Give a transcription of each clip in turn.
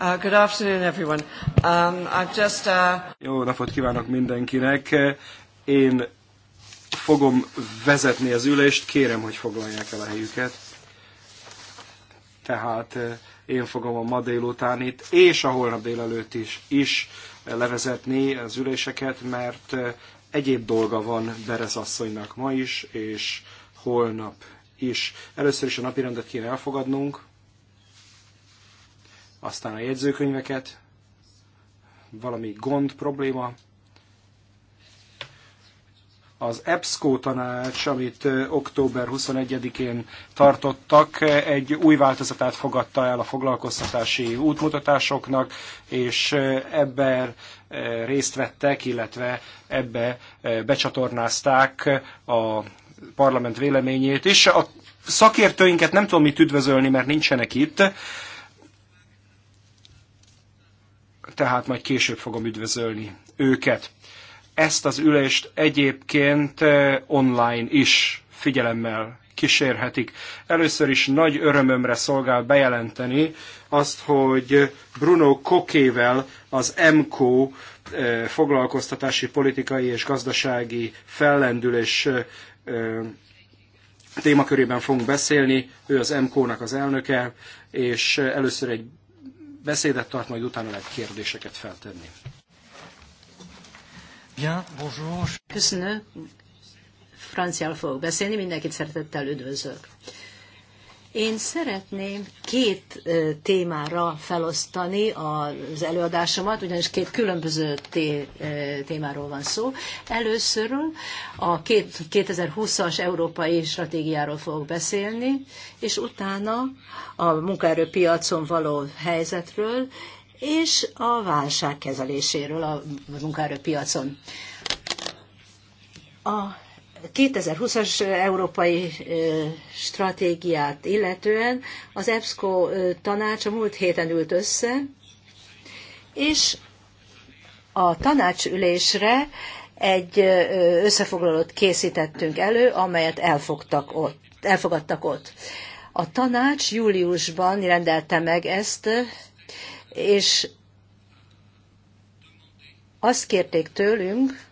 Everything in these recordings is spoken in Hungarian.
Uh, good afternoon, everyone. Um, I've just, uh... Jó napot kívánok mindenkinek. Én fogom vezetni az ülést, kérem, hogy foglalják el a helyüket. Tehát uh, én fogom a ma itt és a holnap délelőtt is, is levezetni az üléseket, mert uh, egyéb dolga van Berez asszonynak ma is, és holnap is. Először is a napirendet kéne elfogadnunk aztán a jegyzőkönyveket, valami gond, probléma. Az EBSCO tanács, amit október 21-én tartottak, egy új változatát fogadta el a foglalkoztatási útmutatásoknak, és ebben részt vettek, illetve ebbe becsatornázták a parlament véleményét is. A szakértőinket nem tudom mit üdvözölni, mert nincsenek itt, tehát majd később fogom üdvözölni őket. Ezt az ülést egyébként eh, online is figyelemmel kísérhetik. Először is nagy örömömre szolgál bejelenteni azt, hogy Bruno Kokével az MKO eh, foglalkoztatási, politikai és gazdasági fellendülés eh, témakörében fogunk beszélni. Ő az MKO-nak az elnöke, és először egy beszédet tart, majd utána lehet kérdéseket feltenni. Bien, bonjour. Köszönöm. Franciál fogok beszélni, mindenkit szeretettel üdvözlök. Én szeretném két témára felosztani az előadásomat, ugyanis két különböző témáról van szó. Először a 2020-as európai stratégiáról fogok beszélni, és utána a munkaerőpiacon való helyzetről, és a válság kezeléséről a munkaerőpiacon. A 2020-as európai stratégiát illetően az EBSCO tanács a múlt héten ült össze, és a tanácsülésre egy összefoglalót készítettünk elő, amelyet elfogtak ott, elfogadtak ott. A tanács júliusban rendelte meg ezt, és azt kérték tőlünk,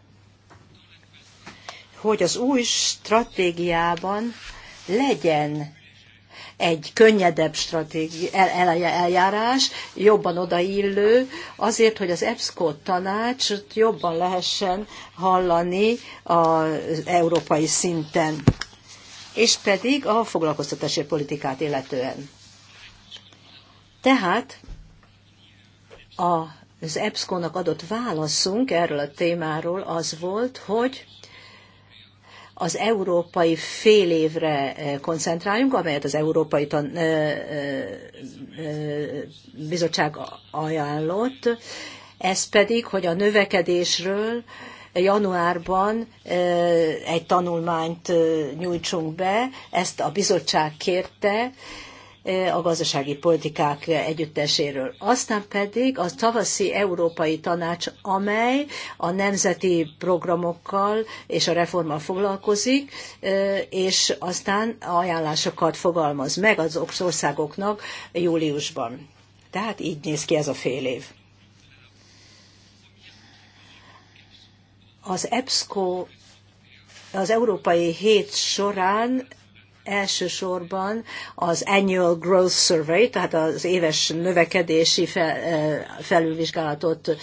hogy az új stratégiában legyen egy könnyedebb stratégi, el, el, eljárás, jobban odaillő, azért, hogy az EBSCO tanácsot jobban lehessen hallani az európai szinten, és pedig a foglalkoztatási politikát illetően. Tehát az EBSCO-nak adott válaszunk erről a témáról az volt, hogy az európai fél évre eh, koncentráljunk, amelyet az Európai Tan- eh, eh, Bizottság ajánlott, ez pedig, hogy a növekedésről januárban egy tanulmányt nyújtsunk be, ezt a bizottság kérte, a gazdasági politikák együtteséről. Aztán pedig a tavaszi Európai Tanács, amely a nemzeti programokkal és a reformmal foglalkozik, és aztán ajánlásokat fogalmaz meg az országoknak júliusban. Tehát így néz ki ez a fél év. Az EBSCO az Európai Hét során elsősorban az Annual Growth Survey, tehát az éves növekedési felülvizsgálatot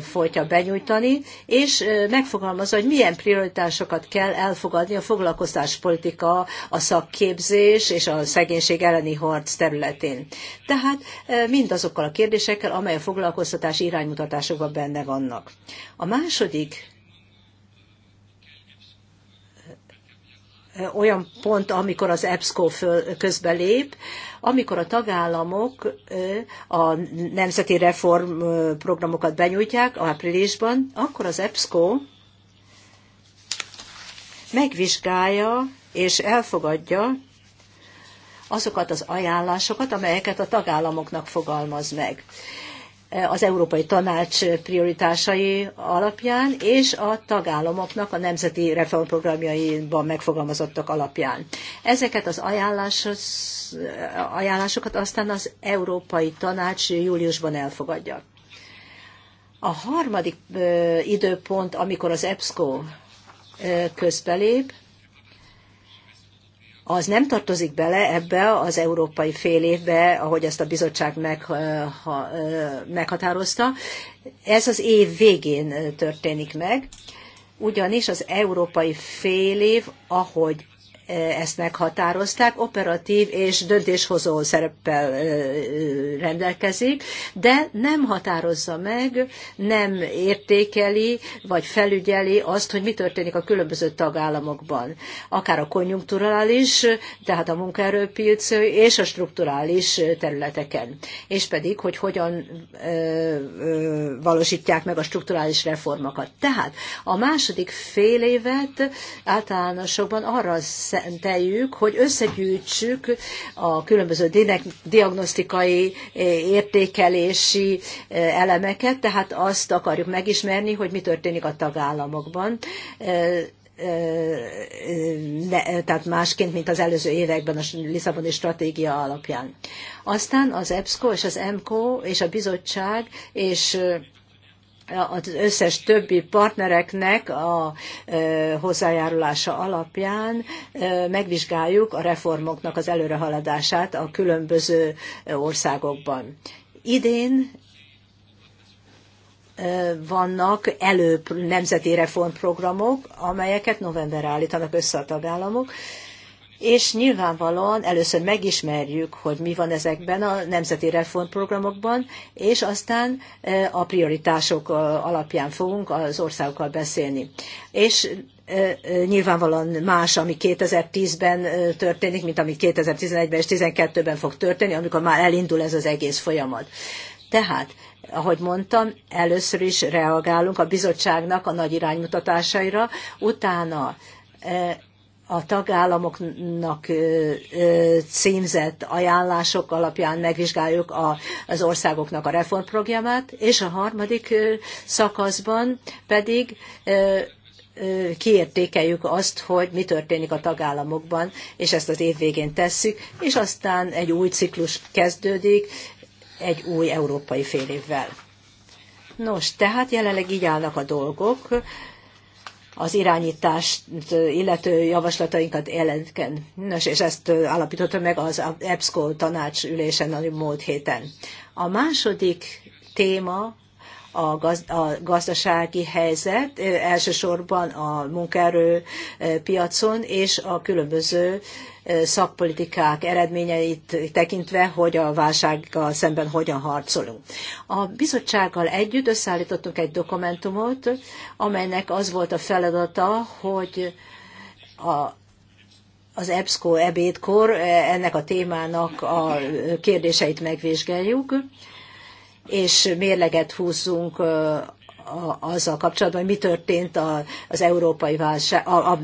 folytja benyújtani, és megfogalmazza, hogy milyen prioritásokat kell elfogadni a foglalkoztáspolitika, a szakképzés és a szegénység elleni harc területén. Tehát mindazokkal a kérdésekkel, amely a foglalkoztatás iránymutatásokban benne vannak. A második olyan pont, amikor az EBSCO föl, közbe lép, amikor a tagállamok a nemzeti reformprogramokat benyújtják áprilisban, akkor az EBSCO megvizsgálja és elfogadja azokat az ajánlásokat, amelyeket a tagállamoknak fogalmaz meg az Európai Tanács prioritásai alapján és a tagállamoknak a nemzeti reformprogramjaiban megfogalmazottak alapján. Ezeket az ajánlásokat aztán az Európai Tanács júliusban elfogadja. A harmadik időpont, amikor az EBSCO közbelép, az nem tartozik bele ebbe az európai fél évbe, ahogy ezt a bizottság meghatározta. Ez az év végén történik meg, ugyanis az európai fél év, ahogy ezt meghatározták, operatív és döntéshozó szereppel rendelkezik, de nem határozza meg, nem értékeli vagy felügyeli azt, hogy mi történik a különböző tagállamokban. Akár a konjunkturális, tehát a munkaerőpiac és a strukturális területeken. És pedig, hogy hogyan valósítják meg a strukturális reformokat. Tehát a második fél évet általánosokban arra szem, szenteljük, hogy összegyűjtsük a különböző diagnosztikai eh, értékelési eh, elemeket, tehát azt akarjuk megismerni, hogy mi történik a tagállamokban eh, ne, tehát másként, mint az előző években a Lisszaboni stratégia alapján. Aztán az EBSCO és az EMCO és a bizottság és az összes többi partnereknek a hozzájárulása alapján megvizsgáljuk a reformoknak az előrehaladását a különböző országokban. Idén vannak előbb nemzeti reformprogramok, amelyeket novemberre állítanak össze a tagállamok, és nyilvánvalóan először megismerjük, hogy mi van ezekben a nemzeti reformprogramokban, és aztán e, a prioritások e, alapján fogunk az országokkal beszélni. És e, nyilvánvalóan más, ami 2010-ben történik, mint ami 2011-ben és 2012-ben fog történni, amikor már elindul ez az egész folyamat. Tehát, ahogy mondtam, először is reagálunk a bizottságnak a nagy iránymutatásaira, utána a tagállamoknak címzett ajánlások alapján megvizsgáljuk az országoknak a reformprogramát, és a harmadik szakaszban pedig kiértékeljük azt, hogy mi történik a tagállamokban, és ezt az év végén tesszük, és aztán egy új ciklus kezdődik egy új európai fél évvel. Nos, tehát jelenleg így állnak a dolgok az irányítást illető javaslatainkat jelentken. Nos, és ezt állapította meg az EBSCO tanács ülésen a múlt héten. A második téma a, gaz, a gazdasági helyzet, elsősorban a munkaerő piacon és a különböző szakpolitikák eredményeit tekintve, hogy a válsággal szemben hogyan harcolunk. A bizottsággal együtt összeállítottunk egy dokumentumot, amelynek az volt a feladata, hogy a az EBSCO ebédkor ennek a témának a kérdéseit megvizsgáljuk, és mérleget húzzunk azzal kapcsolatban, hogy mi történt az európai válság, a, a,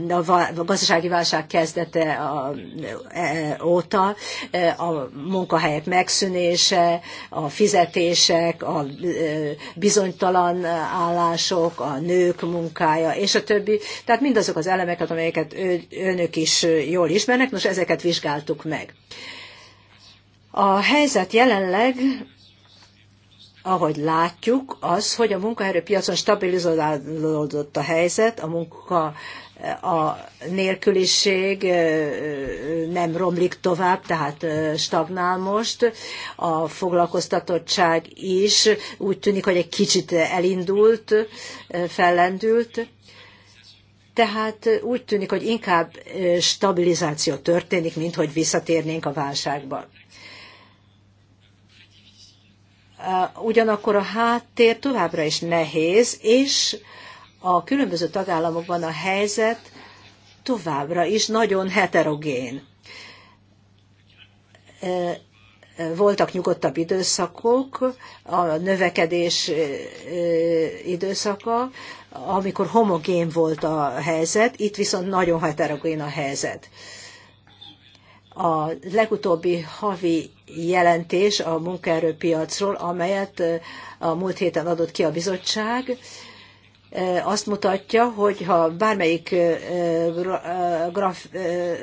a gazdasági válság kezdete a, e, óta, e, a munkahelyek megszűnése, a fizetések, a e, bizonytalan állások, a nők munkája, és a többi. Tehát mindazok az elemeket, amelyeket ő, önök is jól ismernek, most ezeket vizsgáltuk meg. A helyzet jelenleg ahogy látjuk, az, hogy a munkaerőpiacon stabilizálódott a helyzet, a munka a nélküliség nem romlik tovább, tehát stagnál most. A foglalkoztatottság is úgy tűnik, hogy egy kicsit elindult, fellendült. Tehát úgy tűnik, hogy inkább stabilizáció történik, mint hogy visszatérnénk a válságba ugyanakkor a háttér továbbra is nehéz, és a különböző tagállamokban a helyzet továbbra is nagyon heterogén. Voltak nyugodtabb időszakok, a növekedés időszaka, amikor homogén volt a helyzet, itt viszont nagyon heterogén a helyzet. A legutóbbi havi jelentés a munkaerőpiacról, amelyet a múlt héten adott ki a bizottság, Eh, azt mutatja, hogy ha bármelyik eh, eh, graf,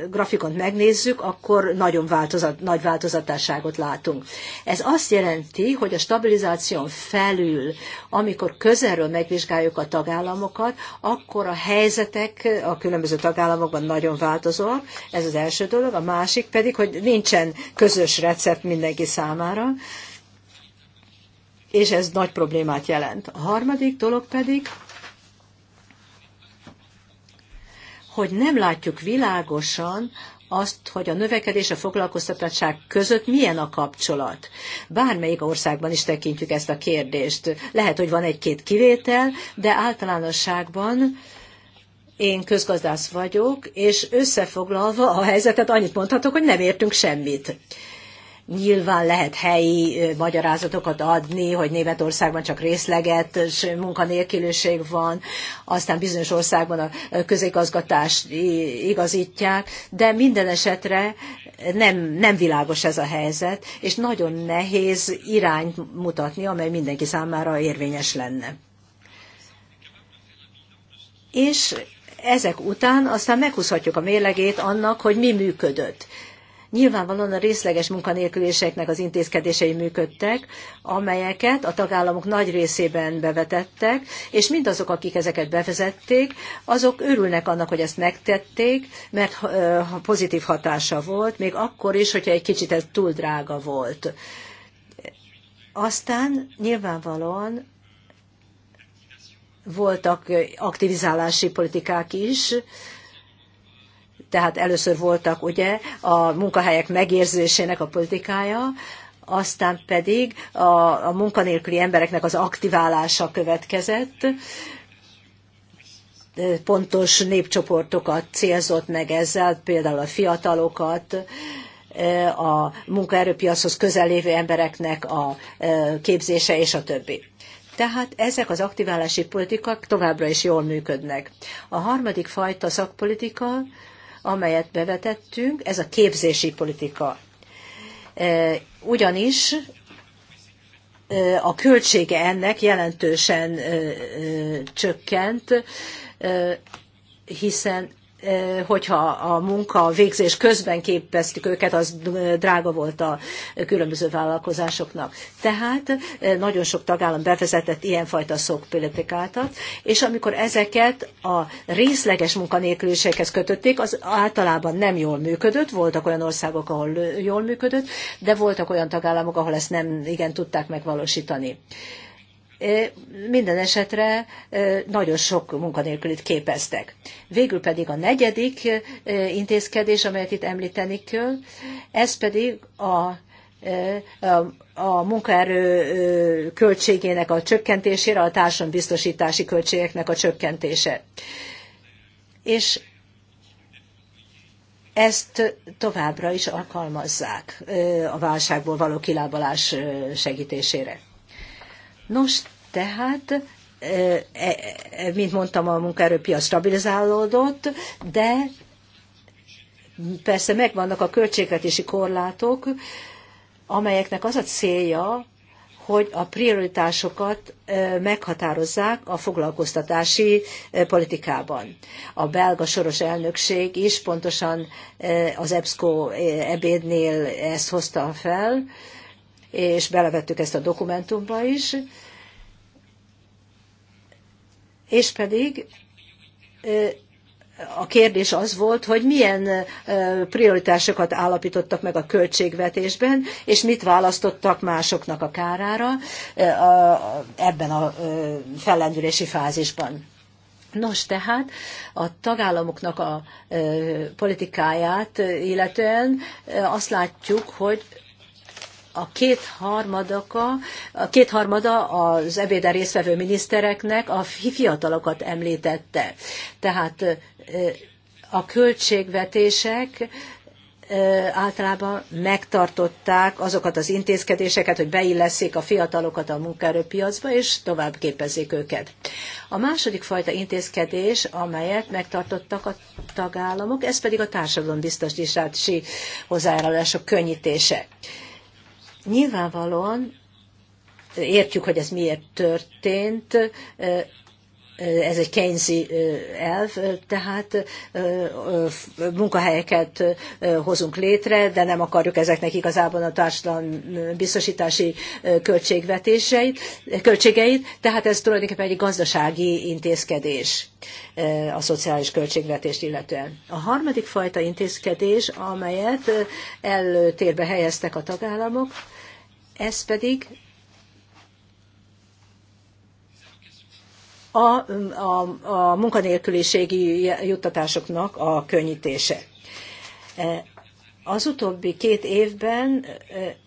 grafikont megnézzük, akkor nagyon változat, nagy változatosságot látunk. Ez azt jelenti, hogy a stabilizáción felül, amikor közelről megvizsgáljuk a tagállamokat, akkor a helyzetek a különböző tagállamokban nagyon változóak. Ez az első dolog. A másik pedig, hogy nincsen közös recept mindenki számára és ez nagy problémát jelent. A harmadik dolog pedig, hogy nem látjuk világosan azt, hogy a növekedés a foglalkoztatottság között milyen a kapcsolat. Bármelyik országban is tekintjük ezt a kérdést. Lehet, hogy van egy-két kivétel, de általánosságban én közgazdász vagyok, és összefoglalva a helyzetet annyit mondhatok, hogy nem értünk semmit. Nyilván lehet helyi magyarázatokat adni, hogy Németországban csak részleget, munkanélkülőség van, aztán bizonyos országban a közigazgatást igazítják, de minden esetre nem, nem világos ez a helyzet, és nagyon nehéz irányt mutatni, amely mindenki számára érvényes lenne. És ezek után aztán meghúzhatjuk a mérlegét annak, hogy mi működött. Nyilvánvalóan a részleges munkanélküléseknek az intézkedései működtek, amelyeket a tagállamok nagy részében bevetettek, és mindazok, akik ezeket bevezették, azok örülnek annak, hogy ezt megtették, mert pozitív hatása volt, még akkor is, hogyha egy kicsit ez túl drága volt. Aztán nyilvánvalóan voltak aktivizálási politikák is, tehát először voltak ugye a munkahelyek megérzésének a politikája, aztán pedig a, a munkanélküli embereknek az aktiválása következett, pontos népcsoportokat célzott meg ezzel, például a fiatalokat, a munkaerőpiachoz közel lévő embereknek a képzése és a többi. Tehát ezek az aktiválási politikák továbbra is jól működnek. A harmadik fajta szakpolitika amelyet bevetettünk, ez a képzési politika. E, ugyanis e, a költsége ennek jelentősen e, csökkent, hiszen Eh, hogyha a munka végzés közben képeztük őket, az drága volt a különböző vállalkozásoknak. Tehát eh, nagyon sok tagállam bevezetett ilyenfajta szokpolitikátat, és amikor ezeket a részleges munkanélküliséghez kötötték, az általában nem jól működött, voltak olyan országok, ahol jól működött, de voltak olyan tagállamok, ahol ezt nem igen tudták megvalósítani. Minden esetre nagyon sok munkanélkülit képeztek. Végül pedig a negyedik intézkedés, amelyet itt említeni kell, ez pedig a a munkaerő költségének a csökkentésére, a társadalombiztosítási költségeknek a csökkentése. És ezt továbbra is alkalmazzák a válságból való kilábalás segítésére. Nos, tehát e, e, mint mondtam, a munkaerőpiac stabilizálódott, de persze megvannak a költségvetési korlátok, amelyeknek az a célja, hogy a prioritásokat meghatározzák a foglalkoztatási politikában. A belga soros elnökség is pontosan az EBSCO ebédnél ezt hozta fel, és belevettük ezt a dokumentumba is, és pedig a kérdés az volt, hogy milyen prioritásokat állapítottak meg a költségvetésben, és mit választottak másoknak a kárára ebben a fellendülési fázisban. Nos, tehát a tagállamoknak a politikáját illetően azt látjuk, hogy a kétharmadaka, a kétharmada az ebéden résztvevő minisztereknek a fiatalokat említette. Tehát a költségvetések általában megtartották azokat az intézkedéseket, hogy beilleszik a fiatalokat a munkaerőpiacba, és tovább képezzék őket. A második fajta intézkedés, amelyet megtartottak a tagállamok, ez pedig a társadalombiztosítási hozzájárulások könnyítése. Nyilvánvalóan értjük, hogy ez miért történt, ez egy Keynesi elv, tehát munkahelyeket hozunk létre, de nem akarjuk ezeknek igazából a társadalom biztosítási költségvetéseit, költségeit, tehát ez tulajdonképpen egy gazdasági intézkedés a szociális költségvetést illetően. A harmadik fajta intézkedés, amelyet előtérbe helyeztek a tagállamok, ez pedig a, a, a munkanélküliségi juttatásoknak a könnyítése. E, az utóbbi két évben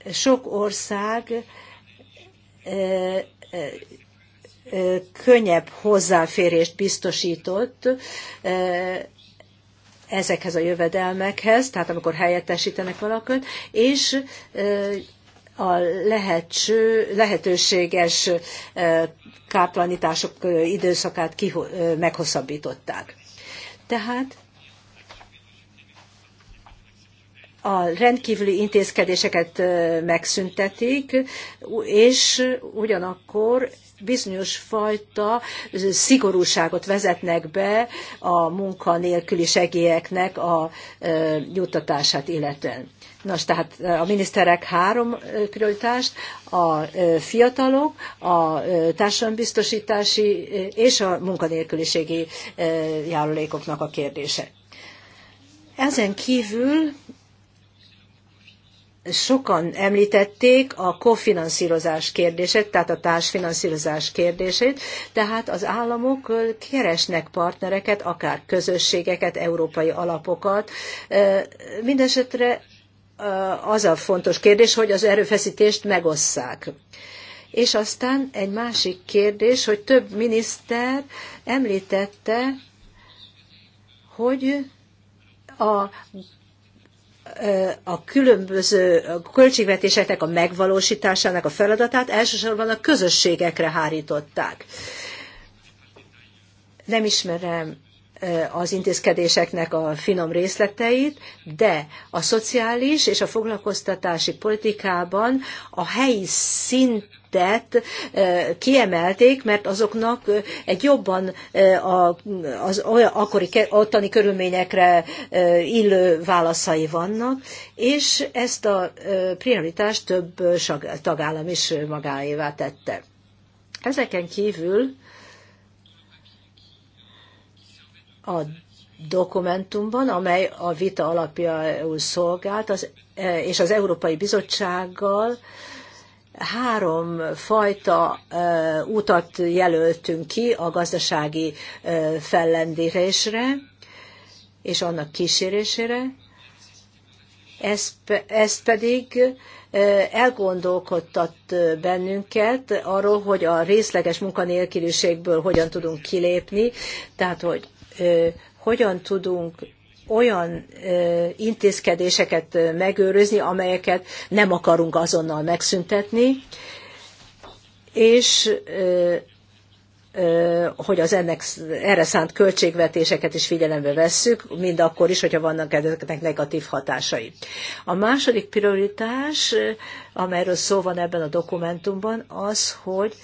e, sok ország e, könnyebb hozzáférést biztosított ezekhez a jövedelmekhez, tehát amikor helyettesítenek valakit, és a lehetső, lehetőséges káplanítások időszakát kiho, meghosszabbították. Tehát a rendkívüli intézkedéseket megszüntetik, és ugyanakkor bizonyos fajta szigorúságot vezetnek be a munkanélküli segélyeknek a juttatását illetően. Nos, tehát a miniszterek három prioritást, a fiatalok, a társadalombiztosítási és a munkanélküliségi járulékoknak a kérdése. Ezen kívül sokan említették a kofinanszírozás kérdését, tehát a társfinanszírozás kérdését, tehát az államok keresnek partnereket, akár közösségeket, európai alapokat. Mindenesetre az a fontos kérdés, hogy az erőfeszítést megosszák. És aztán egy másik kérdés, hogy több miniszter említette, hogy a, a különböző költségvetéseknek a megvalósításának a feladatát elsősorban a közösségekre hárították. Nem ismerem Eh, az intézkedéseknek a finom részleteit, de a szociális és a foglalkoztatási politikában a helyi szint eh, kiemelték, mert azoknak eh, egy jobban az akkori ottani körülményekre illő válaszai vannak, és ezt a prioritást több tagállam is magáévá tette. Ezeken kívül a dokumentumban, amely a vita alapjául szolgált, az, e, és az Európai Bizottsággal három fajta e, utat jelöltünk ki a gazdasági e, fellendítésre és annak kísérésére. Ez, ez pedig elgondolkodtat bennünket arról, hogy a részleges munkanélküliségből hogyan tudunk kilépni, tehát hogy hogyan tudunk olyan intézkedéseket megőrizni, amelyeket nem akarunk azonnal megszüntetni, és hogy az ennek, erre szánt költségvetéseket is figyelembe vesszük, mind akkor is, hogyha vannak ezeknek negatív hatásai. A második prioritás, amelyről szó van ebben a dokumentumban, az, hogy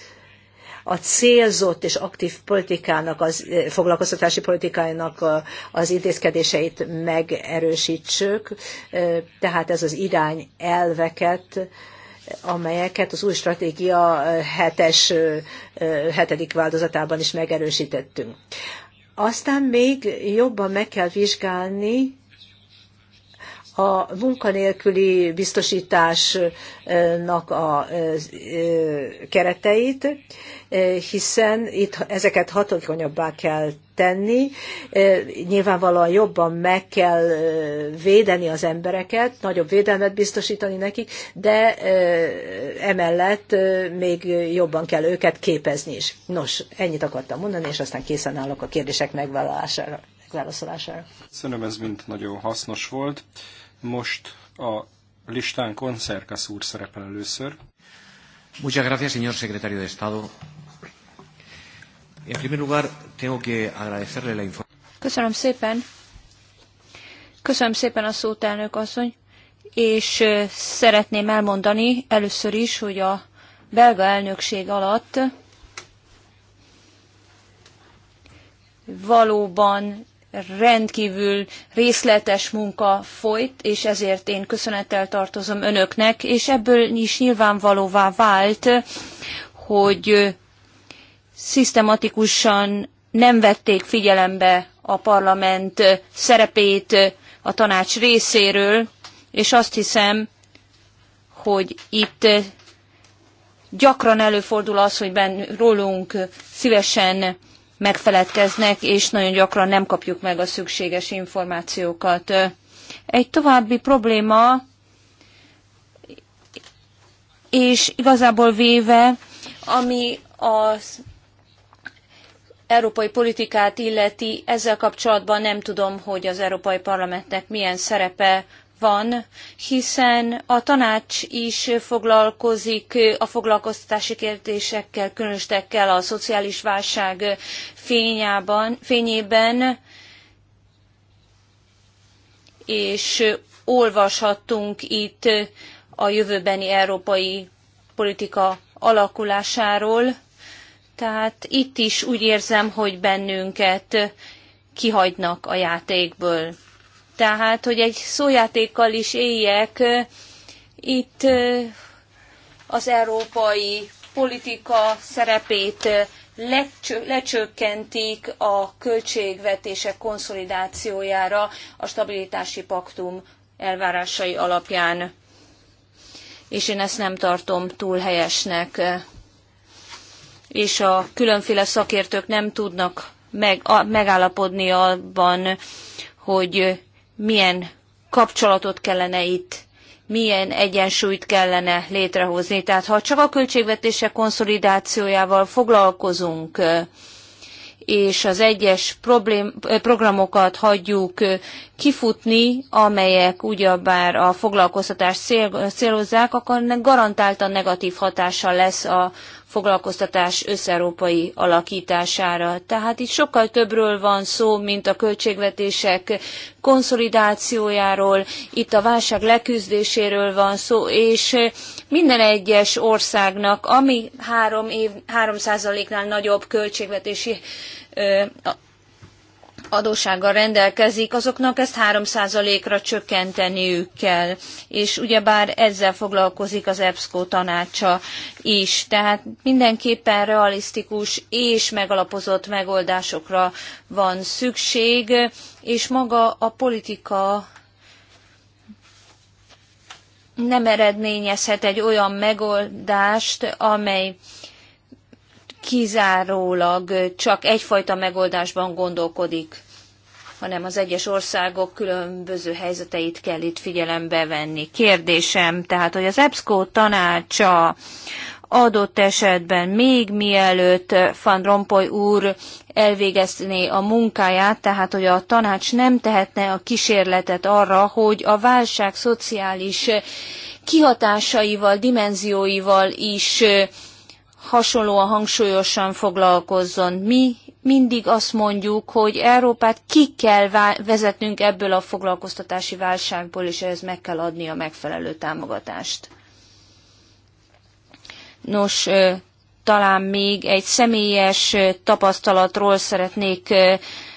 a célzott és aktív politikának, az, eh, foglalkoztatási politikának az intézkedéseit megerősítsük, eh, tehát ez az irány elveket, amelyeket az új stratégia eh, hetes, hetedik változatában is megerősítettünk. Aztán még jobban meg kell vizsgálni a munkanélküli biztosításnak a kereteit, hiszen itt ezeket hatékonyabbá kell tenni. Nyilvánvalóan jobban meg kell védeni az embereket, nagyobb védelmet biztosítani nekik, de emellett még jobban kell őket képezni is. Nos, ennyit akartam mondani, és aztán készen állok a kérdések megválaszolására. Köszönöm, ez mind nagyon hasznos volt. Most a listán Koncerkasz úr szerepel először. Muchas gracias, señor secretario de Estado. En primer lugar, tengo que agradecerle la información. Köszönöm szépen. Köszönöm szépen a szót, elnök asszony, és szeretném elmondani először is, hogy a belga elnökség alatt valóban rendkívül részletes munka folyt, és ezért én köszönettel tartozom önöknek, és ebből is nyilvánvalóvá vált, hogy szisztematikusan nem vették figyelembe a parlament szerepét a tanács részéről, és azt hiszem, hogy itt gyakran előfordul az, hogy ben, rólunk szívesen megfeledkeznek, és nagyon gyakran nem kapjuk meg a szükséges információkat. Egy további probléma, és igazából véve, ami az európai politikát illeti, ezzel kapcsolatban nem tudom, hogy az Európai Parlamentnek milyen szerepe van, hiszen a tanács is foglalkozik a foglalkoztatási kérdésekkel, különös a szociális válság fényában, fényében, és olvashattunk itt a jövőbeni európai politika alakulásáról. Tehát itt is úgy érzem, hogy bennünket kihagynak a játékből. Tehát, hogy egy szójátékkal is éljek, itt az európai politika szerepét lecsökkentik a költségvetések konszolidációjára a stabilitási paktum elvárásai alapján. És én ezt nem tartom túl helyesnek. És a különféle szakértők nem tudnak megállapodni abban, hogy milyen kapcsolatot kellene itt, milyen egyensúlyt kellene létrehozni. Tehát ha csak a költségvetése konszolidációjával foglalkozunk, és az egyes problém, programokat hagyjuk kifutni, amelyek ugyebár a foglalkoztatást cél, célozzák, akkor garantáltan negatív hatása lesz a, foglalkoztatás összeurópai alakítására. Tehát itt sokkal többről van szó, mint a költségvetések konszolidációjáról, itt a válság leküzdéséről van szó, és minden egyes országnak, ami három év, nál nagyobb költségvetési adósággal rendelkezik, azoknak ezt 3%-ra csökkenteniük kell. És ugyebár ezzel foglalkozik az EBSCO tanácsa is. Tehát mindenképpen realisztikus és megalapozott megoldásokra van szükség, és maga a politika nem eredményezhet egy olyan megoldást, amely kizárólag csak egyfajta megoldásban gondolkodik, hanem az egyes országok különböző helyzeteit kell itt figyelembe venni. Kérdésem, tehát, hogy az EBSCO tanácsa adott esetben még mielőtt Van Rompuy úr elvégezné a munkáját, tehát hogy a tanács nem tehetne a kísérletet arra, hogy a válság szociális kihatásaival, dimenzióival is hasonlóan hangsúlyosan foglalkozzon. Mi mindig azt mondjuk, hogy Európát ki kell vezetnünk ebből a foglalkoztatási válságból, és ehhez meg kell adni a megfelelő támogatást. Nos, talán még egy személyes tapasztalatról szeretnék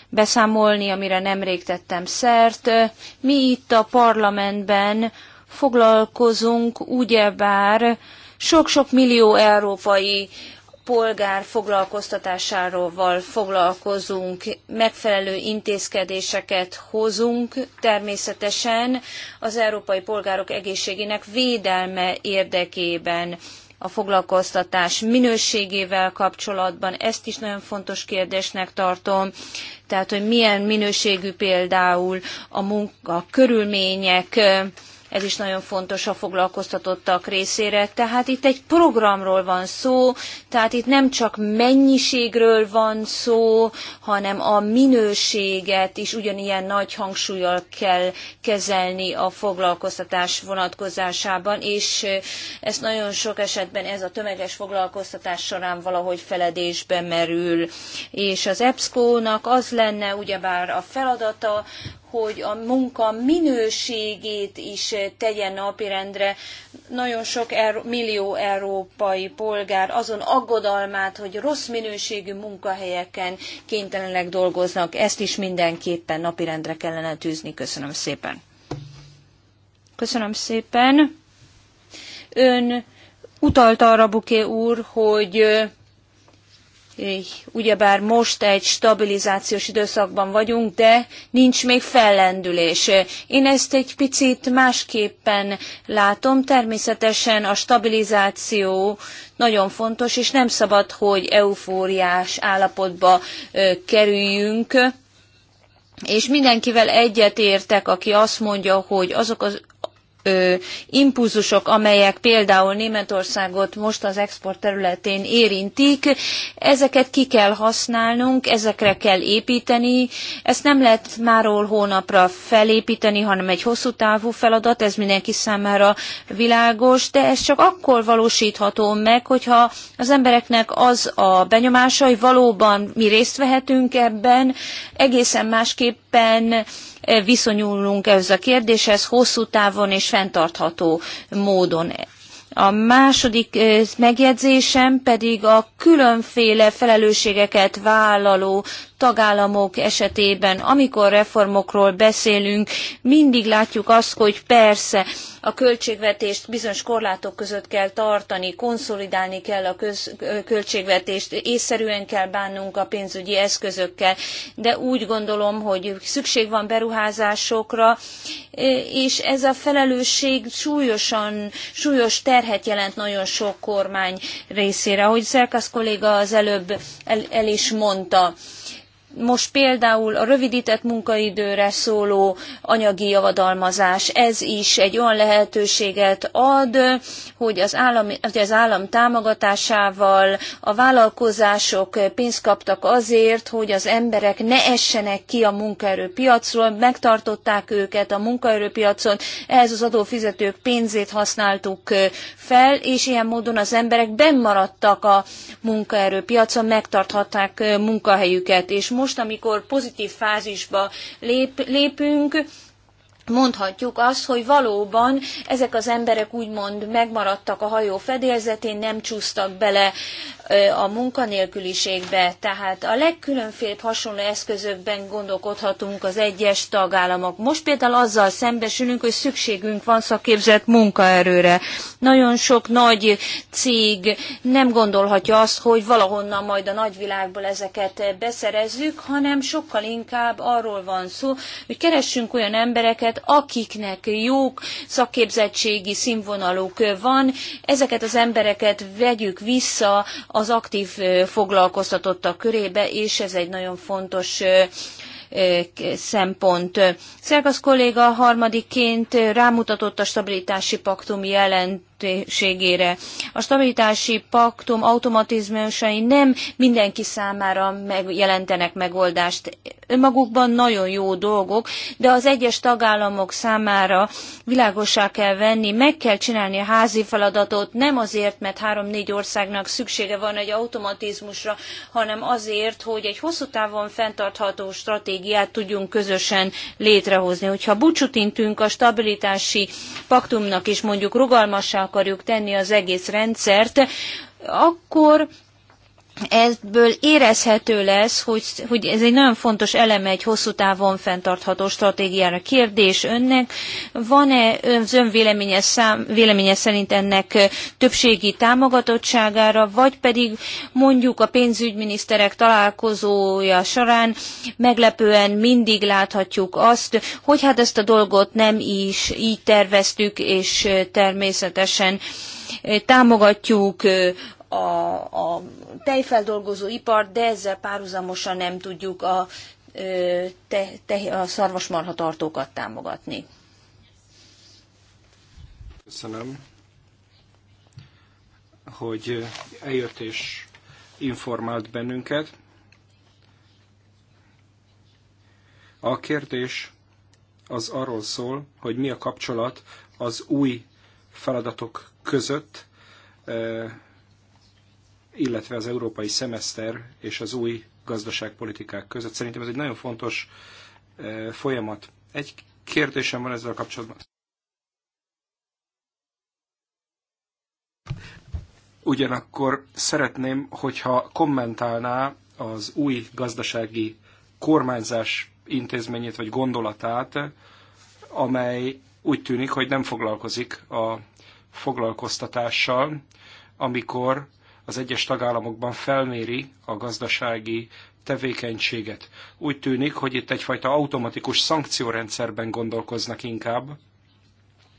beszámolni, amire nemrég tettem szert. Mi itt a parlamentben foglalkozunk ugyebár sok-sok millió európai polgár foglalkoztatásáról foglalkozunk, megfelelő intézkedéseket hozunk természetesen az európai polgárok egészségének védelme érdekében a foglalkoztatás minőségével kapcsolatban. Ezt is nagyon fontos kérdésnek tartom. Tehát, hogy milyen minőségű például a munka körülmények, ez is nagyon fontos a foglalkoztatottak részére. Tehát itt egy programról van szó, tehát itt nem csak mennyiségről van szó, hanem a minőséget is ugyanilyen nagy hangsúlyjal kell kezelni a foglalkoztatás vonatkozásában, és eh, ezt nagyon sok esetben ez a tömeges foglalkoztatás során valahogy feledésbe merül. És az EBSCO-nak az lenne ugyebár a feladata, hogy a munka minőségét is tegyen napirendre. Nagyon sok er- millió európai polgár azon aggodalmát, hogy rossz minőségű munkahelyeken kénytelenek dolgoznak, ezt is mindenképpen napirendre kellene tűzni. Köszönöm szépen. Köszönöm szépen. Ön utalt arra, Buké úr, hogy ugyebár most egy stabilizációs időszakban vagyunk, de nincs még fellendülés. Én ezt egy picit másképpen látom. Természetesen a stabilizáció nagyon fontos, és nem szabad, hogy eufóriás állapotba kerüljünk. És mindenkivel egyet értek, aki azt mondja, hogy azok az ö, impulzusok, amelyek például Németországot most az export területén érintik, ezeket ki kell használnunk, ezekre kell építeni. Ezt nem lehet máról hónapra felépíteni, hanem egy hosszú távú feladat, ez mindenki számára világos, de ez csak akkor valósítható meg, hogyha az embereknek az a benyomása, hogy valóban mi részt vehetünk ebben, egészen másképpen E, viszonyulunk ez a kérdéshez hosszú távon és fenntartható módon. A második e, megjegyzésem pedig a különféle felelősségeket vállaló tagállamok esetében, amikor reformokról beszélünk, mindig látjuk azt, hogy persze a költségvetést bizonyos korlátok között kell tartani, konszolidálni kell a köz, költségvetést, észszerűen kell bánnunk a pénzügyi eszközökkel, de úgy gondolom, hogy szükség van beruházásokra, és ez a felelősség súlyosan, súlyos terhet jelent nagyon sok kormány részére, ahogy Szerkasz kolléga az előbb el, el is mondta most például a rövidített munkaidőre szóló anyagi javadalmazás, ez is egy olyan lehetőséget ad, hogy az állam, hogy az állam támogatásával a vállalkozások pénzt kaptak azért, hogy az emberek ne essenek ki a munkaerőpiacról, megtartották őket a munkaerőpiacon, ehhez az adófizetők pénzét használtuk fel, és ilyen módon az emberek bennmaradtak a munkaerőpiacon, megtarthatták munkahelyüket, és most most, amikor pozitív fázisba lép, lépünk, mondhatjuk azt, hogy valóban ezek az emberek úgymond megmaradtak a hajó fedélzetén, nem csúsztak bele a munkanélküliségbe. Tehát a legkülönfélebb hasonló eszközökben gondolkodhatunk az egyes tagállamok. Most például azzal szembesülünk, hogy szükségünk van szakképzett munkaerőre. Nagyon sok nagy cég nem gondolhatja azt, hogy valahonnan majd a nagyvilágból ezeket beszerezzük, hanem sokkal inkább arról van szó, hogy keressünk olyan embereket, embereket, akiknek jók szakképzettségi színvonaluk van, ezeket az embereket vegyük vissza az aktív foglalkoztatottak körébe, és ez egy nagyon fontos szempont. Szerkasz kolléga harmadiként rámutatott a stabilitási paktum jelent lehetőségére. A stabilitási paktum automatizmusai nem mindenki számára jelentenek megoldást. Önmagukban nagyon jó dolgok, de az egyes tagállamok számára világosá kell venni, meg kell csinálni a házi feladatot, nem azért, mert három-négy országnak szüksége van egy automatizmusra, hanem azért, hogy egy hosszú távon fenntartható stratégiát tudjunk közösen létrehozni. Hogyha intünk a stabilitási paktumnak, és mondjuk rugalmasabb akarjuk tenni az egész rendszert, akkor ebből érezhető lesz, hogy, hogy ez egy nagyon fontos eleme egy hosszú távon fenntartható stratégiának Kérdés önnek, van-e az ön véleménye, szám, véleménye szerint ennek többségi támogatottságára, vagy pedig mondjuk a pénzügyminiszterek találkozója során meglepően mindig láthatjuk azt, hogy hát ezt a dolgot nem is így terveztük, és természetesen támogatjuk a, a tejfeldolgozó ipart, de ezzel párhuzamosan nem tudjuk a, te, te, a szarvasmarha tartókat támogatni. Köszönöm, hogy eljött és informált bennünket. A kérdés az arról szól, hogy mi a kapcsolat az új feladatok között, illetve az európai szemeszter és az új gazdaságpolitikák között. Szerintem ez egy nagyon fontos eh, folyamat. Egy kérdésem van ezzel kapcsolatban. Ugyanakkor szeretném, hogyha kommentálná az új gazdasági kormányzás intézményét vagy gondolatát, amely úgy tűnik, hogy nem foglalkozik a foglalkoztatással, amikor az egyes tagállamokban felméri a gazdasági tevékenységet. Úgy tűnik, hogy itt egyfajta automatikus szankciórendszerben gondolkoznak inkább,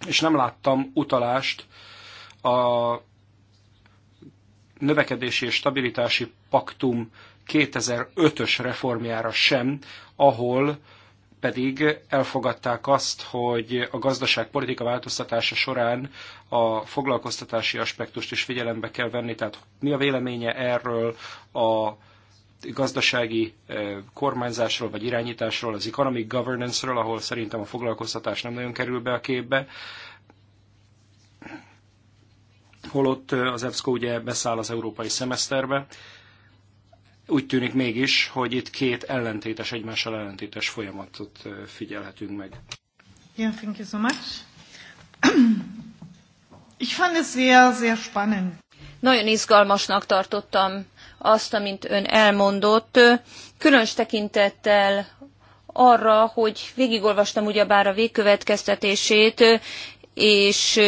és nem láttam utalást a növekedési és stabilitási paktum 2005-ös reformjára sem, ahol pedig elfogadták azt, hogy a gazdaságpolitika változtatása során a foglalkoztatási aspektust is figyelembe kell venni. Tehát mi a véleménye erről a gazdasági eh, kormányzásról vagy irányításról, az economic governance-ről, ahol szerintem a foglalkoztatás nem nagyon kerül be a képbe. Holott eh, az EBSCO ugye beszáll az európai szemeszterbe, úgy tűnik mégis, hogy itt két ellentétes, egymással ellentétes folyamatot figyelhetünk meg. Yeah, thank you so much. Ich fand es sehr, sehr spannend. Nagyon izgalmasnak tartottam azt, amint ön elmondott, különös tekintettel arra, hogy végigolvastam ugyebár a végkövetkeztetését, és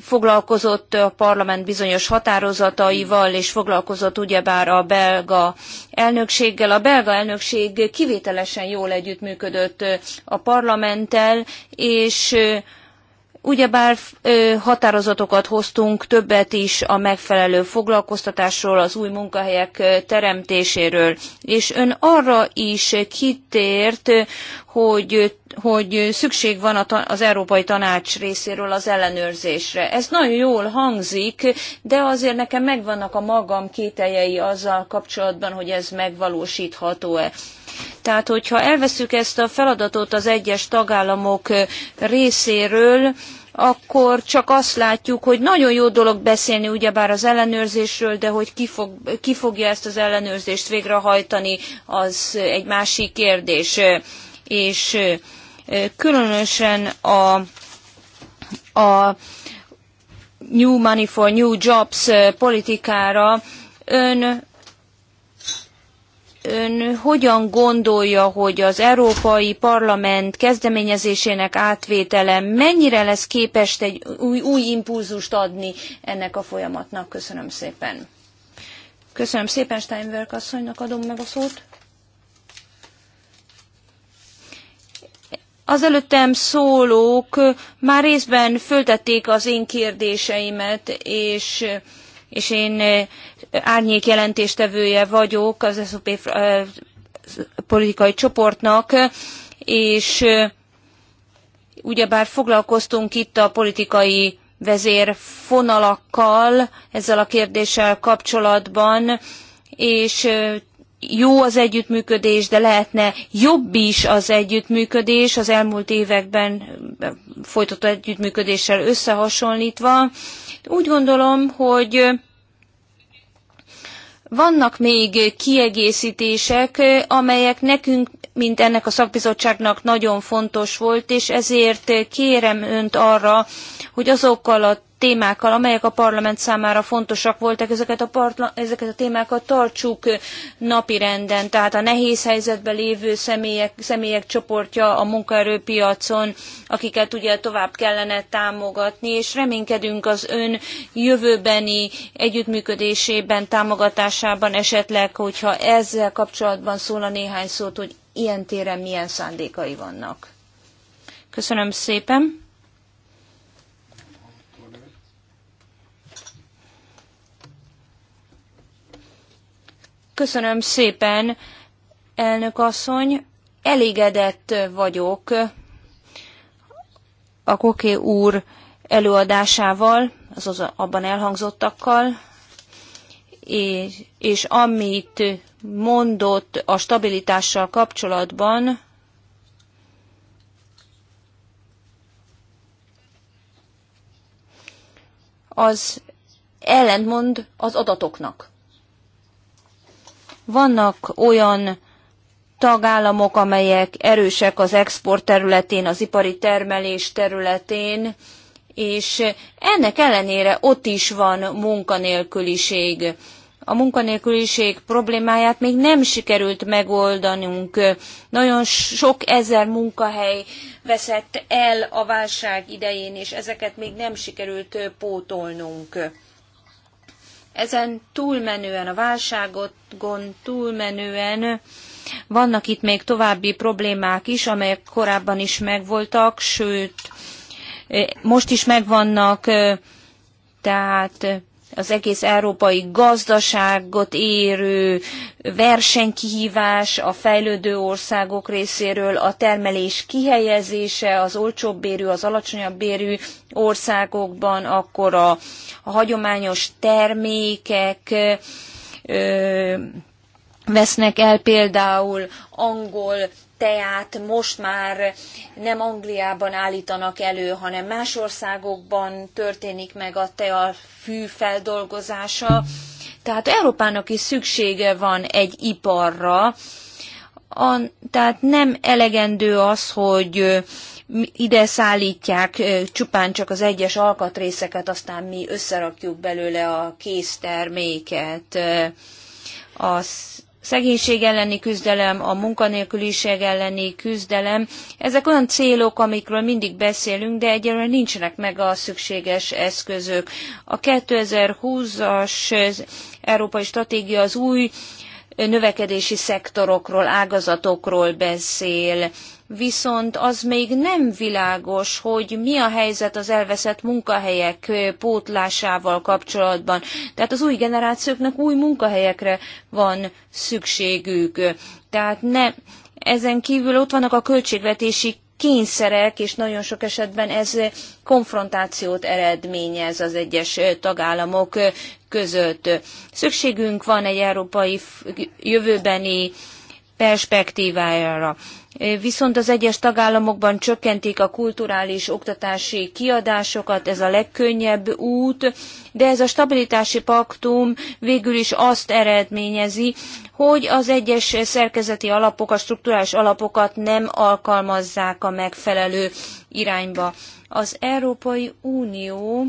foglalkozott a parlament bizonyos határozataival, és foglalkozott ugyebár a belga elnökséggel. A belga elnökség kivételesen jól együttműködött a parlamenttel, és Ugyebár ö, határozatokat hoztunk többet is a megfelelő foglalkoztatásról, az új munkahelyek teremtéséről, és ön arra is kitért, hogy, hogy szükség van az Európai Tanács részéről az ellenőrzésre. Ez nagyon jól hangzik, de azért nekem megvannak a magam kételjei azzal kapcsolatban, hogy ez megvalósítható-e. Tehát, hogyha elveszük ezt a feladatot az egyes tagállamok részéről, akkor csak azt látjuk, hogy nagyon jó dolog beszélni ugyebár az ellenőrzésről, de hogy ki, fog, ki fogja ezt az ellenőrzést végrehajtani, az egy másik kérdés. És különösen a, a New Money for New Jobs politikára ön ön hogyan gondolja, hogy az Európai Parlament kezdeményezésének átvétele mennyire lesz képes egy új, új impulzust adni ennek a folyamatnak? Köszönöm szépen. Köszönöm szépen, Steinberg asszonynak adom meg a szót. Az előttem szólók már részben föltették az én kérdéseimet, és és én árnyék jelentéstevője vagyok az SZOP politikai csoportnak, és ugyebár foglalkoztunk itt a politikai vezérfonalakkal ezzel a kérdéssel kapcsolatban, és jó az együttműködés, de lehetne jobb is az együttműködés az elmúlt években folytatott együttműködéssel összehasonlítva, úgy gondolom, hogy vannak még kiegészítések, amelyek nekünk mint ennek a szakbizottságnak nagyon fontos volt, és ezért kérem önt arra, hogy azokkal a témákkal, amelyek a parlament számára fontosak voltak, ezeket a, partla, ezeket a témákat tartsuk napirenden, tehát a nehéz helyzetben lévő személyek, személyek csoportja a munkaerőpiacon, akiket ugye tovább kellene támogatni, és reménykedünk az ön jövőbeni együttműködésében, támogatásában esetleg, hogyha ezzel kapcsolatban szól a néhány szót, hogy ilyen téren milyen szándékai vannak. Köszönöm szépen! Köszönöm szépen, elnök asszony. Elégedett vagyok a Koké úr előadásával, azaz abban elhangzottakkal és, és amit mondott a stabilitással kapcsolatban, az ellentmond az adatoknak. Vannak olyan tagállamok, amelyek erősek az export területén, az ipari termelés területén, és ennek ellenére ott is van munkanélküliség a munkanélküliség problémáját még nem sikerült megoldanunk. Nagyon sok ezer munkahely veszett el a válság idején, és ezeket még nem sikerült pótolnunk. Ezen túlmenően, a válságon túlmenően vannak itt még további problémák is, amelyek korábban is megvoltak, sőt, eh, most is megvannak, eh, tehát az egész európai gazdaságot érő versenykihívás a fejlődő országok részéről, a termelés kihelyezése az olcsóbb bérű, az alacsonyabb bérű országokban, akkor a, a hagyományos termékek ö, vesznek el például angol teát most már nem Angliában állítanak elő, hanem más országokban történik meg a tea fű feldolgozása. Tehát Európának is szüksége van egy iparra, a, tehát nem elegendő az, hogy ide szállítják csupán csak az egyes alkatrészeket, aztán mi összerakjuk belőle a terméket. Az szegénység elleni küzdelem, a munkanélküliség elleni küzdelem, ezek olyan célok, amikről mindig beszélünk, de egyelőre nincsenek meg a szükséges eszközök. A 2020-as Európai Stratégia az új növekedési szektorokról, ágazatokról beszél viszont az még nem világos, hogy mi a helyzet az elveszett munkahelyek pótlásával kapcsolatban. Tehát az új generációknak új munkahelyekre van szükségük. Tehát ne, ezen kívül ott vannak a költségvetési kényszerek, és nagyon sok esetben ez konfrontációt eredményez az egyes tagállamok között. Szükségünk van egy európai jövőbeni perspektívájára. Viszont az egyes tagállamokban csökkentik a kulturális oktatási kiadásokat, ez a legkönnyebb út, de ez a stabilitási paktum végül is azt eredményezi, hogy az egyes szerkezeti alapok, a strukturális alapokat nem alkalmazzák a megfelelő irányba. Az Európai Unió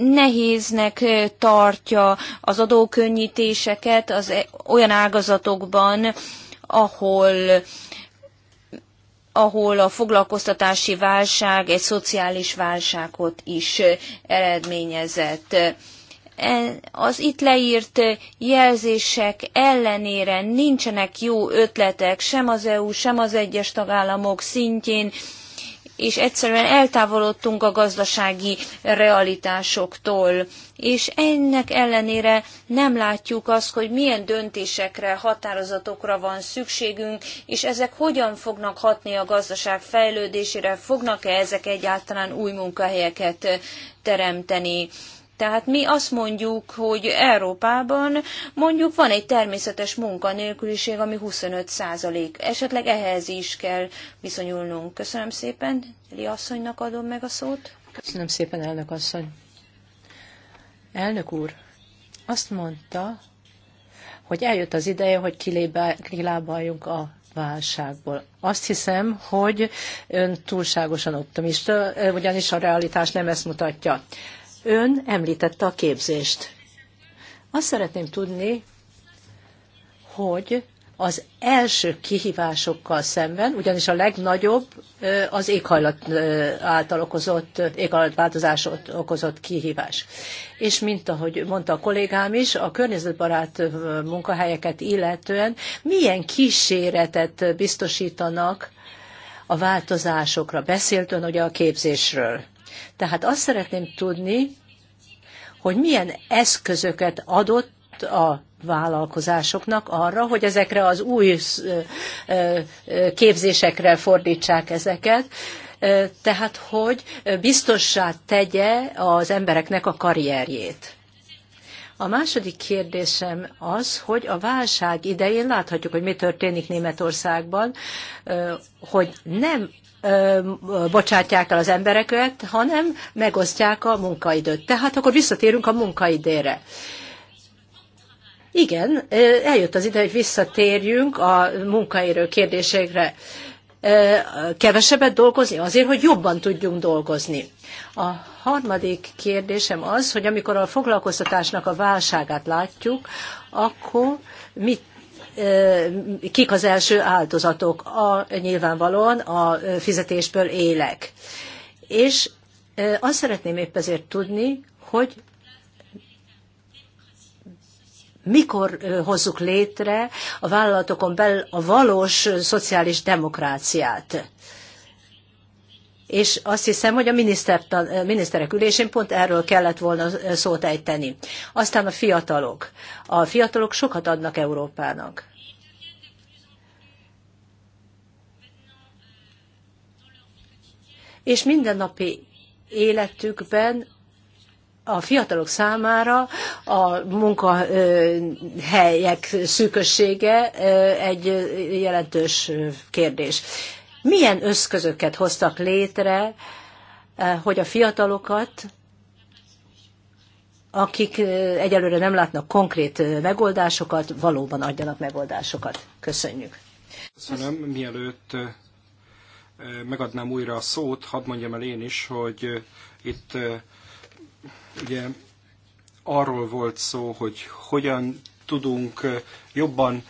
nehéznek tartja az adókönnyítéseket az e- olyan ágazatokban, ahol ahol a foglalkoztatási válság egy szociális válságot is eredményezett. E- az itt leírt jelzések ellenére nincsenek jó ötletek sem az EU, sem az egyes tagállamok szintjén, és egyszerűen eltávolodtunk a gazdasági realitásoktól. És ennek ellenére nem látjuk azt, hogy milyen döntésekre, határozatokra van szükségünk, és ezek hogyan fognak hatni a gazdaság fejlődésére, fognak-e ezek egyáltalán új munkahelyeket teremteni tehát mi azt mondjuk, hogy Európában mondjuk van egy természetes munkanélküliség, ami 25 százalék. Esetleg ehhez is kell viszonyulnunk. Köszönöm szépen. Li asszonynak adom meg a szót. Köszönöm szépen, elnök asszony. Elnök úr, azt mondta, hogy eljött az ideje, hogy kilábaljunk a válságból. Azt hiszem, hogy ön túlságosan optimista, ugyanis a realitás nem ezt mutatja. Ön említette a képzést. Azt szeretném tudni, hogy az első kihívásokkal szemben, ugyanis a legnagyobb az éghajlat által okozott, éghajlatváltozás okozott kihívás. És mint ahogy mondta a kollégám is, a környezetbarát munkahelyeket illetően milyen kíséretet biztosítanak a változásokra. Beszélt ön ugye a képzésről. Tehát azt szeretném tudni, hogy milyen eszközöket adott a vállalkozásoknak arra, hogy ezekre az új képzésekre fordítsák ezeket, tehát hogy biztossá tegye az embereknek a karrierjét. A második kérdésem az, hogy a válság idején láthatjuk, hogy mi történik Németországban, hogy nem bocsátják el az embereket, hanem megosztják a munkaidőt. Tehát akkor visszatérünk a munkaidőre. Igen, eljött az ide, hogy visszatérjünk a munkaérő kérdésekre. Kevesebbet dolgozni azért, hogy jobban tudjunk dolgozni. A harmadik kérdésem az, hogy amikor a foglalkoztatásnak a válságát látjuk, akkor mit kik az első áldozatok. A, nyilvánvalóan a fizetésből élek. És azt szeretném épp ezért tudni, hogy mikor hozzuk létre a vállalatokon belül a valós szociális demokráciát és azt hiszem, hogy a eh, miniszterek ülésén pont erről kellett volna eh, szót ejteni. Aztán a fiatalok. A fiatalok sokat adnak Európának. És mindennapi életükben a fiatalok számára a munkahelyek szűkössége eh, egy jelentős kérdés milyen összközöket hoztak létre, eh, hogy a fiatalokat, akik eh, egyelőre nem látnak konkrét eh, megoldásokat, valóban adjanak megoldásokat. Köszönjük. Köszönöm. Mielőtt megadnám újra a szót, hadd mondjam el én is, hogy itt ugye arról volt szó, hogy hogyan tudunk jobban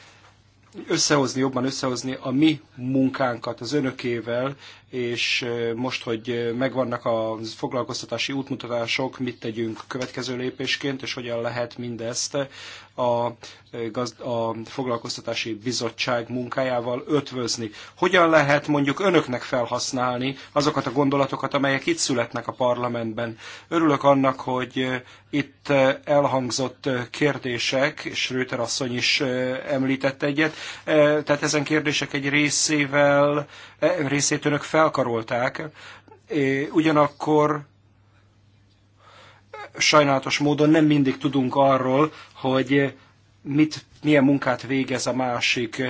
összehozni, jobban összehozni a mi munkánkat az önökével, és most, hogy megvannak a foglalkoztatási útmutatások, mit tegyünk következő lépésként, és hogyan lehet mindezt a, gazd- a foglalkoztatási bizottság munkájával ötvözni. Hogyan lehet mondjuk önöknek felhasználni azokat a gondolatokat, amelyek itt születnek a parlamentben. Örülök annak, hogy itt elhangzott kérdések, és Rőter asszony is említett egyet, Eh, tehát ezen kérdések egy részével, eh, részét önök felkarolták, eh, ugyanakkor sajnálatos módon nem mindig tudunk arról, hogy mit, milyen munkát végez a másik.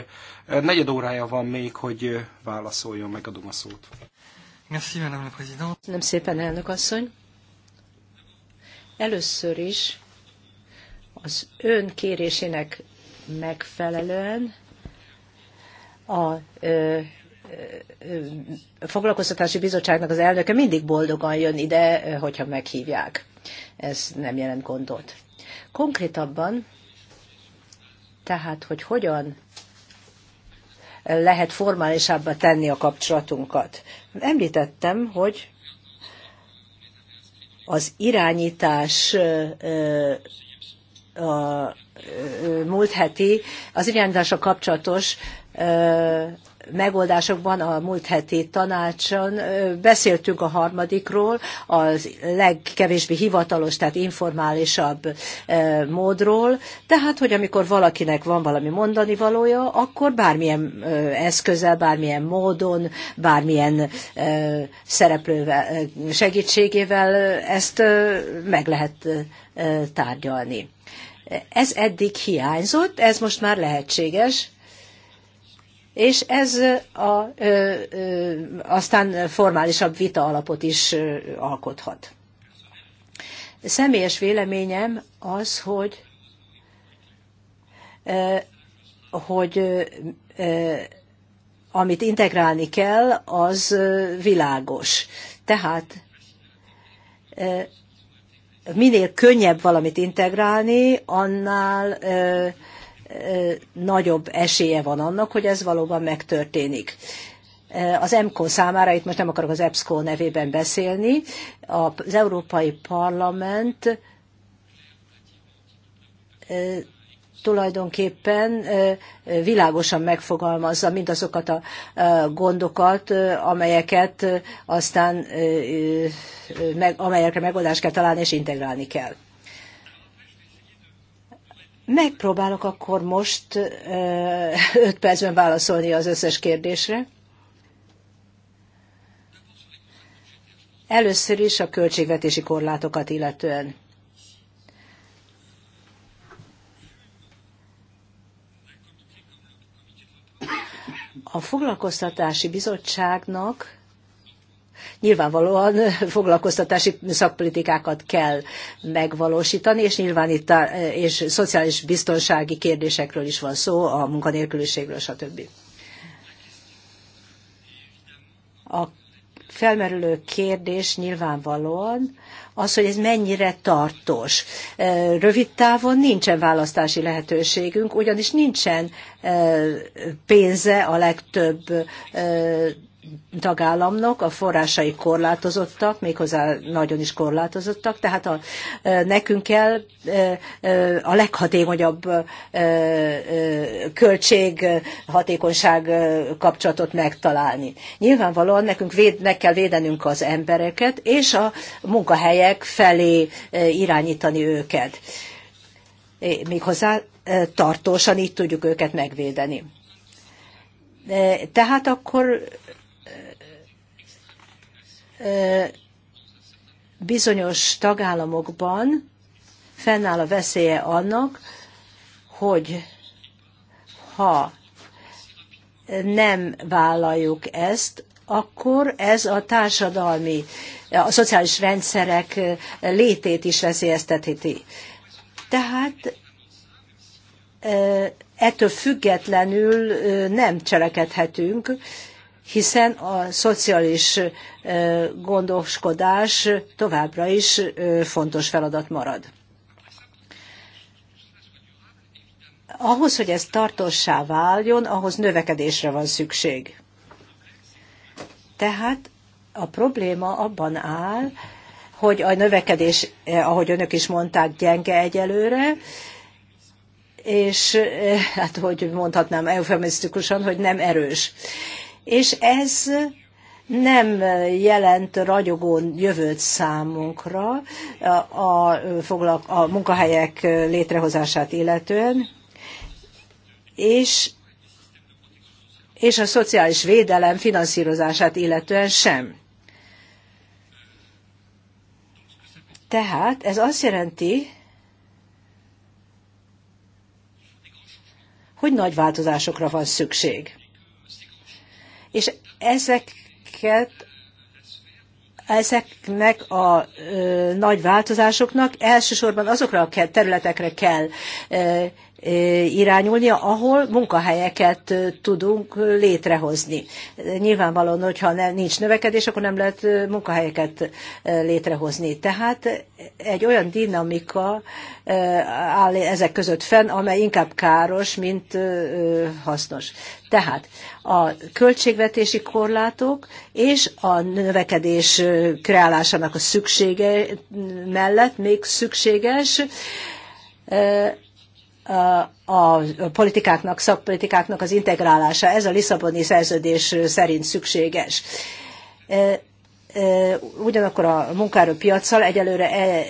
Negyed órája van még, hogy válaszoljon, megadom a szót. Nem szépen, elnök asszony. Először is az ön kérésének megfelelően a foglalkoztatási bizottságnak az elnöke mindig boldogan jön ide, hogyha meghívják. Ez nem jelent gondot. Konkrétabban, tehát, hogy hogyan lehet formálisabbá tenni a kapcsolatunkat. Említettem, hogy az irányítás a múlt heti, az irányítása kapcsolatos megoldásokban a múlt heti tanácson beszéltünk a harmadikról, a legkevésbé hivatalos, tehát informálisabb módról, tehát, hogy amikor valakinek van valami mondani valója, akkor bármilyen eszközzel, bármilyen módon, bármilyen szereplővel, segítségével ezt meg lehet tárgyalni. Ez eddig hiányzott, ez most már lehetséges, és ez a, ö, ö, aztán formálisabb vita alapot is ö, alkothat. Személyes véleményem az, hogy ö, hogy ö, amit integrálni kell, az világos. Tehát ö, minél könnyebb valamit integrálni, annál ö, nagyobb esélye van annak, hogy ez valóban megtörténik. Az EMCO számára, itt most nem akarok az EBSCO nevében beszélni, az Európai Parlament tulajdonképpen világosan megfogalmazza mindazokat a gondokat, amelyeket aztán amelyekre megoldást kell találni és integrálni kell. Megpróbálok akkor most öt percben válaszolni az összes kérdésre. Először is a költségvetési korlátokat illetően. A foglalkoztatási bizottságnak Nyilvánvalóan foglalkoztatási szakpolitikákat kell megvalósítani, és nyilván itt a, és szociális biztonsági kérdésekről is van szó, a munkanélküliségről, stb. A felmerülő kérdés nyilvánvalóan az, hogy ez mennyire tartós. Rövid távon nincsen választási lehetőségünk, ugyanis nincsen pénze a legtöbb tagállamnak a forrásai korlátozottak, méghozzá nagyon is korlátozottak, tehát a, nekünk kell a leghatékonyabb költség hatékonyság kapcsolatot megtalálni. Nyilvánvalóan nekünk véd, meg kell védenünk az embereket, és a munkahelyek felé irányítani őket. Méghozzá tartósan így tudjuk őket megvédeni. Tehát akkor bizonyos tagállamokban fennáll a veszélye annak, hogy ha nem vállaljuk ezt, akkor ez a társadalmi, a szociális rendszerek létét is veszélyeztetheti. Tehát ettől függetlenül nem cselekedhetünk, hiszen a szociális gondoskodás továbbra is fontos feladat marad. Ahhoz, hogy ez tartossá váljon, ahhoz növekedésre van szükség. Tehát a probléma abban áll, hogy a növekedés, eh, ahogy önök is mondták, gyenge egyelőre, és eh, hát hogy mondhatnám eufemisztikusan, hogy nem erős és ez nem jelent ragyogó jövőt számunkra a, foglak, a munkahelyek létrehozását illetően, és, és a szociális védelem finanszírozását illetően sem. Tehát ez azt jelenti, hogy nagy változásokra van szükség és ezeket ezeknek a ö, nagy változásoknak elsősorban azokra a területekre kell ö, irányulni ahol munkahelyeket tudunk létrehozni. Nyilvánvalóan, hogyha ne, nincs növekedés, akkor nem lehet munkahelyeket létrehozni. Tehát egy olyan dinamika áll ezek között fenn, amely inkább káros, mint hasznos. Tehát a költségvetési korlátok és a növekedés kreálásának a szüksége mellett még szükséges a politikáknak, szakpolitikáknak az integrálása. Ez a Lisszaboni szerződés szerint szükséges. E, e, ugyanakkor a piacsal egyelőre e,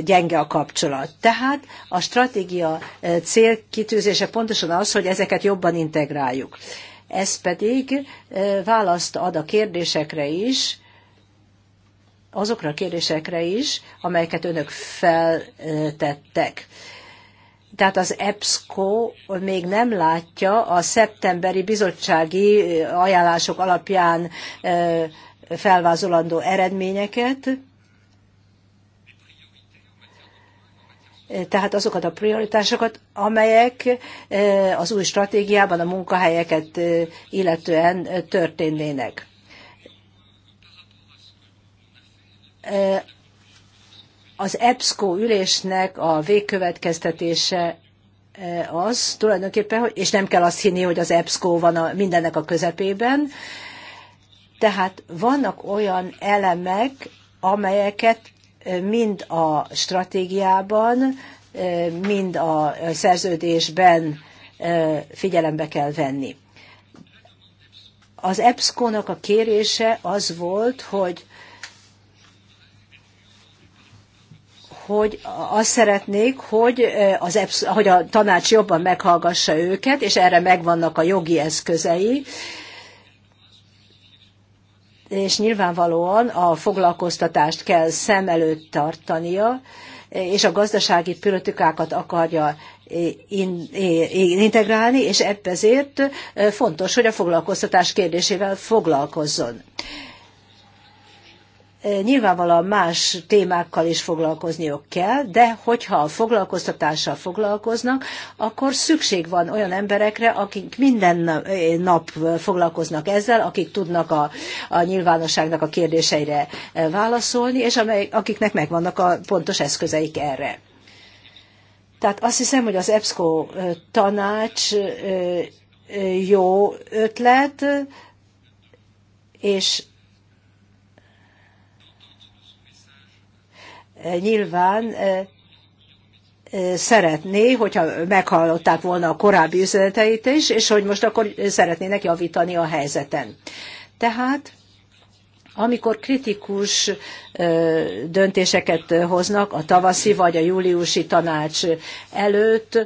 gyenge a kapcsolat. Tehát a stratégia célkitűzése pontosan az, hogy ezeket jobban integráljuk. Ez pedig választ ad a kérdésekre is, azokra a kérdésekre is, amelyeket önök feltettek tehát az EBSCO még nem látja a szeptemberi bizottsági ajánlások alapján felvázolandó eredményeket, tehát azokat a prioritásokat, amelyek az új stratégiában a munkahelyeket illetően történnének az EBSCO ülésnek a végkövetkeztetése e, az tulajdonképpen, és nem kell azt hinni, hogy az EBSCO van a, mindennek a közepében, tehát vannak olyan elemek, amelyeket e, mind a stratégiában, e, mind a szerződésben figyelembe kell venni. Az EBSCO-nak a kérése az volt, hogy hogy azt szeretnék, hogy, az hogy a tanács jobban meghallgassa őket, és erre megvannak a jogi eszközei, és nyilvánvalóan a foglalkoztatást kell szem előtt tartania, és a gazdasági politikákat akarja integrálni, és ezért fontos, hogy a foglalkoztatás kérdésével foglalkozzon nyilvánvalóan más témákkal is foglalkozniuk kell, de hogyha a foglalkoztatással foglalkoznak, akkor szükség van olyan emberekre, akik minden nap foglalkoznak ezzel, akik tudnak a, a nyilvánosságnak a kérdéseire válaszolni, és amely, akiknek megvannak a pontos eszközeik erre. Tehát azt hiszem, hogy az EBSCO tanács jó ötlet, és nyilván szeretné, hogyha meghallották volna a korábbi üzeneteit is, és hogy most akkor szeretnének javítani a helyzeten. Tehát amikor kritikus döntéseket hoznak a tavaszi vagy a júliusi tanács előtt,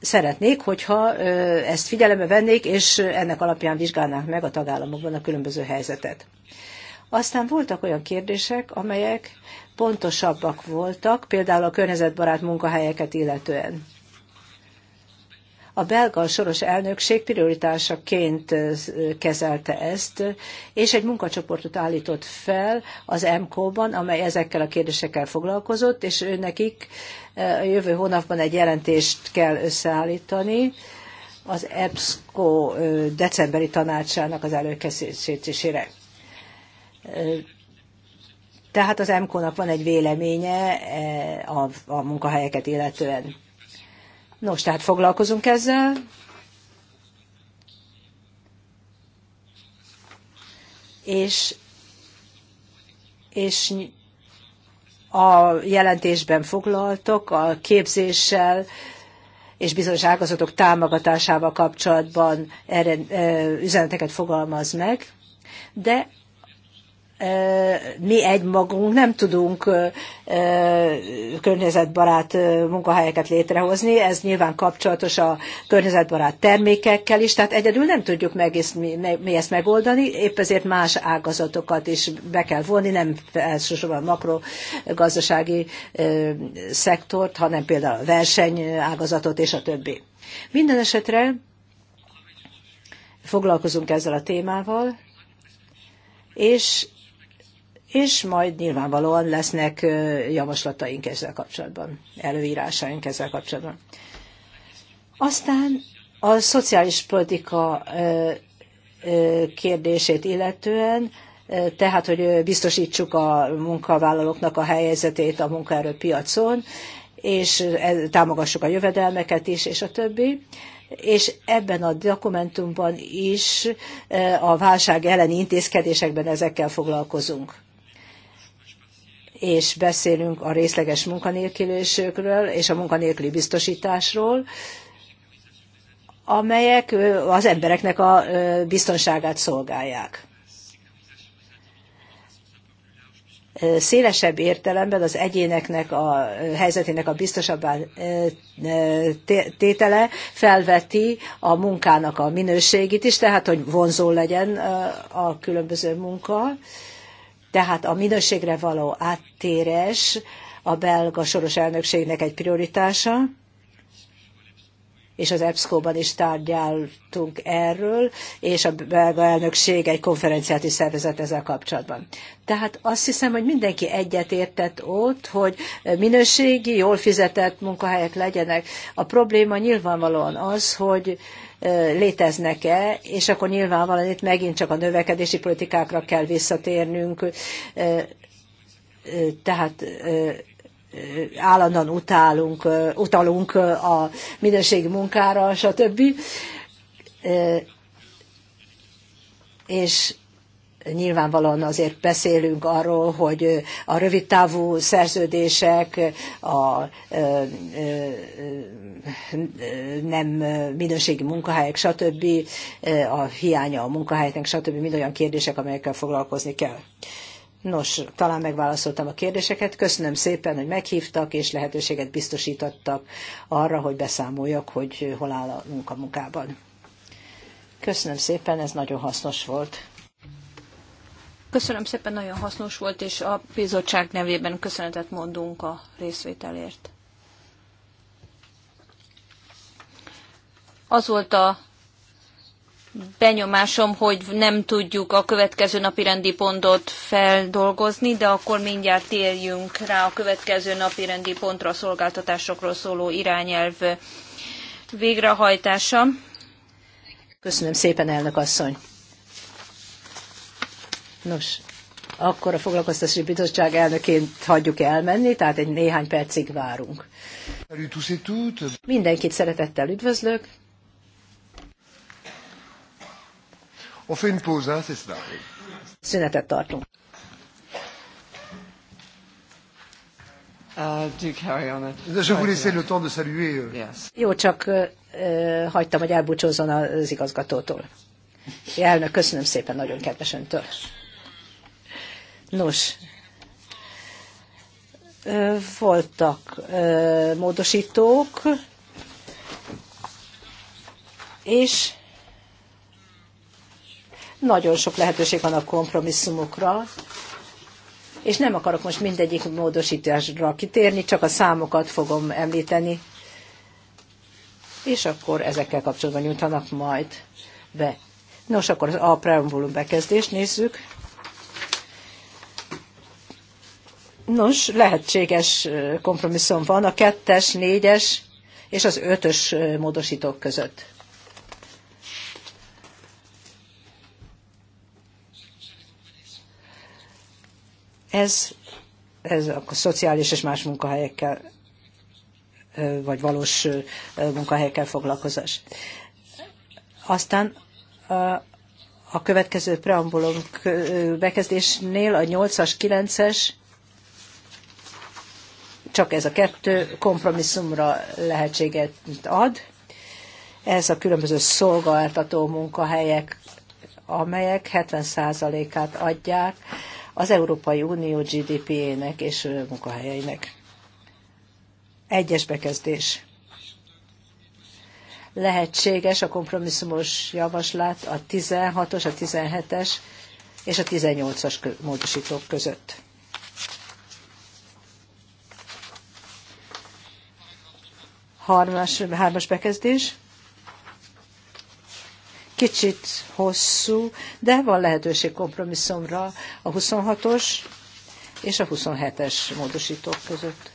szeretnék, hogyha ezt figyelembe vennék, és ennek alapján vizsgálnák meg a tagállamokban a különböző helyzetet. Aztán voltak olyan kérdések, amelyek pontosabbak voltak, például a környezetbarát munkahelyeket illetően. A belga soros elnökség prioritásaként kezelte ezt, és egy munkacsoportot állított fel az mk ban amely ezekkel a kérdésekkel foglalkozott, és ő nekik a jövő hónapban egy jelentést kell összeállítani az EBSCO decemberi tanácsának az előkészítésére. Tehát az MK-nak van egy véleménye eh, a, a munkahelyeket illetően. Nos, tehát foglalkozunk ezzel. És, és a jelentésben foglaltok a képzéssel és bizonyos ágazatok támogatásával kapcsolatban erre, eh, üzeneteket fogalmaz meg, de mi egy magunk nem tudunk környezetbarát munkahelyeket létrehozni, ez nyilván kapcsolatos a környezetbarát termékekkel is, tehát egyedül nem tudjuk meg ezt, mi ezt megoldani, épp ezért más ágazatokat is be kell vonni, nem elsősorban a makrogazdasági szektort, hanem például a verseny ágazatot és a többi. Minden esetre foglalkozunk ezzel a témával, és és majd nyilvánvalóan lesznek javaslataink ezzel kapcsolatban, előírásaink ezzel kapcsolatban. Aztán a szociális politika kérdését illetően, tehát, hogy biztosítsuk a munkavállalóknak a helyzetét a munkaerőpiacon, és támogassuk a jövedelmeket is, és a többi és ebben a dokumentumban is a válság elleni intézkedésekben ezekkel foglalkozunk és beszélünk a részleges munkanélkülésről és a munkanélküli biztosításról, amelyek az embereknek a biztonságát szolgálják. Szélesebb értelemben az egyéneknek a helyzetének a biztosabbá tétele felveti a munkának a minőségét is, tehát hogy vonzó legyen a különböző munka tehát a minőségre való áttérés a belga soros elnökségnek egy prioritása, és az EBSCO-ban is tárgyaltunk erről, és a belga elnökség egy konferenciát is szervezett ezzel kapcsolatban. Tehát azt hiszem, hogy mindenki egyetértett ott, hogy minőségi, jól fizetett munkahelyek legyenek. A probléma nyilvánvalóan az, hogy léteznek-e, és akkor nyilvánvalóan itt megint csak a növekedési politikákra kell visszatérnünk, tehát állandóan utálunk, utalunk a minőségi munkára, stb. És nyilvánvalóan azért beszélünk arról, hogy a rövidtávú szerződések a nem minőségi munkahelyek, stb., a hiánya a munkahelyeknek, stb., mind olyan kérdések, amelyekkel foglalkozni kell. Nos, talán megválaszoltam a kérdéseket. Köszönöm szépen, hogy meghívtak, és lehetőséget biztosítottak arra, hogy beszámoljak, hogy hol áll a munkamunkában. Köszönöm szépen, ez nagyon hasznos volt. Köszönöm szépen, nagyon hasznos volt, és a bizottság nevében köszönetet mondunk a részvételért. Az volt a benyomásom, hogy nem tudjuk a következő napi rendi pontot feldolgozni, de akkor mindjárt térjünk rá a következő napi rendi pontra a szolgáltatásokról szóló irányelv végrehajtása. Köszönöm szépen, elnök asszony! Nos, akkor a foglalkoztatási bizottság elnöként hagyjuk elmenni, tehát egy néhány percig várunk. Mindenkit szeretettel üdvözlök. Szünetet tartunk. Uh, euh, Jó, csak uh, hagytam, hogy elbúcsózzon az igazgatótól. Elnök, köszönöm szépen, nagyon kedves öntől. Nos, voltak módosítók, és nagyon sok lehetőség van a kompromisszumokra, és nem akarok most mindegyik módosításra kitérni, csak a számokat fogom említeni, és akkor ezekkel kapcsolatban nyújtanak majd be. Nos, akkor az a preambulum bekezdést nézzük. Nos, lehetséges kompromisszum van a kettes, négyes és az ötös módosítók között. Ez, ez a szociális és más munkahelyekkel, vagy valós munkahelyekkel foglalkozás. Aztán a következő preambulum bekezdésnél a 8-as, 9-es csak ez a kettő kompromisszumra lehetséget ad. Ez a különböző szolgáltató munkahelyek, amelyek 70%-át adják az Európai Unió GDP-ének és munkahelyeinek. Egyes bekezdés. Lehetséges a kompromisszumos javaslat a 16-os, a 17-es és a 18-as módosítók között. Hármas, hármas bekezdés. Kicsit hosszú, de van lehetőség kompromisszumra a 26-os és a 27-es módosítók között.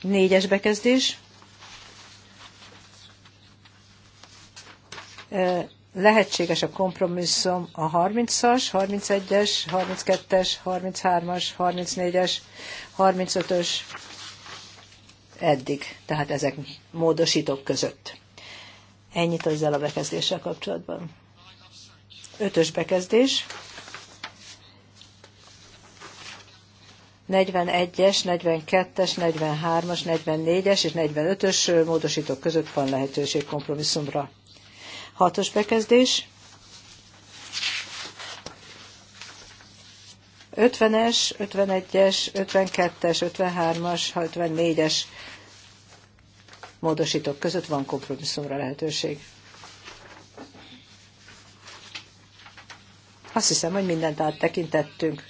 Négyes bekezdés lehetséges a kompromisszum a 30-as, 31-es, 32-es, 33-as, 34-es, 35-ös eddig, tehát ezek módosítók között. Ennyit ezzel a bekezdéssel kapcsolatban. Ötös bekezdés. 41-es, 42-es, 43-as, 44-es és 45-ös módosítók között van lehetőség kompromisszumra. Hatos bekezdés. 50-es, 51-es, 52-es, 53-as, 54-es módosítók között van kompromisszumra lehetőség. Azt hiszem, hogy mindent áttekintettünk.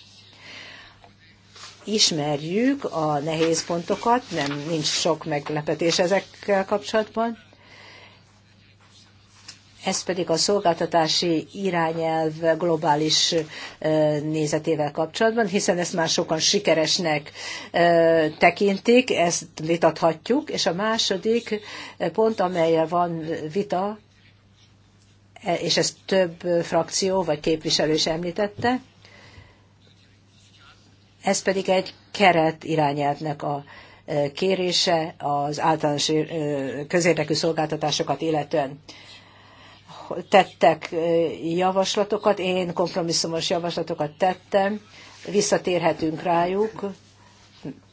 Ismerjük a nehéz pontokat, nem nincs sok meglepetés ezekkel kapcsolatban ez pedig a szolgáltatási irányelv globális nézetével kapcsolatban, hiszen ezt már sokan sikeresnek tekintik, ezt vitathatjuk, és a második pont, amelyel van vita, e, és ezt több frakció vagy képviselő is említette, ez pedig egy keret irányelvnek a kérése az általános közérdekű szolgáltatásokat illetően tettek javaslatokat, én kompromisszumos javaslatokat tettem, visszatérhetünk rájuk,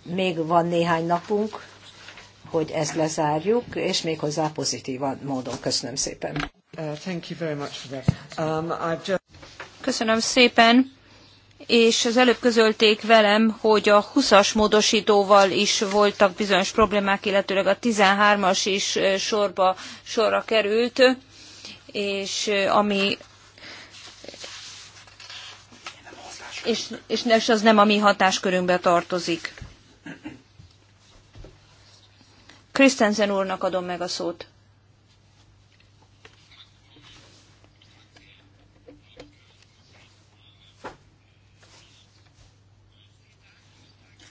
még van néhány napunk, hogy ezt lezárjuk, és méghozzá pozitív módon. Köszönöm szépen. Uh, um, Köszönöm szépen, és az előbb közölték velem, hogy a 20-as módosítóval is voltak bizonyos problémák, illetőleg a 13-as is sorba, sorra került és ami és, és, az nem a mi hatáskörünkbe tartozik. Krisztensen úrnak adom meg a szót.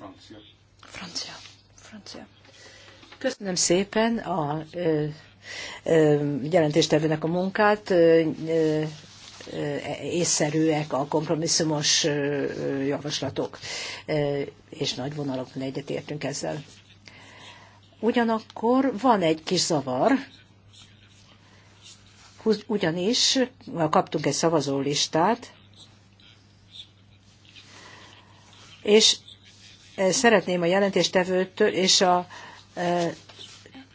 Francia. Francia. Francia. Köszönöm szépen a ö, jelentéstevőnek a munkát, észszerűek a kompromisszumos javaslatok, és nagy vonalakon egyetértünk ezzel. Ugyanakkor van egy kis zavar, ugyanis kaptunk egy szavazólistát, és szeretném a jelentéstevőtől és a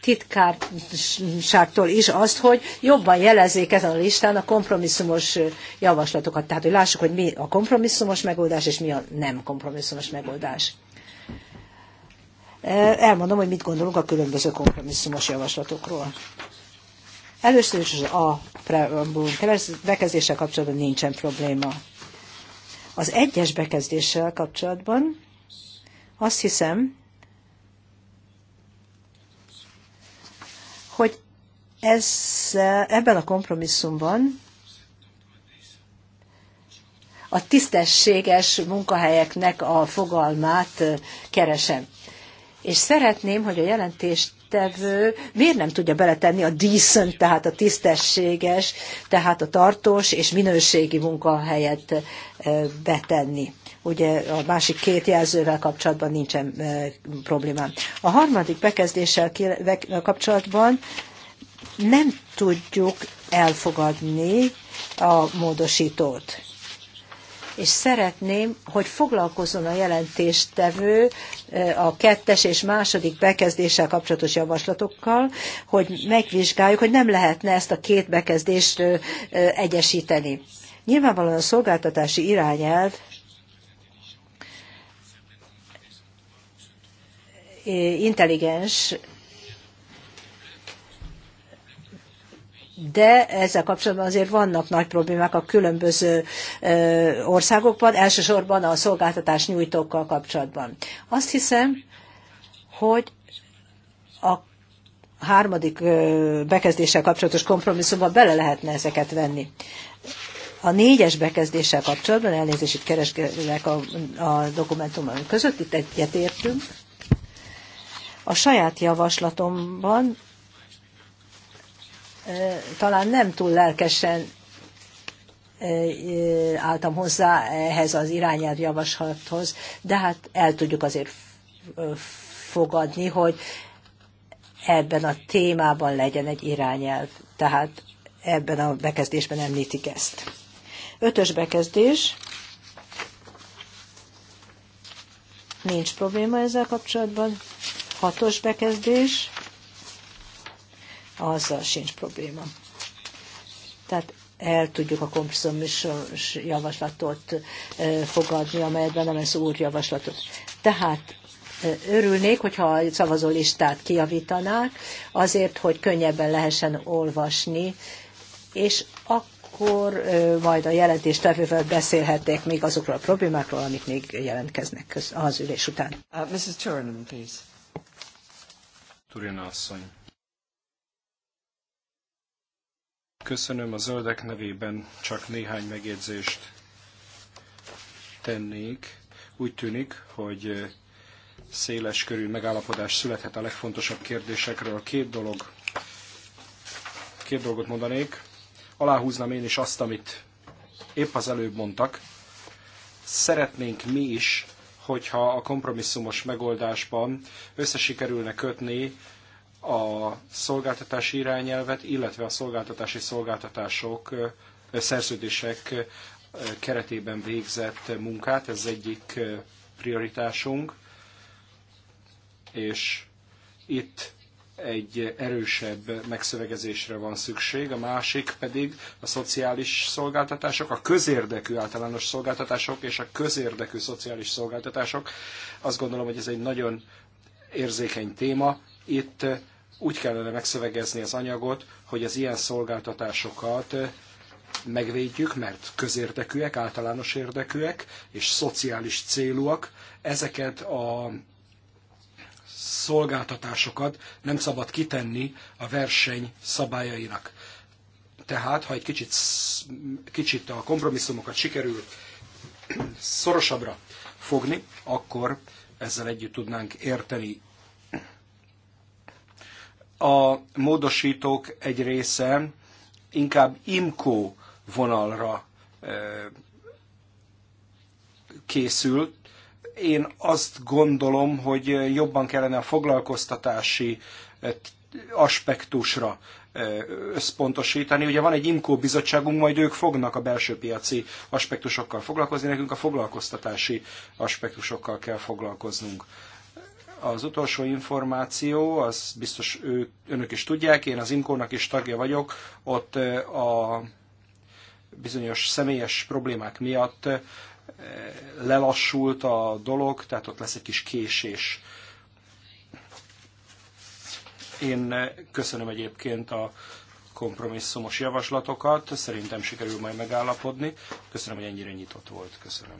titkárságtól is azt, hogy jobban jelezzék ezen a listán a kompromisszumos javaslatokat. Tehát, hogy lássuk, hogy mi a kompromisszumos megoldás, és mi a nem kompromisszumos megoldás. Elmondom, hogy mit gondolunk a különböző kompromisszumos javaslatokról. Először is az a bekezdéssel kapcsolatban nincsen probléma. Az egyes bekezdéssel kapcsolatban azt hiszem, hogy ez, ebben a kompromisszumban a tisztességes munkahelyeknek a fogalmát keresem. És szeretném, hogy a jelentéstevő miért nem tudja beletenni a decent, tehát a tisztességes, tehát a tartós és minőségi munkahelyet betenni ugye a másik két jelzővel kapcsolatban nincsen e, problémám. A harmadik bekezdéssel kapcsolatban nem tudjuk elfogadni a módosítót. És szeretném, hogy foglalkozzon a jelentéstevő e, a kettes és második bekezdéssel kapcsolatos javaslatokkal, hogy megvizsgáljuk, hogy nem lehetne ezt a két bekezdést egyesíteni. Nyilvánvalóan a szolgáltatási irányelv intelligens, de ezzel kapcsolatban azért vannak nagy problémák a különböző országokban, elsősorban a szolgáltatás nyújtókkal kapcsolatban. Azt hiszem, hogy a harmadik bekezdéssel kapcsolatos kompromisszumban bele lehetne ezeket venni. A négyes bekezdéssel kapcsolatban elnézést itt a, a dokumentumok között, itt egyetértünk. A saját javaslatomban talán nem túl lelkesen álltam hozzá ehhez az irányelv javaslathoz, de hát el tudjuk azért fogadni, hogy ebben a témában legyen egy irányelv. Tehát ebben a bekezdésben említik ezt. Ötös bekezdés. Nincs probléma ezzel kapcsolatban. Hatos bekezdés, azzal sincs probléma. Tehát el tudjuk a kompromisszumos javaslatot fogadni, amelyben nem ez úr javaslatot. Tehát örülnék, hogyha a szavazólistát kiavítanák, azért, hogy könnyebben lehessen olvasni, és akkor majd a jelentéstevővel beszélhetnék még azokról a problémákról, amik még jelentkeznek az ülés után. Uh, Mrs. Turin, please. Turina asszony. Köszönöm a zöldek nevében, csak néhány megjegyzést tennék. Úgy tűnik, hogy széles körű megállapodás születhet a legfontosabb kérdésekről. Két dolog, két dolgot mondanék. Aláhúznám én is azt, amit épp az előbb mondtak. Szeretnénk mi is hogyha a kompromisszumos megoldásban összesikerülne kötni a szolgáltatási irányelvet, illetve a szolgáltatási szolgáltatások, szerződések keretében végzett munkát, ez egyik prioritásunk, és itt egy erősebb megszövegezésre van szükség, a másik pedig a szociális szolgáltatások, a közérdekű általános szolgáltatások és a közérdekű szociális szolgáltatások. Azt gondolom, hogy ez egy nagyon érzékeny téma. Itt úgy kellene megszövegezni az anyagot, hogy az ilyen szolgáltatásokat megvédjük, mert közérdekűek, általános érdekűek és szociális célúak. Ezeket a szolgáltatásokat nem szabad kitenni a verseny szabályainak. Tehát, ha egy kicsit, kicsit a kompromisszumokat sikerül szorosabbra fogni, akkor ezzel együtt tudnánk érteni. A módosítók egy része inkább IMCO vonalra készül, én azt gondolom, hogy jobban kellene a foglalkoztatási eh, aspektusra eh, összpontosítani. Ugye van egy IMCO bizottságunk, majd ők fognak a belső piaci aspektusokkal foglalkozni, nekünk a foglalkoztatási aspektusokkal kell foglalkoznunk. Az utolsó információ, az biztos ő, önök is tudják, én az IMCO-nak is tagja vagyok, ott eh, a bizonyos személyes problémák miatt lelassult a dolog, tehát ott lesz egy kis késés. Én köszönöm egyébként a kompromisszumos javaslatokat, szerintem sikerül majd megállapodni. Köszönöm, hogy ennyire nyitott volt. Köszönöm.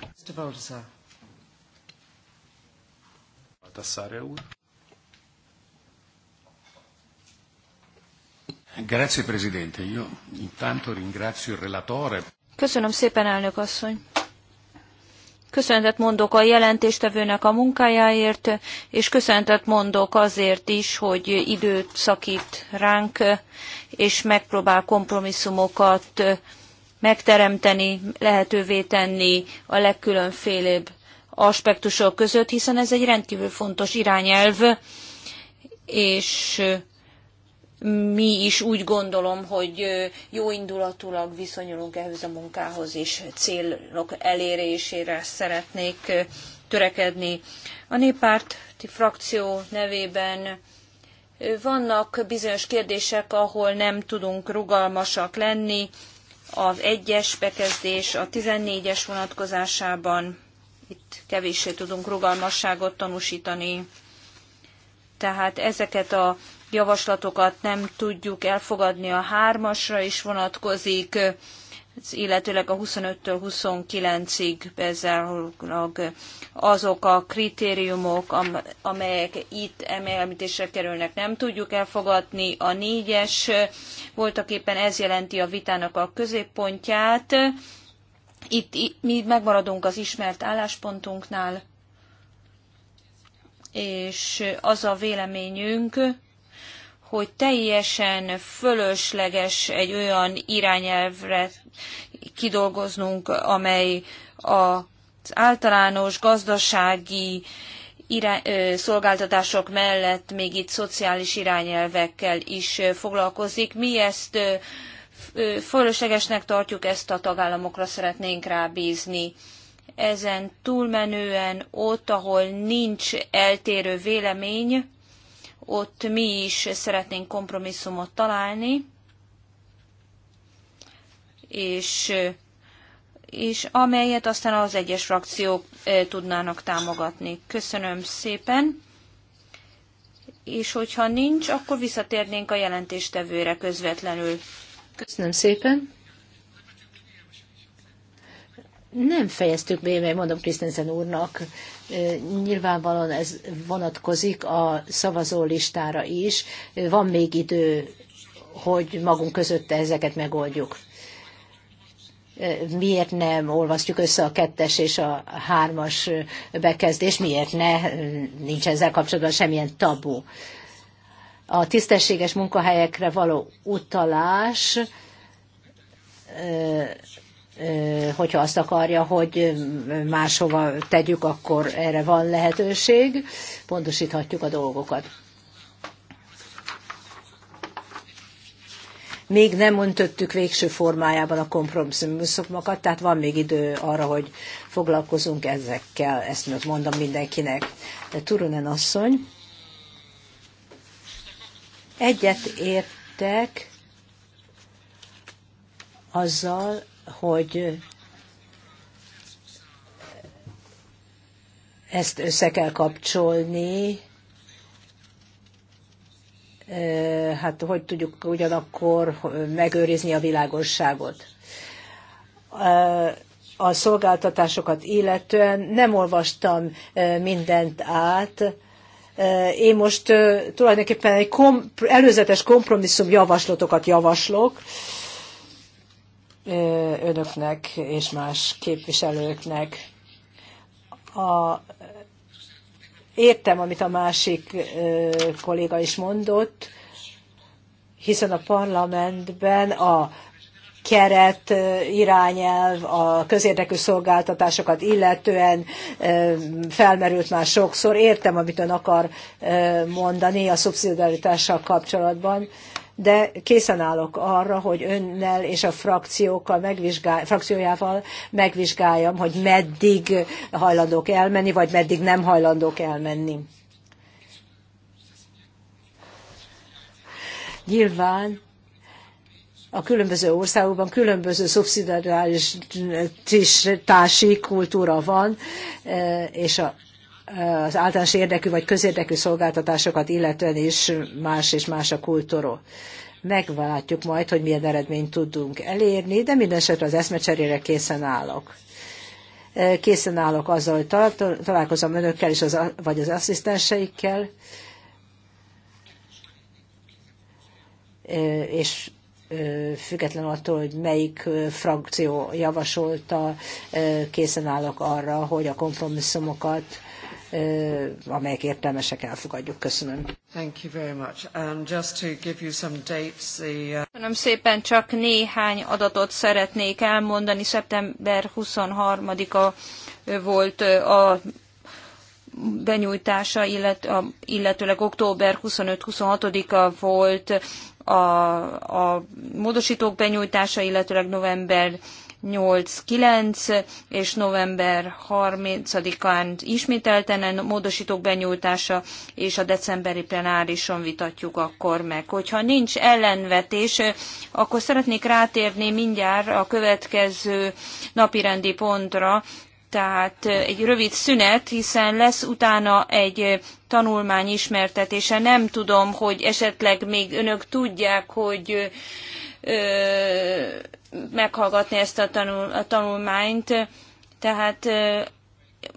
Baltasar úr. Grazie Presidente, io intanto ringrazio il relatore. Köszönöm szépen, elnök asszony. Köszönetet mondok a jelentéstevőnek a munkájáért, és köszönetet mondok azért is, hogy időt szakít ránk, és megpróbál kompromisszumokat megteremteni, lehetővé tenni a legkülönfélebb aspektusok között, hiszen ez egy rendkívül fontos irányelv, és mi is úgy gondolom, hogy jó indulatulag viszonyulunk ehhez a munkához, és célok elérésére szeretnék törekedni. A néppárti frakció nevében vannak bizonyos kérdések, ahol nem tudunk rugalmasak lenni. Az egyes bekezdés a 14-es vonatkozásában itt kevéssé tudunk rugalmasságot tanúsítani. Tehát ezeket a javaslatokat nem tudjuk elfogadni, a hármasra is vonatkozik, illetőleg a 25-től 29-ig bezárólag azok a kritériumok, amelyek itt említésre kerülnek, nem tudjuk elfogadni. A négyes voltak éppen ez jelenti a vitának a középpontját. Itt, itt mi megmaradunk az ismert álláspontunknál, és az a véleményünk, hogy teljesen fölösleges egy olyan irányelvre kidolgoznunk, amely az általános gazdasági irány, ö, szolgáltatások mellett még itt szociális irányelvekkel is foglalkozik. Mi ezt ö, ö, fölöslegesnek tartjuk, ezt a tagállamokra szeretnénk rábízni ezen túlmenően ott, ahol nincs eltérő vélemény, ott mi is szeretnénk kompromisszumot találni, és, és amelyet aztán az egyes frakciók tudnának támogatni. Köszönöm szépen! És hogyha nincs, akkor visszatérnénk a jelentéstevőre közvetlenül. Köszönöm szépen! nem fejeztük be, mert mondom Krisztensen úrnak, nyilvánvalóan ez vonatkozik a szavazó listára is. Van még idő, hogy magunk között ezeket megoldjuk. Miért nem olvasztjuk össze a kettes és a hármas bekezdés? miért ne, nincs ezzel kapcsolatban semmilyen tabu. A tisztességes munkahelyekre való utalás hogyha azt akarja, hogy máshova tegyük, akkor erre van lehetőség, pontosíthatjuk a dolgokat. Még nem öntöttük végső formájában a kompromisszumokat, tehát van még idő arra, hogy foglalkozunk ezekkel, ezt most mondom mindenkinek. De Turunen asszony, egyet értek azzal, hogy ezt össze kell kapcsolni, hát hogy tudjuk ugyanakkor megőrizni a világosságot. A szolgáltatásokat illetően nem olvastam mindent át, én most tulajdonképpen egy kom- előzetes kompromisszum javaslatokat javaslok, önöknek és más képviselőknek. A, értem, amit a másik kolléga is mondott, hiszen a parlamentben a keret, irányelv, a közérdekű szolgáltatásokat illetően felmerült már sokszor. Értem, amit ön akar mondani a szubszidiaritással kapcsolatban, de készen állok arra, hogy önnel és a frakciókkal megvizsgál, frakciójával megvizsgáljam, hogy meddig hajlandók elmenni, vagy meddig nem hajlandók elmenni. Nyilván a különböző országokban különböző szubszidiális tási kultúra van, és a az általános érdekű vagy közérdekű szolgáltatásokat illetően is más és más a kultúra. Meglátjuk majd, hogy milyen eredményt tudunk elérni, de minden esetre az eszmecserére készen állok. Készen állok azzal, hogy találkozom önökkel és az, vagy az asszisztenseikkel, és független attól, hogy melyik frakció javasolta, készen állok arra, hogy a kompromisszumokat amelyek értelmesek, elfogadjuk. Köszönöm. Thank you very much. And just to give you some dates, uh, Köszönöm szépen, csak néhány adatot szeretnék elmondani. Szeptember 23-a volt a benyújtása, illetőleg október 25-26-a volt a, a módosítók benyújtása, illetőleg november 8-9 és november 30-án ismételten a módosítók benyújtása, és a decemberi plenárison vitatjuk akkor meg. Hogyha nincs ellenvetés, akkor szeretnék rátérni mindjárt a következő napirendi pontra, tehát egy rövid szünet, hiszen lesz utána egy tanulmány ismertetése. Nem tudom, hogy esetleg még önök tudják, hogy ö, meghallgatni ezt a, tanul, a tanulmányt, tehát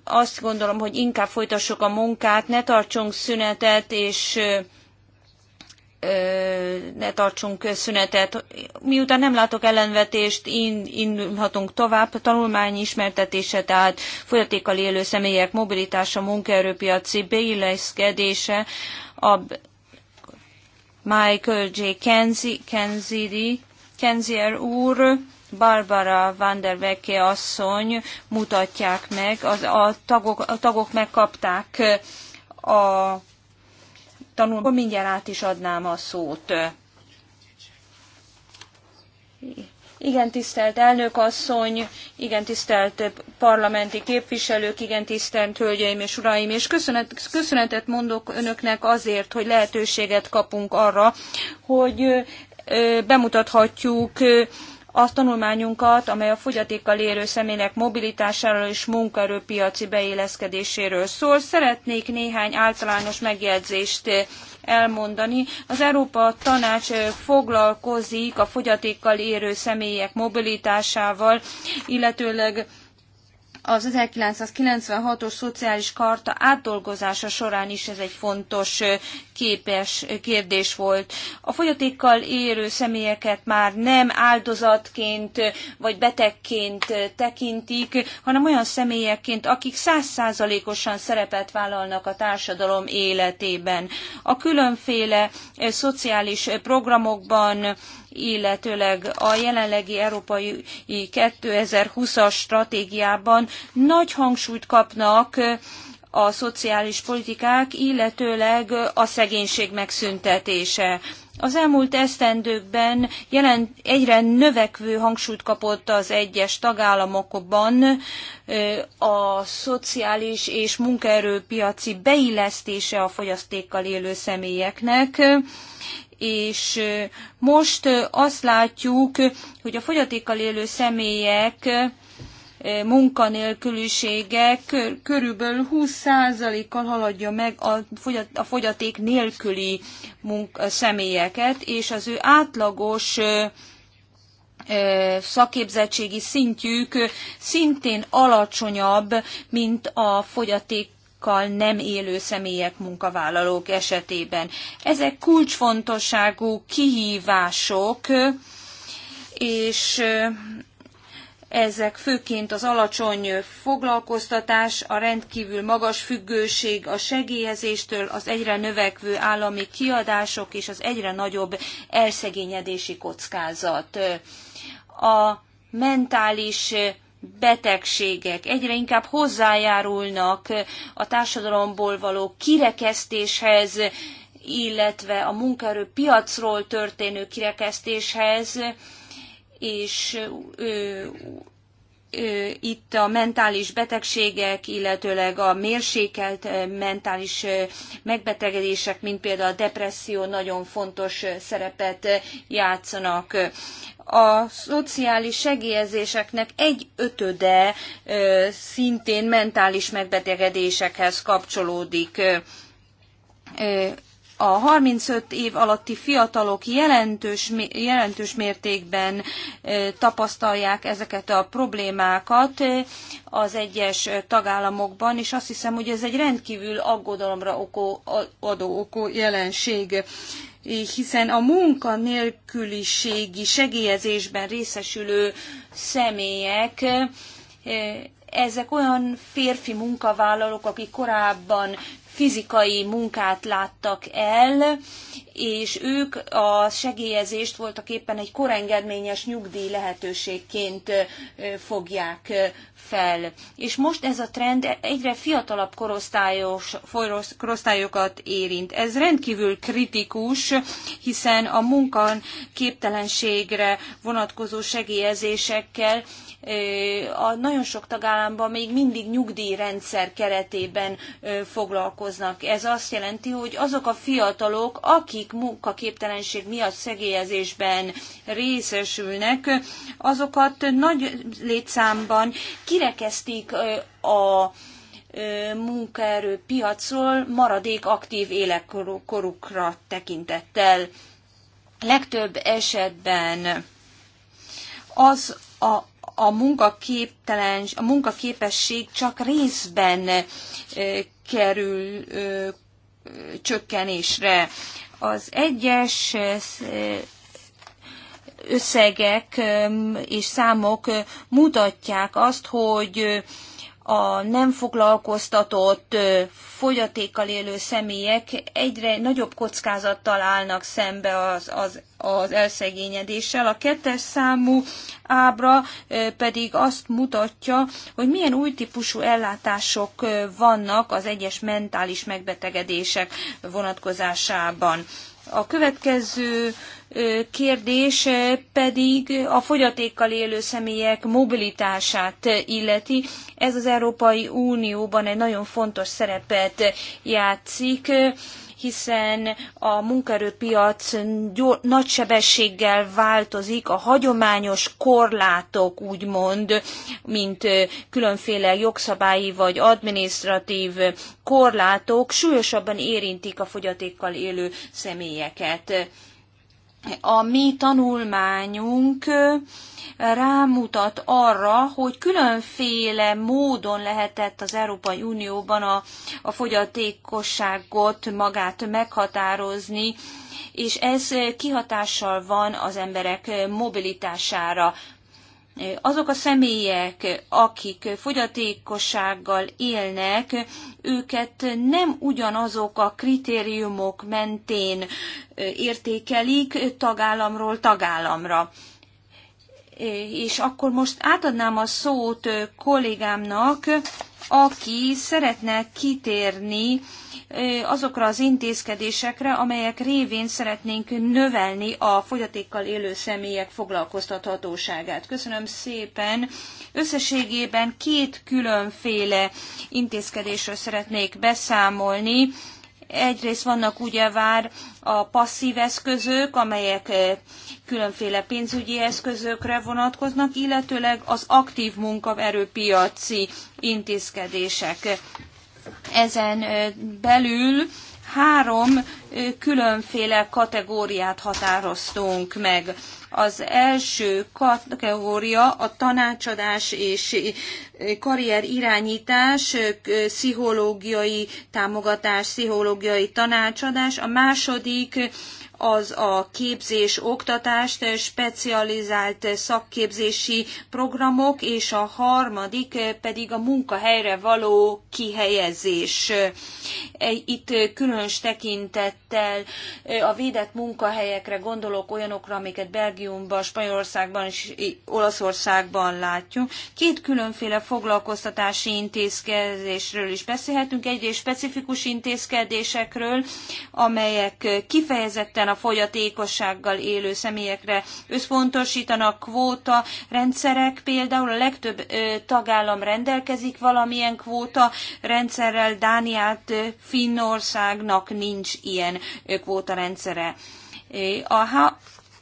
azt gondolom, hogy inkább folytassuk a munkát, ne tartsunk szünetet, és ne tartsunk szünetet. Miután nem látok ellenvetést, indulhatunk tovább. Tanulmány ismertetése, tehát folyatékkal élő személyek mobilitása, munkaerőpiaci beilleszkedése, a Michael J. Kenzidi, Kenzier úr, Barbara van der Wecke asszony mutatják meg, az, a, tagok, a tagok megkapták a tanulmányt, mindjárt át is adnám a szót. Igen, tisztelt elnök asszony, igen, tisztelt parlamenti képviselők, igen, tisztelt hölgyeim és uraim, és köszönet, köszönetet mondok önöknek azért, hogy lehetőséget kapunk arra, hogy bemutathatjuk a tanulmányunkat, amely a fogyatékkal érő személyek mobilitásáról és munkaerőpiaci beéleszkedéséről szól. Szeretnék néhány általános megjegyzést elmondani. Az Európa Tanács foglalkozik a fogyatékkal érő személyek mobilitásával, illetőleg az 1996-os szociális karta átdolgozása során is ez egy fontos képes kérdés volt. A fogyatékkal érő személyeket már nem áldozatként vagy betegként tekintik, hanem olyan személyekként, akik százszázalékosan szerepet vállalnak a társadalom életében. A különféle szociális programokban illetőleg a jelenlegi európai 2020-as stratégiában nagy hangsúlyt kapnak a szociális politikák, illetőleg a szegénység megszüntetése. Az elmúlt esztendőkben jelen egyre növekvő hangsúlyt kapott az egyes tagállamokban a szociális és munkaerőpiaci beillesztése a fogyasztékkal élő személyeknek, és most azt látjuk, hogy a fogyatékkal élő személyek munkanélkülisége körülbelül 20%-kal haladja meg a fogyaték nélküli személyeket, és az ő átlagos szakképzettségi szintjük szintén alacsonyabb, mint a fogyaték munkavállalókkal nem élő személyek, munkavállalók esetében. Ezek kulcsfontosságú kihívások, és ezek főként az alacsony foglalkoztatás, a rendkívül magas függőség a segélyezéstől, az egyre növekvő állami kiadások és az egyre nagyobb elszegényedési kockázat. A mentális betegségek egyre inkább hozzájárulnak a társadalomból való kirekesztéshez, illetve a munkaerő piacról történő kirekesztéshez, és ö, ö, itt a mentális betegségek, illetőleg a mérsékelt mentális megbetegedések, mint például a depresszió nagyon fontos szerepet játszanak a szociális segélyezéseknek egy ötöde szintén mentális megbetegedésekhez kapcsolódik. A 35 év alatti fiatalok jelentős, jelentős mértékben tapasztalják ezeket a problémákat az egyes tagállamokban, és azt hiszem, hogy ez egy rendkívül aggodalomra okó, adó okó jelenség hiszen a munkanélküliségi segélyezésben részesülő személyek eh, ezek olyan férfi munkavállalók, akik korábban fizikai munkát láttak el, és ők a segélyezést voltak éppen egy korengedményes nyugdíj lehetőségként fogják fel. És most ez a trend egyre fiatalabb korosztályos, korosztályokat érint. Ez rendkívül kritikus, hiszen a munkan képtelenségre vonatkozó segélyezésekkel a nagyon sok tagállamban még mindig nyugdíjrendszer keretében foglalkoznak. Ez azt jelenti, hogy azok a fiatalok, akik munkaképtelenség miatt szegélyezésben részesülnek, azokat nagy létszámban kirekesztik a munkaerőpiacról maradék aktív életkorukra tekintettel. Legtöbb esetben az a a munkaképtelen, a munkaképesség csak részben kerül csökkenésre. Az egyes összegek és számok mutatják azt, hogy a nem foglalkoztatott fogyatékkal élő személyek egyre nagyobb kockázattal állnak szembe az, az, az elszegényedéssel. A kettes számú ábra pedig azt mutatja, hogy milyen új típusú ellátások vannak az egyes mentális megbetegedések vonatkozásában. A következő kérdés pedig a fogyatékkal élő személyek mobilitását illeti. Ez az Európai Unióban egy nagyon fontos szerepet játszik hiszen a munkaerőpiac nagy sebességgel változik, a hagyományos korlátok úgymond, mint különféle jogszabályi vagy adminisztratív korlátok súlyosabban érintik a fogyatékkal élő személyeket a mi tanulmányunk rámutat arra, hogy különféle módon lehetett az Európai Unióban a, a fogyatékosságot magát meghatározni, és ez kihatással van az emberek mobilitására azok a személyek, akik fogyatékossággal élnek, őket nem ugyanazok a kritériumok mentén értékelik tagállamról tagállamra. És akkor most átadnám a szót kollégámnak, aki szeretne kitérni azokra az intézkedésekre, amelyek révén szeretnénk növelni a fogyatékkal élő személyek foglalkoztathatóságát. Köszönöm szépen. Összességében két különféle intézkedésről szeretnék beszámolni. Egyrészt vannak ugye vár a passzív eszközök, amelyek különféle pénzügyi eszközökre vonatkoznak, illetőleg az aktív munkaerőpiaci intézkedések. Ezen belül három különféle kategóriát határoztunk meg. Az első kategória a tanácsadás és karrier irányítás, pszichológiai támogatás, pszichológiai tanácsadás. A második az a képzés, oktatást, specializált szakképzési programok, és a harmadik pedig a munkahelyre való kihelyezés. E, itt különös tekintettel e, a védett munkahelyekre gondolok olyanokra, amiket Belgiumban, Spanyolországban és Olaszországban látjuk. Két különféle foglalkoztatási intézkedésről is beszélhetünk. Egyrészt specifikus intézkedésekről, amelyek kifejezetten a fogyatékossággal élő személyekre összpontosítanak kvóta rendszerek, például a legtöbb tagállam rendelkezik valamilyen kvóta rendszerrel, Dániát Finnországnak nincs ilyen kvóta rendszere. A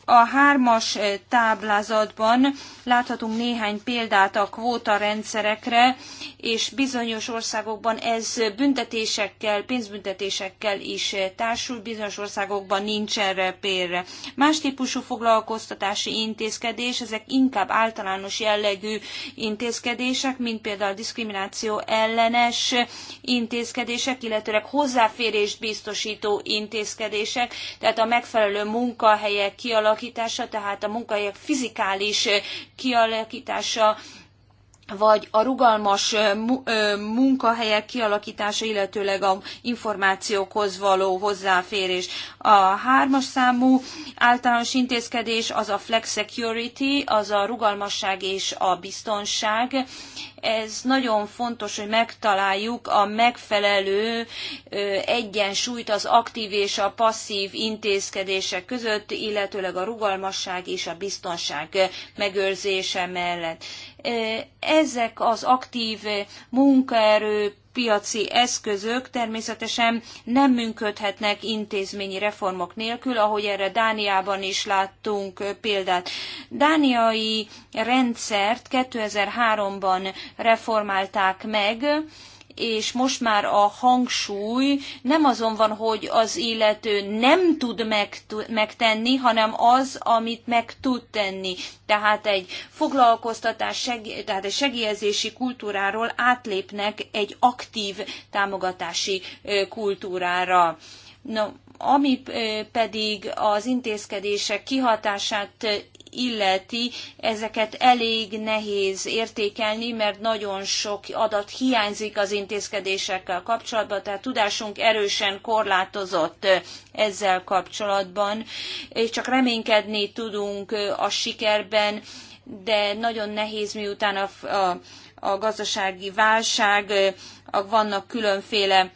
a hármas eh, táblázatban láthatunk néhány példát a kvótarendszerekre, és bizonyos országokban ez büntetésekkel, pénzbüntetésekkel is eh, társul, bizonyos országokban nincs erre pélre. Más típusú foglalkoztatási intézkedés, ezek inkább általános jellegű intézkedések, mint például a diszkrimináció ellenes intézkedések, illetőleg hozzáférést biztosító intézkedések, tehát a megfelelő munkahelyek kialakítása, kialakítása, tehát a munkahelyek fizikális kialakítása vagy a rugalmas munkahelyek kialakítása, illetőleg a információkhoz való hozzáférés. A hármas számú általános intézkedés az a flex security, az a rugalmasság és a biztonság. Ez nagyon fontos, hogy megtaláljuk a megfelelő egyensúlyt az aktív és a passzív intézkedések között, illetőleg a rugalmasság és a biztonság megőrzése mellett. Ezek az aktív munkaerő piaci eszközök természetesen nem működhetnek intézményi reformok nélkül, ahogy erre Dániában is láttunk példát. Dániai rendszert 2003-ban reformálták meg, és most már a hangsúly nem azon van, hogy az illető nem tud megtenni, hanem az, amit meg tud tenni. Tehát egy foglalkoztatás, seg, tehát egy segélyezési kultúráról átlépnek egy aktív támogatási kultúrára. No, ami pedig az intézkedések kihatását illeti, ezeket elég nehéz értékelni, mert nagyon sok adat hiányzik az intézkedésekkel kapcsolatban, tehát tudásunk erősen korlátozott ezzel kapcsolatban. és Csak reménykedni tudunk a sikerben, de nagyon nehéz miután a, a, a gazdasági válság, a, vannak különféle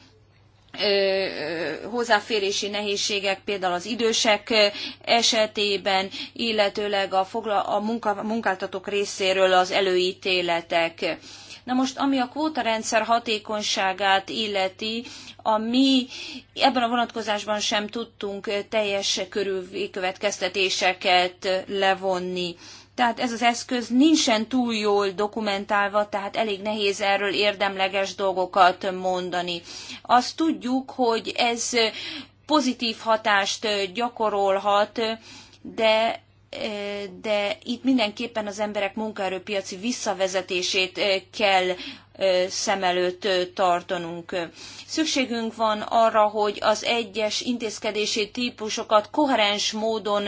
hozzáférési nehézségek, például az idősek esetében, illetőleg a, fogla, a munka, munkáltatók részéről az előítéletek. Na most, ami a kvótarendszer hatékonyságát illeti, a mi ebben a vonatkozásban sem tudtunk teljes körű következtetéseket levonni tehát ez az eszköz nincsen túl jól dokumentálva, tehát elég nehéz erről érdemleges dolgokat mondani. Azt tudjuk, hogy ez pozitív hatást gyakorolhat, de de itt mindenképpen az emberek munkaerőpiaci visszavezetését kell szem előtt tartanunk. Szükségünk van arra, hogy az egyes intézkedési típusokat koherens módon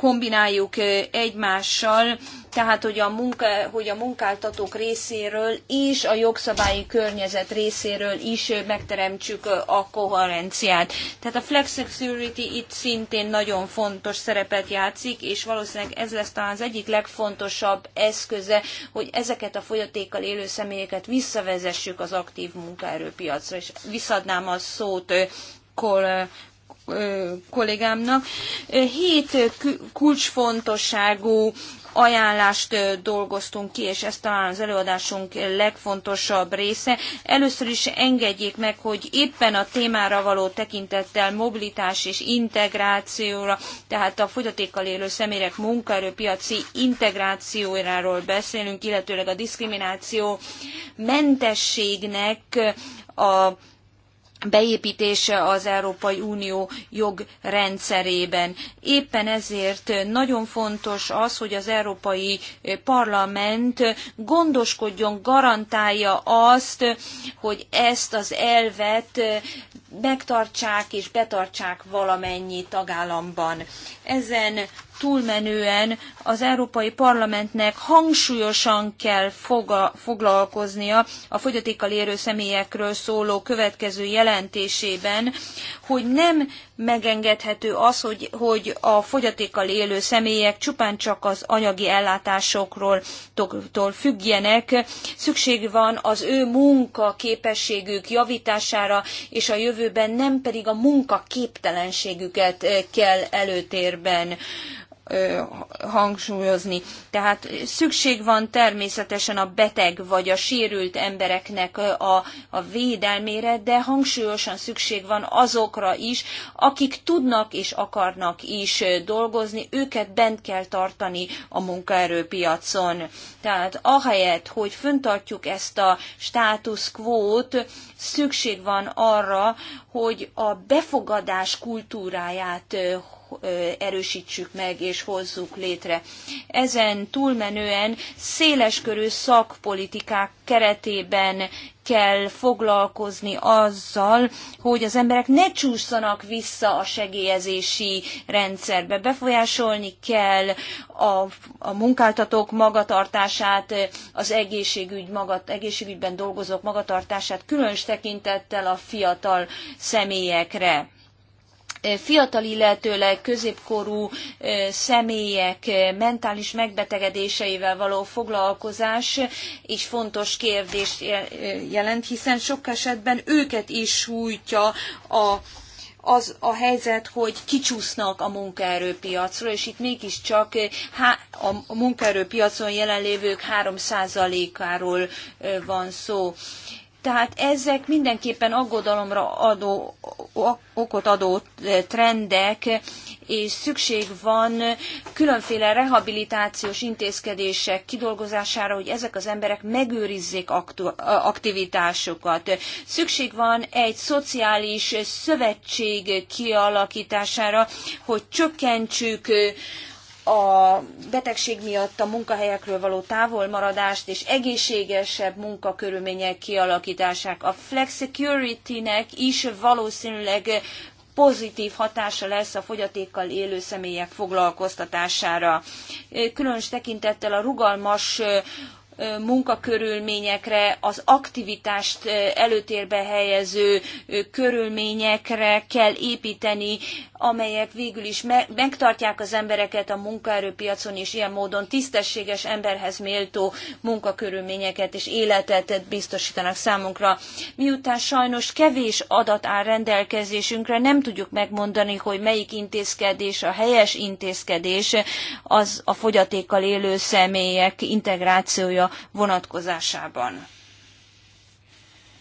kombináljuk egymással, tehát hogy a, munka, hogy a munkáltatók részéről és a jogszabályi környezet részéről is megteremtsük a koherenciát. Tehát a flexicurity itt szintén nagyon fontos szerepet játszik, és valószínűleg ez lesz talán az egyik legfontosabb eszköze, hogy ezeket a fogyatékkal élő személyeket visszavezessük az aktív munkaerőpiacra, és visszadnám a szót Cole kollégámnak. Hét kulcsfontosságú ajánlást dolgoztunk ki, és ez talán az előadásunk legfontosabb része. Először is engedjék meg, hogy éppen a témára való tekintettel mobilitás és integrációra, tehát a fogyatékkal élő személyek munkaerőpiaci integrációjáról beszélünk, illetőleg a diszkrimináció mentességnek a beépítése az Európai Unió jogrendszerében. Éppen ezért nagyon fontos az, hogy az Európai Parlament gondoskodjon, garantálja azt, hogy ezt az elvet megtartsák és betartsák valamennyi tagállamban. Ezen túlmenően az Európai Parlamentnek hangsúlyosan kell foga, foglalkoznia a fogyatékkal érő személyekről szóló következő jelentésében, hogy nem megengedhető az, hogy, hogy a fogyatékkal élő személyek csupán csak az anyagi ellátásokról tól függjenek. Szükség van az ő munka képességük javítására, és a jövőben nem pedig a munka képtelenségüket eh, kell előtérben hangsúlyozni. Tehát szükség van természetesen a beteg vagy a sérült embereknek a, a védelmére, de hangsúlyosan szükség van azokra is, akik tudnak és akarnak is dolgozni, őket bent kell tartani a munkaerőpiacon. Tehát ahelyett, hogy föntartjuk ezt a status quo-t, szükség van arra, hogy a befogadás kultúráját erősítsük meg és hozzuk létre. Ezen túlmenően széleskörű szakpolitikák keretében kell foglalkozni azzal, hogy az emberek ne csúszanak vissza a segélyezési rendszerbe. Befolyásolni kell a, a munkáltatók magatartását, az egészségügy magat, egészségügyben dolgozók magatartását, különös tekintettel a fiatal személyekre fiatal, illetőleg középkorú személyek mentális megbetegedéseivel való foglalkozás is fontos kérdést jelent, hiszen sok esetben őket is sújtja a az a helyzet, hogy kicsúsznak a munkaerőpiacról, és itt mégiscsak a munkaerőpiacon jelenlévők 3%-áról van szó. Tehát ezek mindenképpen aggodalomra adó, okot adó eh, trendek, és szükség van különféle rehabilitációs intézkedések kidolgozására, hogy ezek az emberek megőrizzék aktivitásokat. Szükség van egy szociális szövetség kialakítására, hogy csökkentsük eh, a betegség miatt a munkahelyekről való távolmaradást és egészségesebb munkakörülmények kialakítását. A flexicurity-nek is valószínűleg pozitív hatása lesz a fogyatékkal élő személyek foglalkoztatására. Különös tekintettel a rugalmas munkakörülményekre, az aktivitást előtérbe helyező körülményekre kell építeni amelyek végül is megtartják az embereket a munkaerőpiacon, és ilyen módon tisztességes emberhez méltó munkakörülményeket és életet biztosítanak számunkra. Miután sajnos kevés adat áll rendelkezésünkre, nem tudjuk megmondani, hogy melyik intézkedés a helyes intézkedés az a fogyatékkal élő személyek integrációja vonatkozásában.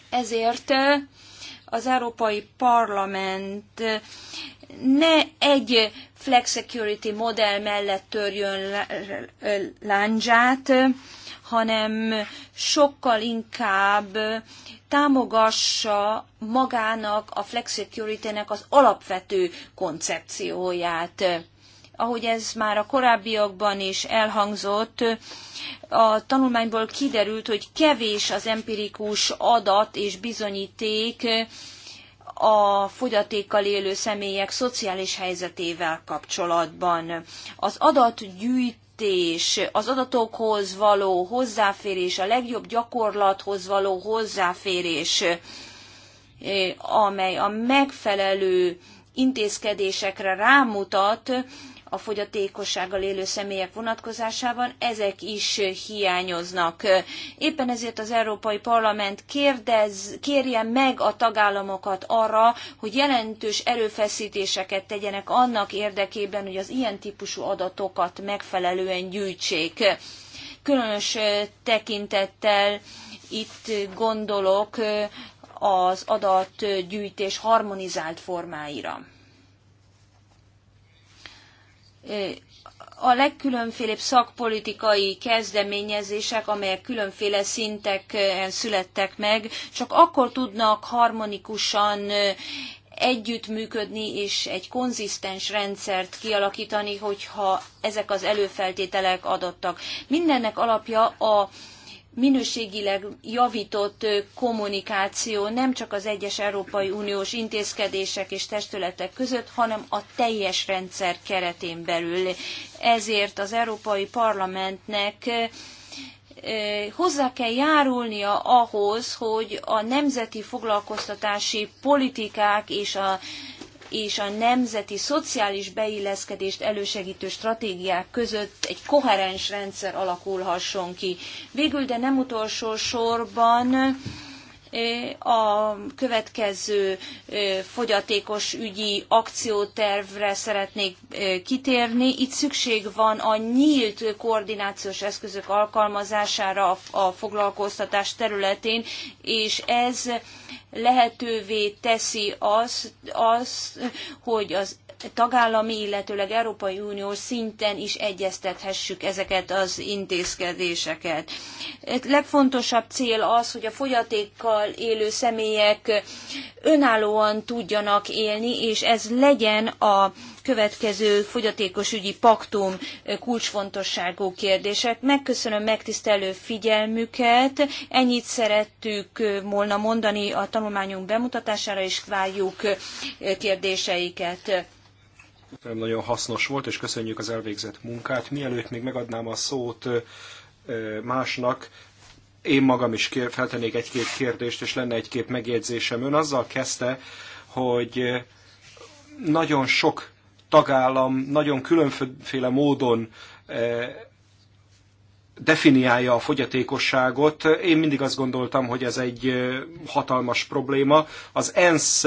Ezért az Európai Parlament ne egy flex security modell mellett törjön láncsát, hanem sokkal inkább támogassa magának a security nek az alapvető koncepcióját. Ahogy ez már a korábbiakban is elhangzott, a tanulmányból kiderült, hogy kevés az empirikus adat és bizonyíték, a fogyatékkal élő személyek szociális helyzetével kapcsolatban. Az adatgyűjtés az adatokhoz való hozzáférés, a legjobb gyakorlathoz való hozzáférés, eh, amely a megfelelő intézkedésekre rámutat, a fogyatékossággal élő személyek vonatkozásában, ezek is hiányoznak. Éppen ezért az Európai Parlament kérdez, kérje meg a tagállamokat arra, hogy jelentős erőfeszítéseket tegyenek annak érdekében, hogy az ilyen típusú adatokat megfelelően gyűjtsék. Különös tekintettel itt gondolok az adatgyűjtés harmonizált formáira a legkülönfélebb szakpolitikai kezdeményezések, amelyek különféle szinteken születtek meg, csak akkor tudnak harmonikusan együttműködni és egy konzisztens rendszert kialakítani, hogyha ezek az előfeltételek adottak. Mindennek alapja a minőségileg javított kommunikáció nem csak az egyes Európai Uniós intézkedések és testületek között, hanem a teljes rendszer keretén belül. Ezért az Európai Parlamentnek hozzá kell járulnia ahhoz, hogy a nemzeti foglalkoztatási politikák és a és a nemzeti szociális beilleszkedést elősegítő stratégiák között egy koherens rendszer alakulhasson ki. Végül, de nem utolsó sorban, E, a következő e, fogyatékos ügyi akciótervre szeretnék e, kitérni. Itt szükség van a nyílt koordinációs eszközök alkalmazására a foglalkoztatás területén, és ez lehetővé teszi azt, az, hogy az tagállami, illetőleg Európai Uniós szinten is egyeztethessük ezeket az intézkedéseket. Legfontosabb cél az, hogy a fogyatékkal élő személyek önállóan tudjanak élni, és ez legyen a következő fogyatékos ügyi paktum kulcsfontosságú kérdések. Megköszönöm megtisztelő figyelmüket. Ennyit szerettük volna mondani a tanulmányunk bemutatására, és várjuk kérdéseiket. Nagyon hasznos volt, és köszönjük az elvégzett munkát. Mielőtt még megadnám a szót másnak, én magam is kér, feltennék egy-két kérdést, és lenne egy-két megjegyzésem. Ön azzal kezdte, hogy nagyon sok tagállam nagyon különféle módon definiálja a fogyatékosságot. Én mindig azt gondoltam, hogy ez egy hatalmas probléma. Az ENSZ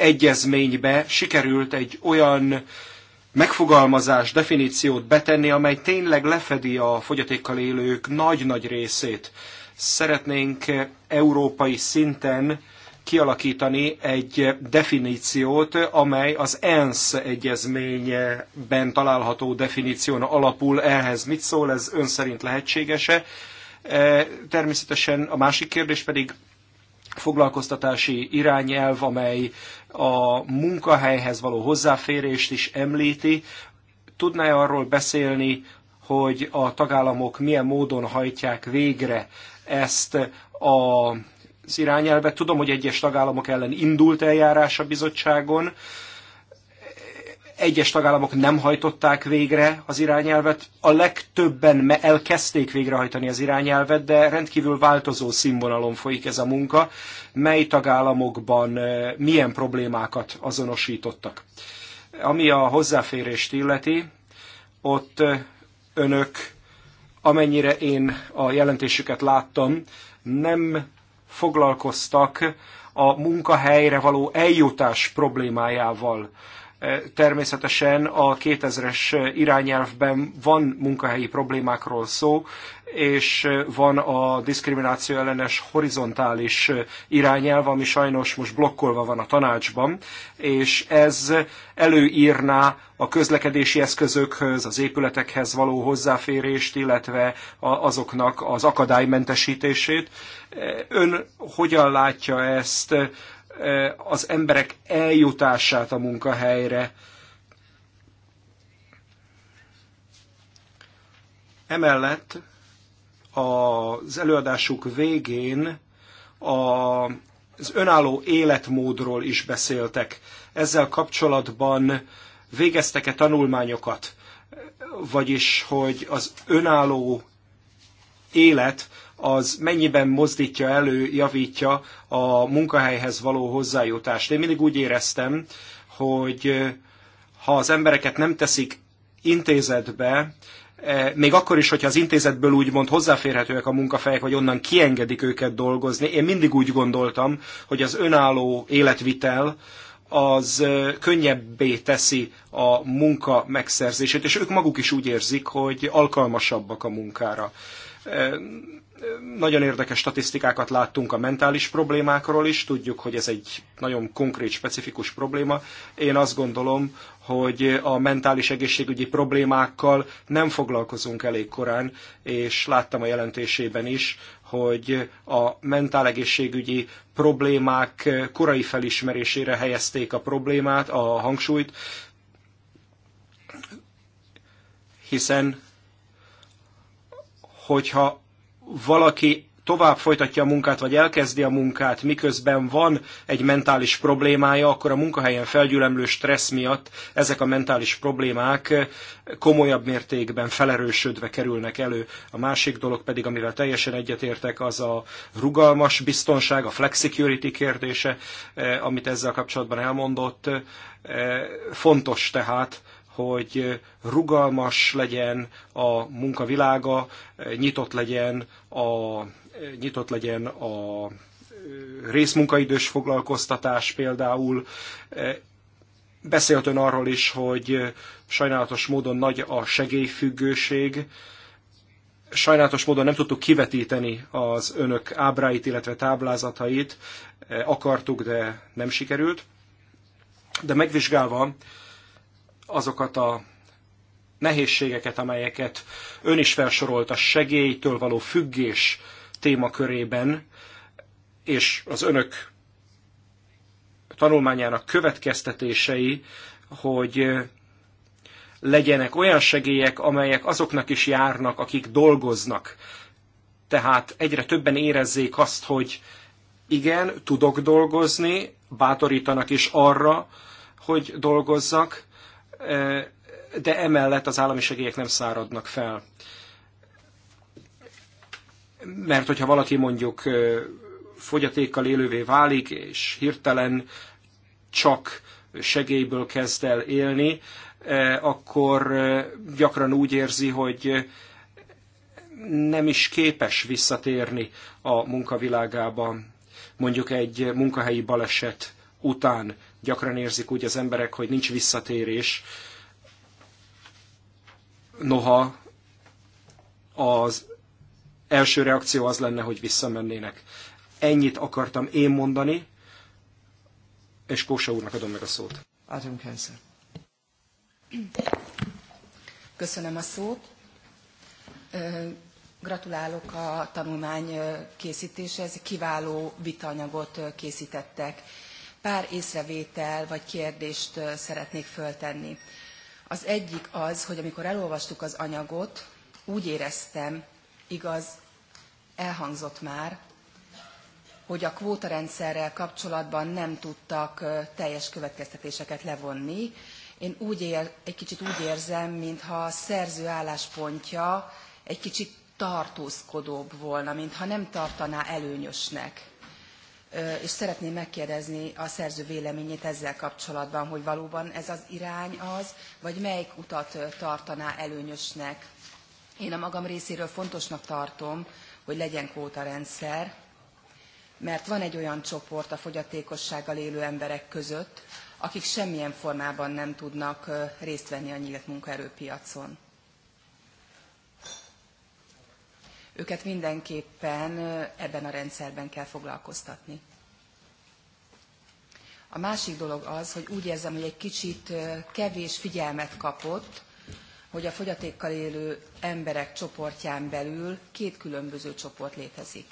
egyezménybe sikerült egy olyan megfogalmazás, definíciót betenni, amely tényleg lefedi a fogyatékkal élők nagy-nagy részét. Szeretnénk európai szinten kialakítani egy definíciót, amely az ENSZ egyezményben található definíción alapul. Ehhez mit szól, ez ön szerint lehetséges-e? Természetesen a másik kérdés pedig foglalkoztatási irányelv, amely a munkahelyhez való hozzáférést is említi. Tudná-e arról beszélni, hogy a tagállamok milyen módon hajtják végre ezt az irányelvet? Tudom, hogy egyes tagállamok ellen indult eljárás a bizottságon, egyes tagállamok nem hajtották végre az irányelvet, a legtöbben elkezdték végrehajtani az irányelvet, de rendkívül változó színvonalon folyik ez a munka, mely tagállamokban milyen problémákat azonosítottak. Ami a hozzáférést illeti, ott önök, amennyire én a jelentésüket láttam, nem foglalkoztak a munkahelyre való eljutás problémájával Természetesen a 2000-es irányelvben van munkahelyi problémákról szó, és van a diszkrimináció ellenes horizontális irányelv, ami sajnos most blokkolva van a tanácsban, és ez előírná a közlekedési eszközökhöz, az épületekhez való hozzáférést, illetve azoknak az akadálymentesítését. Ön hogyan látja ezt? Eh, az emberek eljutását a munkahelyre. Emellett az előadásuk végén a, az önálló életmódról is beszéltek. Ezzel kapcsolatban végeztek-e tanulmányokat? Vagyis, hogy az önálló élet az mennyiben mozdítja elő, javítja a munkahelyhez való hozzájutást. Én mindig úgy éreztem, hogy eh, ha az embereket nem teszik intézetbe, eh, még akkor is, hogyha az intézetből úgymond hozzáférhetőek a munkafejek, vagy onnan kiengedik őket dolgozni, én mindig úgy gondoltam, hogy az önálló életvitel az eh, könnyebbé teszi a munka megszerzését, és ők maguk is úgy érzik, hogy alkalmasabbak a munkára. Nagyon érdekes statisztikákat láttunk a mentális problémákról is, tudjuk, hogy ez egy nagyon konkrét, specifikus probléma. Én azt gondolom, hogy a mentális egészségügyi problémákkal nem foglalkozunk elég korán, és láttam a jelentésében is, hogy a egészségügyi problémák korai felismerésére helyezték a problémát, a hangsúlyt, hiszen hogyha valaki tovább folytatja a munkát, vagy elkezdi a munkát, miközben van egy mentális problémája, akkor a munkahelyen felgyülemlő stressz miatt ezek a mentális problémák komolyabb mértékben felerősödve kerülnek elő. A másik dolog pedig, amivel teljesen egyetértek, az a rugalmas biztonság, a flexicurity kérdése, eh, amit ezzel kapcsolatban elmondott. Eh, fontos tehát, hogy rugalmas legyen a munkavilága, nyitott legyen a, nyitott legyen a részmunkaidős foglalkoztatás például. Beszélt ön arról is, hogy sajnálatos módon nagy a segélyfüggőség, sajnálatos módon nem tudtuk kivetíteni az önök ábráit, illetve táblázatait, akartuk, de nem sikerült. De megvizsgálva azokat a nehézségeket, amelyeket ön is felsorolt a segélytől való függés témakörében, és az önök tanulmányának következtetései, hogy legyenek olyan segélyek, amelyek azoknak is járnak, akik dolgoznak. Tehát egyre többen érezzék azt, hogy igen, tudok dolgozni, bátorítanak is arra, hogy dolgozzak, de emellett az állami segélyek nem száradnak fel. Mert hogyha valaki mondjuk fogyatékkal élővé válik, és hirtelen csak segélyből kezd el élni, akkor gyakran úgy érzi, hogy nem is képes visszatérni a munkavilágába mondjuk egy munkahelyi baleset után. Gyakran érzik úgy az emberek, hogy nincs visszatérés. Noha az első reakció az lenne, hogy visszamennének. Ennyit akartam én mondani, és Kósa úrnak adom meg a szót. Adam Kenszer. Köszönöm a szót. Gratulálok a tanulmány készítéséhez, kiváló vitanyagot készítettek pár észrevétel vagy kérdést szeretnék föltenni. Az egyik az, hogy amikor elolvastuk az anyagot, úgy éreztem, igaz, elhangzott már, hogy a kvótarendszerrel kapcsolatban nem tudtak teljes következtetéseket levonni. Én úgy ér, egy kicsit úgy érzem, mintha a szerző álláspontja egy kicsit tartózkodóbb volna, mintha nem tartaná előnyösnek és szeretném megkérdezni a szerző véleményét ezzel kapcsolatban, hogy valóban ez az irány az, vagy melyik utat tartaná előnyösnek. Én a magam részéről fontosnak tartom, hogy legyen rendszer, mert van egy olyan csoport a fogyatékossággal élő emberek között, akik semmilyen formában nem tudnak részt venni a nyílt munkaerőpiacon. őket mindenképpen ebben a rendszerben kell foglalkoztatni. A másik dolog az, hogy úgy érzem, hogy egy kicsit kevés figyelmet kapott, hogy a fogyatékkal élő emberek csoportján belül két különböző csoport létezik.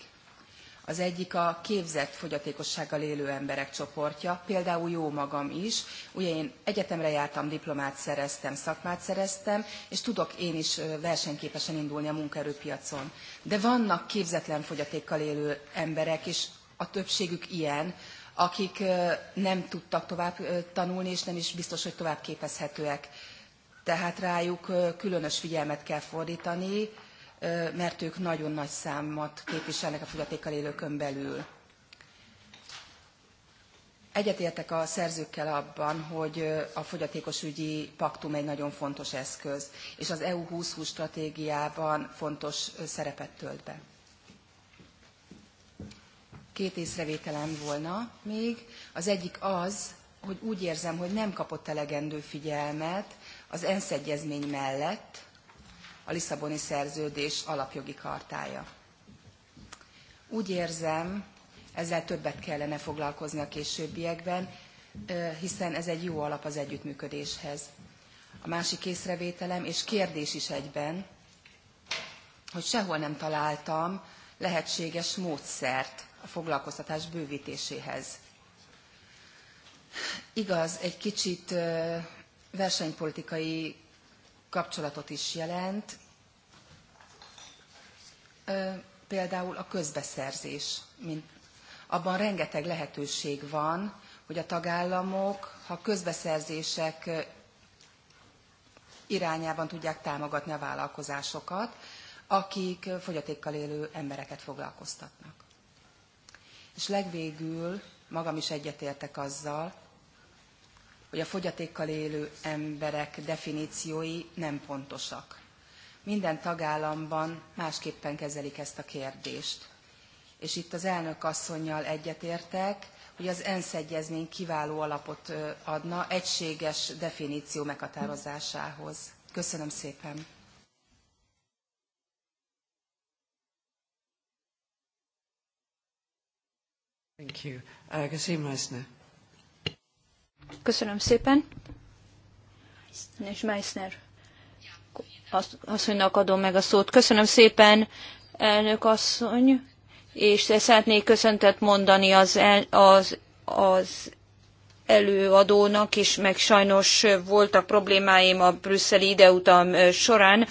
Az egyik a képzett fogyatékossággal élő emberek csoportja, például jó magam is. Ugye én egyetemre jártam, diplomát szereztem, szakmát szereztem, és tudok én is versenyképesen indulni a munkaerőpiacon. De vannak képzetlen fogyatékkal élő emberek, és a többségük ilyen, akik nem tudtak tovább tanulni, és nem is biztos, hogy tovább képezhetőek. Tehát rájuk különös figyelmet kell fordítani, mert ők nagyon nagy számot képviselnek a fogyatékkal élőkön belül. Egyetértek a szerzőkkel abban, hogy a fogyatékos ügyi paktum egy nagyon fontos eszköz, és az EU 2020 stratégiában fontos szerepet tölt be. Két észrevételem volna még. Az egyik az, hogy úgy érzem, hogy nem kapott elegendő figyelmet az ENSZ egyezmény mellett, a Lisszaboni szerződés alapjogi kartája. Úgy érzem, ezzel többet kellene foglalkozni a későbbiekben, hiszen ez egy jó alap az együttműködéshez. A másik észrevételem és kérdés is egyben, hogy sehol nem találtam lehetséges módszert a foglalkoztatás bővítéséhez. Igaz, egy kicsit versenypolitikai kapcsolatot is jelent, például a közbeszerzés. Mint abban rengeteg lehetőség van, hogy a tagállamok, ha közbeszerzések irányában tudják támogatni a vállalkozásokat, akik fogyatékkal élő embereket foglalkoztatnak. És legvégül magam is egyetértek azzal, hogy a fogyatékkal élő emberek definíciói nem pontosak. Minden tagállamban másképpen kezelik ezt a kérdést. És itt az elnök asszonynal egyetértek, hogy az ENSZ egyezmény kiváló alapot adna egységes definíció meghatározásához. Köszönöm szépen! Thank you. Uh, Gesine Meissner. Köszönöm szépen. És Meissner asszonynak adom meg a szót. Köszönöm szépen, elnök asszony, és szeretnék köszöntet mondani az, el, az, az előadónak is, meg sajnos voltak problémáim a brüsszeli ideutam során,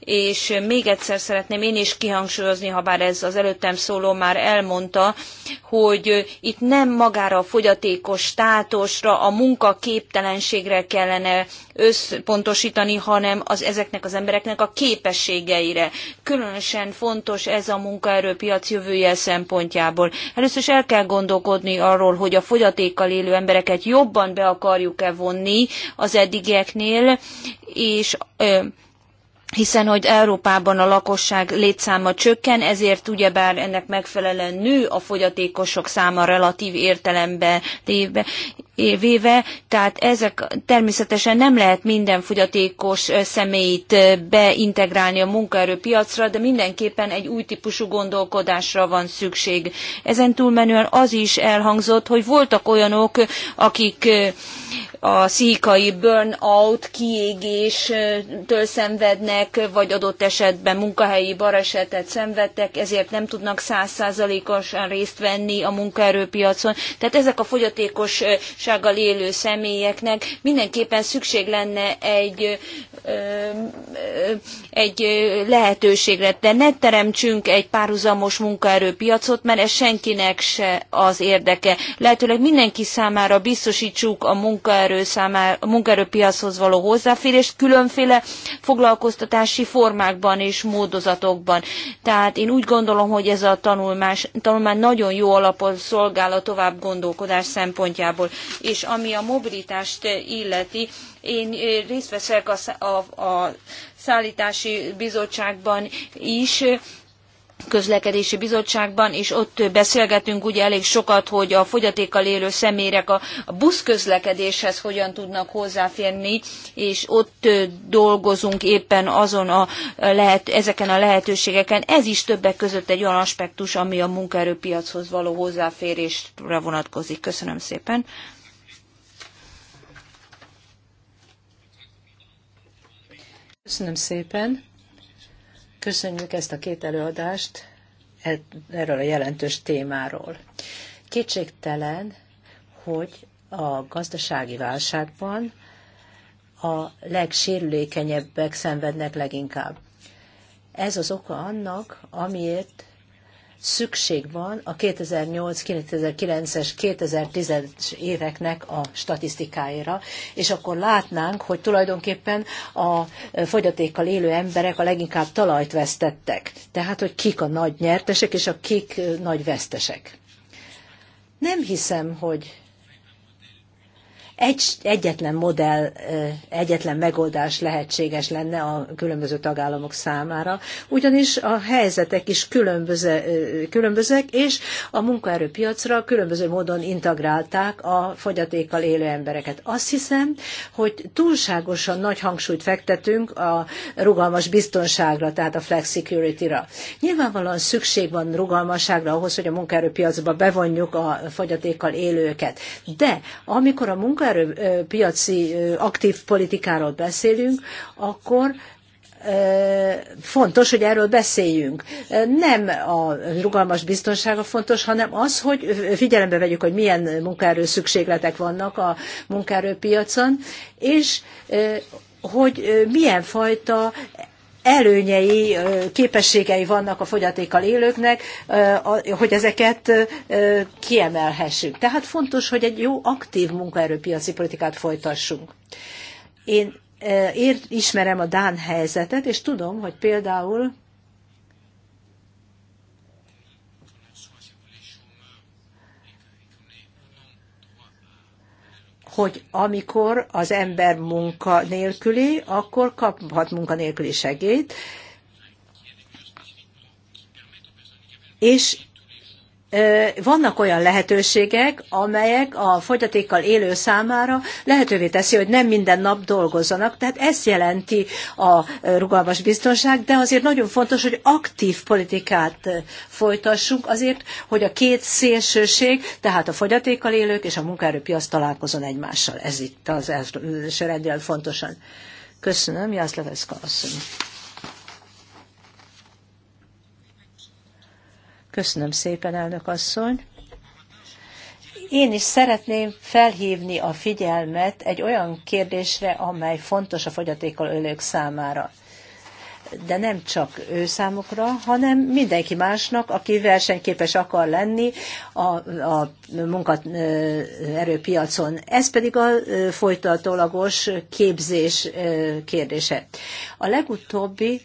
és még egyszer szeretném én is kihangsúlyozni, ha bár ez az előttem szóló már elmondta, hogy itt nem magára a fogyatékos státusra, a munkaképtelenségre kellene összpontosítani, hanem az, ezeknek az embereknek a képességeire. Különösen fontos ez a munkaerőpiac jövője szempontjából. Először is el kell gondolkodni arról, hogy a fogyatékkal élő embereket őket jobban be akarjuk-e vonni az eddigieknél, és hiszen hogy Európában a lakosság létszáma csökken, ezért ugyebár ennek megfelelően nő a fogyatékosok száma relatív értelemben véve, tehát ezek természetesen nem lehet minden fogyatékos személyt beintegrálni a munkaerőpiacra, de mindenképpen egy új típusú gondolkodásra van szükség. Ezen túlmenően az is elhangzott, hogy voltak olyanok, akik a pszichikai burnout, kiégéstől szenvednek, vagy adott esetben munkahelyi balesetet szenvedtek, ezért nem tudnak százszázalékosan részt venni a munkaerőpiacon. Tehát ezek a fogyatékos fogyatékossággal élő személyeknek mindenképpen szükség lenne egy, egy lehetőségre. De ne teremtsünk egy párhuzamos munkaerőpiacot, mert ez senkinek se az érdeke. Lehetőleg mindenki számára biztosítsuk a munkaerő számára, a munkaerőpiachoz való hozzáférést különféle foglalkoztatási formákban és módozatokban. Tehát én úgy gondolom, hogy ez a tanulmás, tanulmány nagyon jó alapot szolgál a tovább gondolkodás szempontjából és ami a mobilitást illeti, én eh, részt veszek a, a, a szállítási bizottságban is, közlekedési bizottságban, és ott beszélgetünk ugye elég sokat, hogy a fogyatékkal élő személyek a buszközlekedéshez hogyan tudnak hozzáférni, és ott eh, dolgozunk éppen azon a lehet, ezeken a lehetőségeken. Ez is többek között egy olyan aspektus, ami a munkaerőpiachoz való hozzáférésre vonatkozik. Köszönöm szépen. Köszönöm szépen. Köszönjük ezt a két előadást e- erről a jelentős témáról. Kétségtelen, hogy a gazdasági válságban a legsérülékenyebbek szenvednek leginkább. Ez az oka annak, amiért szükség van a 2008, 2009-es, 2010-es éveknek a statisztikáira, és akkor látnánk, hogy tulajdonképpen a fogyatékkal élő emberek a leginkább talajt vesztettek. Tehát, hogy kik a nagy nyertesek, és a kik nagy vesztesek. Nem hiszem, hogy egy, egyetlen modell, egyetlen megoldás lehetséges lenne a különböző tagállamok számára, ugyanis a helyzetek is különböze, különbözőek, és a munkaerőpiacra különböző módon integrálták a fogyatékkal élő embereket. Azt hiszem, hogy túlságosan nagy hangsúlyt fektetünk a rugalmas biztonságra, tehát a flex security-ra. Nyilvánvalóan szükség van rugalmasságra ahhoz, hogy a munkaerőpiacba bevonjuk a fogyatékkal élőket. De amikor a munka munkaerőpiaci aktív politikáról beszélünk, akkor fontos, hogy erről beszéljünk. Nem a rugalmas biztonsága fontos, hanem az, hogy figyelembe vegyük, hogy milyen munkaerő szükségletek vannak a munkaerőpiacon, és hogy milyen fajta előnyei, képességei vannak a fogyatékkal élőknek, hogy ezeket kiemelhessük. Tehát fontos, hogy egy jó aktív munkaerőpiaci politikát folytassunk. Én ismerem a Dán helyzetet, és tudom, hogy például hogy amikor az ember munka nélküli, akkor kaphat munkanélküli segélyt, és vannak olyan lehetőségek, amelyek a fogyatékkal élő számára lehetővé teszi, hogy nem minden nap dolgozzanak. Tehát ez jelenti a rugalmas biztonság, de azért nagyon fontos, hogy aktív politikát folytassunk azért, hogy a két szélsőség, tehát a fogyatékkal élők és a munkaerőpiac találkozon egymással. Ez itt az első rendjel fontosan. Köszönöm, Jászleveszka asszony. Köszönöm szépen, elnök asszony. Én is szeretném felhívni a figyelmet egy olyan kérdésre, amely fontos a fogyatékkal ölők számára. De nem csak ő számukra, hanem mindenki másnak, aki versenyképes akar lenni a, a munkaerőpiacon. Ez pedig a folytatólagos képzés kérdése. A legutóbbi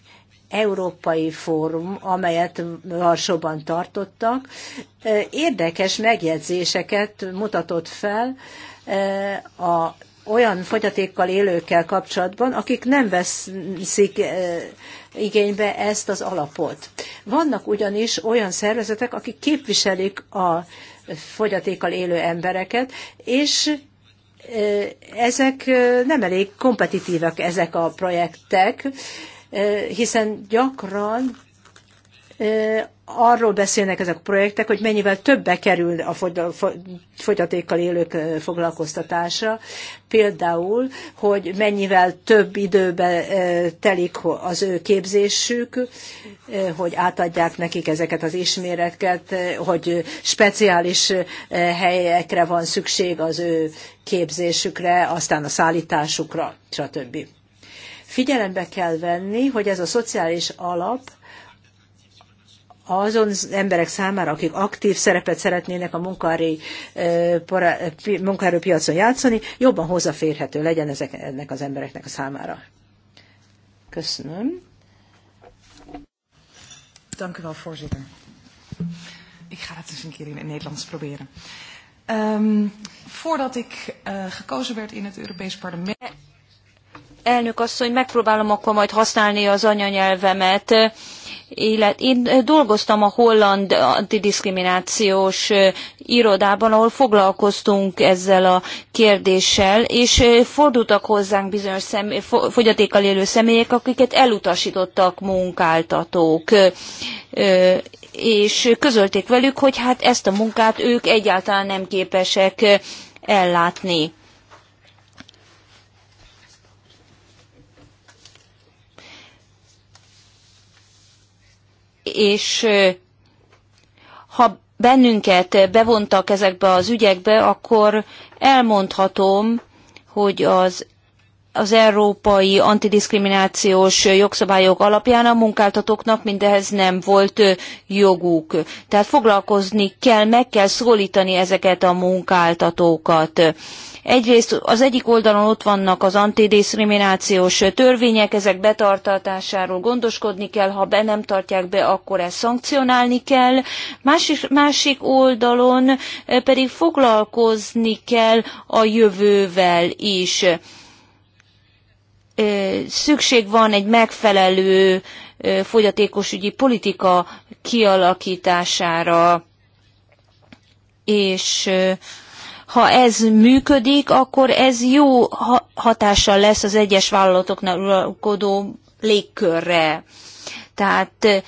európai fórum, amelyet Varsóban tartottak, érdekes megjegyzéseket mutatott fel a olyan fogyatékkal élőkkel kapcsolatban, akik nem veszik igénybe ezt az alapot. Vannak ugyanis olyan szervezetek, akik képviselik a fogyatékkal élő embereket, és ezek nem elég kompetitívek ezek a projektek, hiszen gyakran arról beszélnek ezek a projektek, hogy mennyivel többe kerül a fogyatékkal élők foglalkoztatása, Például, hogy mennyivel több időbe telik az ő képzésük, hogy átadják nekik ezeket az ismereket, hogy speciális helyekre van szükség az ő képzésükre, aztán a szállításukra, stb. Figyelembe kell venni, hogy ez a szociális alap azon emberek számára, akik aktív szerepet szeretnének a munkaerőpiacon játszani, jobban hozzáférhető legyen ezeknek az embereknek a számára. Köszönöm. Dank u wel, voorzitter. Ik ga het eens een keer in het Nederlands proberen. Um, voordat ik uh, gekozen werd in het Europees Parlement elnök asszony, megpróbálom akkor majd használni az anyanyelvemet. Én dolgoztam a holland antidiszkriminációs irodában, ahol foglalkoztunk ezzel a kérdéssel, és fordultak hozzánk bizonyos személy, fogyatékkal élő személyek, akiket elutasítottak munkáltatók és közölték velük, hogy hát ezt a munkát ők egyáltalán nem képesek ellátni és ha bennünket bevontak ezekbe az ügyekbe, akkor elmondhatom, hogy az az európai antidiszkriminációs jogszabályok alapján a munkáltatóknak mindehez nem volt joguk. Tehát foglalkozni kell, meg kell szólítani ezeket a munkáltatókat. Egyrészt az egyik oldalon ott vannak az antidiszkriminációs törvények, ezek betartatásáról gondoskodni kell, ha be nem tartják be, akkor ezt szankcionálni kell. Másik, másik oldalon pedig foglalkozni kell a jövővel is szükség van egy megfelelő fogyatékosügyi politika kialakítására, és ha ez működik, akkor ez jó hatással lesz az egyes vállalatoknak uralkodó légkörre. Tehát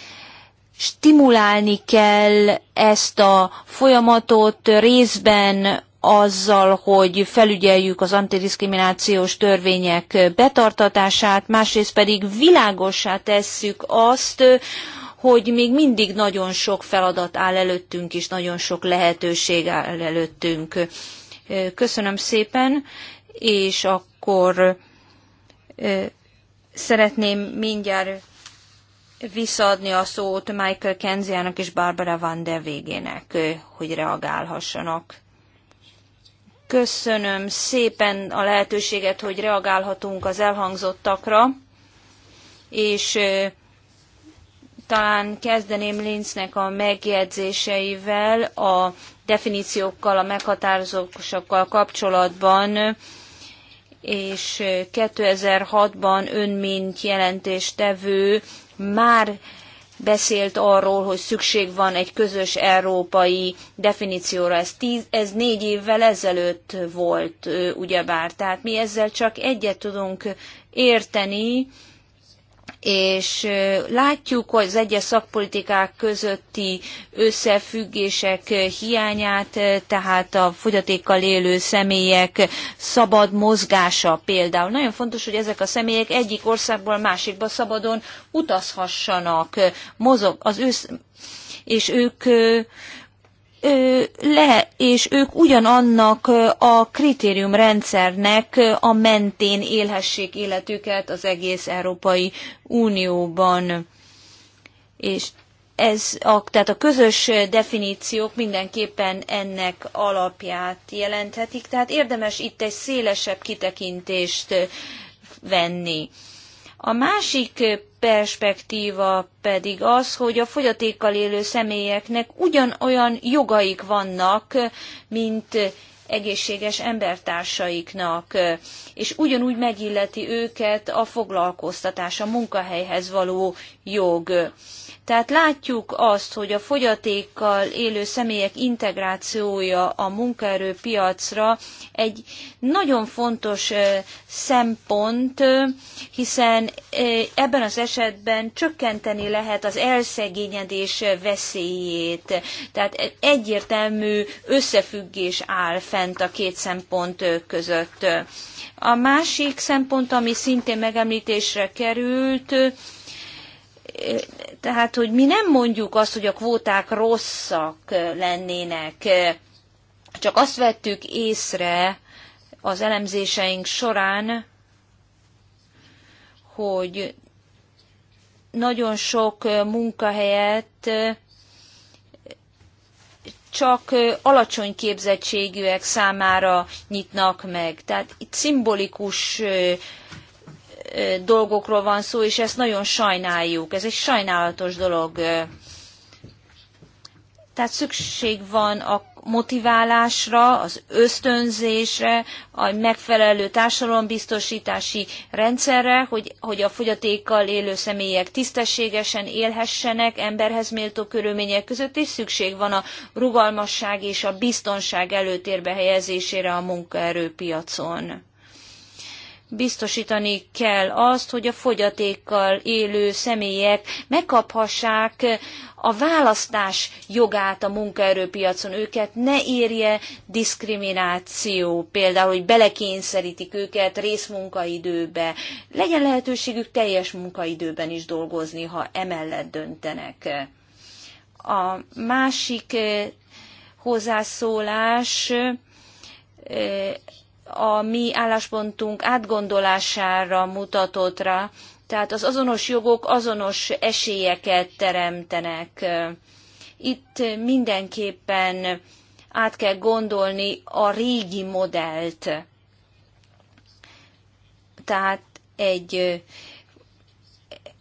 stimulálni kell ezt a folyamatot részben azzal, hogy felügyeljük az antidiszkriminációs törvények betartatását, másrészt pedig világosá tesszük azt, hogy még mindig nagyon sok feladat áll előttünk, és nagyon sok lehetőség áll előttünk. Köszönöm szépen, és akkor szeretném mindjárt visszaadni a szót Michael Kenziának és Barbara Van der végének, hogy reagálhassanak. Köszönöm szépen a lehetőséget, hogy reagálhatunk az elhangzottakra, és talán kezdeném Linznek a megjegyzéseivel, a definíciókkal, a meghatározókkal kapcsolatban, és 2006-ban ön, mint jelentéstevő, már beszélt arról, hogy szükség van egy közös európai definícióra. Ez, tíz, ez négy évvel ezelőtt volt, ugyebár. Tehát mi ezzel csak egyet tudunk érteni, és látjuk hogy az egyes szakpolitikák közötti összefüggések hiányát, tehát a fogyatékkal élő személyek szabad mozgása például. Nagyon fontos, hogy ezek a személyek egyik országból másikba szabadon utazhassanak, mozog, az ősz, és ők le, és ők ugyanannak a kritériumrendszernek a mentén élhessék életüket az egész Európai Unióban. És ez a, tehát a közös definíciók mindenképpen ennek alapját jelenthetik, tehát érdemes itt egy szélesebb kitekintést venni. A másik perspektíva pedig az, hogy a fogyatékkal élő személyeknek ugyanolyan jogaik vannak, mint egészséges embertársaiknak, és ugyanúgy megilleti őket a foglalkoztatás, a munkahelyhez való jog. Tehát látjuk azt, hogy a fogyatékkal élő személyek integrációja a munkaerőpiacra egy nagyon fontos szempont, hiszen ebben az esetben csökkenteni lehet az elszegényedés veszélyét. Tehát egyértelmű összefüggés áll fent a két szempont között. A másik szempont, ami szintén megemlítésre került, tehát, hogy mi nem mondjuk azt, hogy a kvóták rosszak lennének, csak azt vettük észre az elemzéseink során, hogy nagyon sok munkahelyet csak alacsony képzettségűek számára nyitnak meg. Tehát itt szimbolikus dolgokról van szó, és ezt nagyon sajnáljuk. Ez egy sajnálatos dolog. Tehát szükség van a motiválásra, az ösztönzésre, a megfelelő társadalombiztosítási rendszerre, hogy, hogy a fogyatékkal élő személyek tisztességesen élhessenek emberhez méltó körülmények között, és szükség van a rugalmasság és a biztonság előtérbe helyezésére a munkaerőpiacon biztosítani kell azt, hogy a fogyatékkal élő személyek megkaphassák a választás jogát a munkaerőpiacon. Őket ne érje diszkrimináció, például, hogy belekényszerítik őket részmunkaidőbe. Legyen lehetőségük teljes munkaidőben is dolgozni, ha emellett döntenek. A másik eh, hozzászólás eh, a mi álláspontunk átgondolására mutatott rá, tehát az azonos jogok azonos esélyeket teremtenek. Itt mindenképpen át kell gondolni a régi modellt. Tehát egy,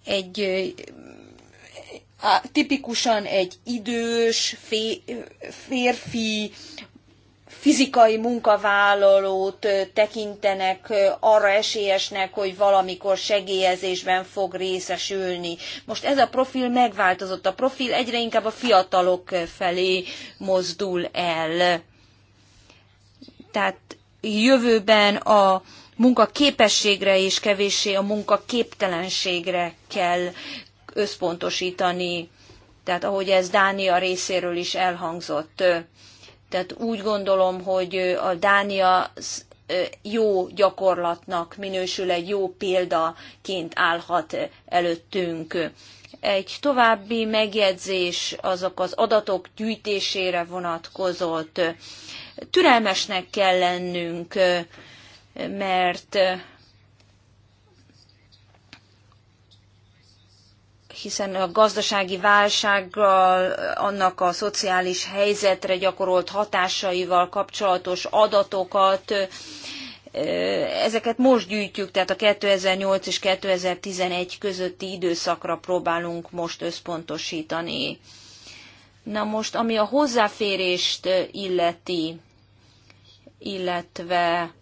egy tipikusan egy idős férfi fizikai munkavállalót tekintenek arra esélyesnek, hogy valamikor segélyezésben fog részesülni. Most ez a profil megváltozott. A profil egyre inkább a fiatalok felé mozdul el. Tehát jövőben a munkaképességre és kevéssé a munkaképtelenségre kell összpontosítani. Tehát ahogy ez Dánia részéről is elhangzott. Tehát úgy gondolom, hogy a Dánia jó gyakorlatnak minősül, egy jó példaként állhat előttünk. Egy további megjegyzés azok az adatok gyűjtésére vonatkozott. Türelmesnek kell lennünk, mert hiszen a gazdasági válsággal, annak a szociális helyzetre gyakorolt hatásaival kapcsolatos adatokat, ezeket most gyűjtjük, tehát a 2008 és 2011 közötti időszakra próbálunk most összpontosítani. Na most, ami a hozzáférést illeti, illetve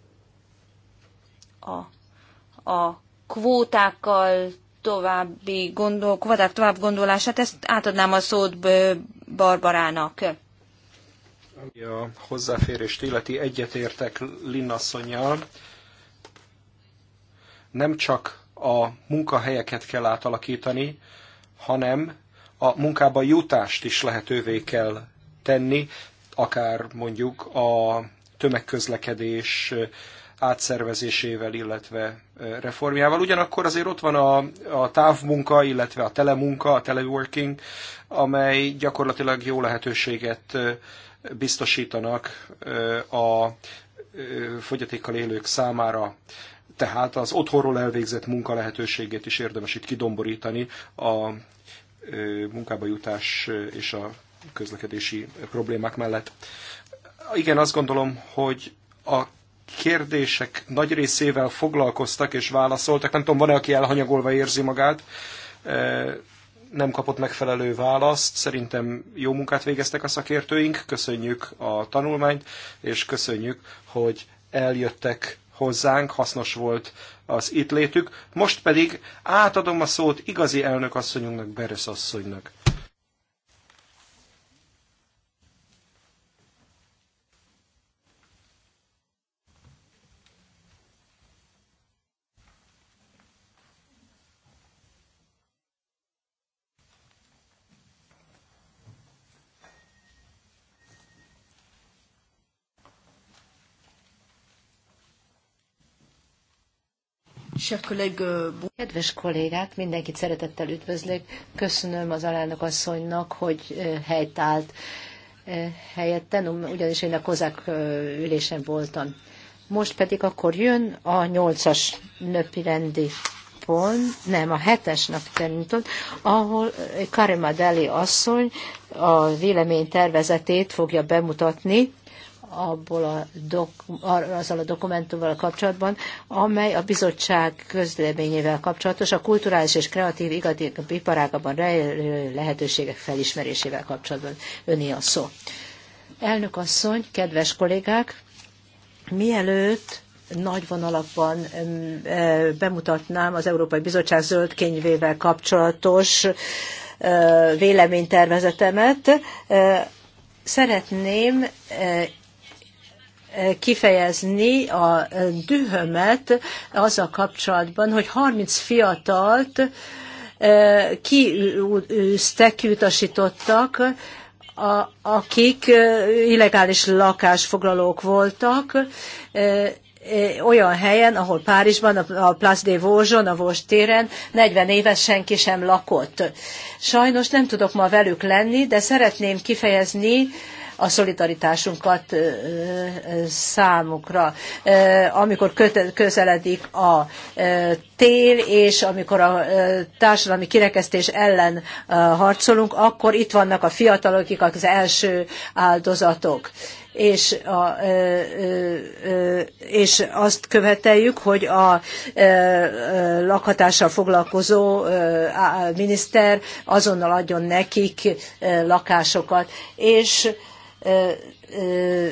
a, a kvótákkal további gondol, kvadák tovább gondolását, ezt átadnám a szót Barbarának. Ami a hozzáférést illeti egyetértek Linnasszonyjal, nem csak a munkahelyeket kell átalakítani, hanem a munkába jutást is lehetővé kell tenni, akár mondjuk a tömegközlekedés átszervezésével, illetve reformjával. Ugyanakkor azért ott van a, a távmunka, illetve a telemunka, a teleworking, amely gyakorlatilag jó lehetőséget biztosítanak a fogyatékkal élők számára. Tehát az otthonról elvégzett munka lehetőségét is érdemes itt kidomborítani a munkába jutás és a közlekedési problémák mellett. Igen, azt gondolom, hogy a kérdések nagy részével foglalkoztak és válaszoltak. Nem tudom, van-e, aki elhanyagolva érzi magát, nem kapott megfelelő választ. Szerintem jó munkát végeztek a szakértőink, köszönjük a tanulmányt, és köszönjük, hogy eljöttek hozzánk, hasznos volt az itt létük. Most pedig átadom a szót igazi elnök asszonyunknak, Beres asszonynak. Euh, Kedves kollégák, mindenkit szeretettel üdvözlök. Köszönöm az alelnök asszonynak, hogy helyt állt helyettem, ugyanis én a kozák ülésen voltam. Most pedig akkor jön a nyolcas nöpi rendi pont, nem, a hetes napi területen, ahol Karima Deli asszony a vélemény tervezetét fogja bemutatni abból a dok, azzal a dokumentumval kapcsolatban, amely a bizottság közleményével kapcsolatos, a kulturális és kreatív igazi iparágában rejlő lehetőségek felismerésével kapcsolatban. Öné a szó. Elnök asszony, kedves kollégák, mielőtt nagy vonalakban e, bemutatnám az Európai Bizottság zöld kényvével kapcsolatos e, véleménytervezetemet. E, szeretném kifejezni a dühömet az a kapcsolatban, hogy 30 fiatalt kiűztek, kiutasítottak, akik illegális lakásfoglalók voltak, olyan helyen, ahol Párizsban, a Place de Vosges, a Vos téren 40 éves senki sem lakott. Sajnos nem tudok ma velük lenni, de szeretném kifejezni, a szolidaritásunkat számukra. Amikor közeledik a tél, és amikor a társadalmi kirekesztés ellen harcolunk, akkor itt vannak a fiatalok, akik az első áldozatok és, a, és azt követeljük, hogy a lakhatással foglalkozó miniszter azonnal adjon nekik lakásokat, és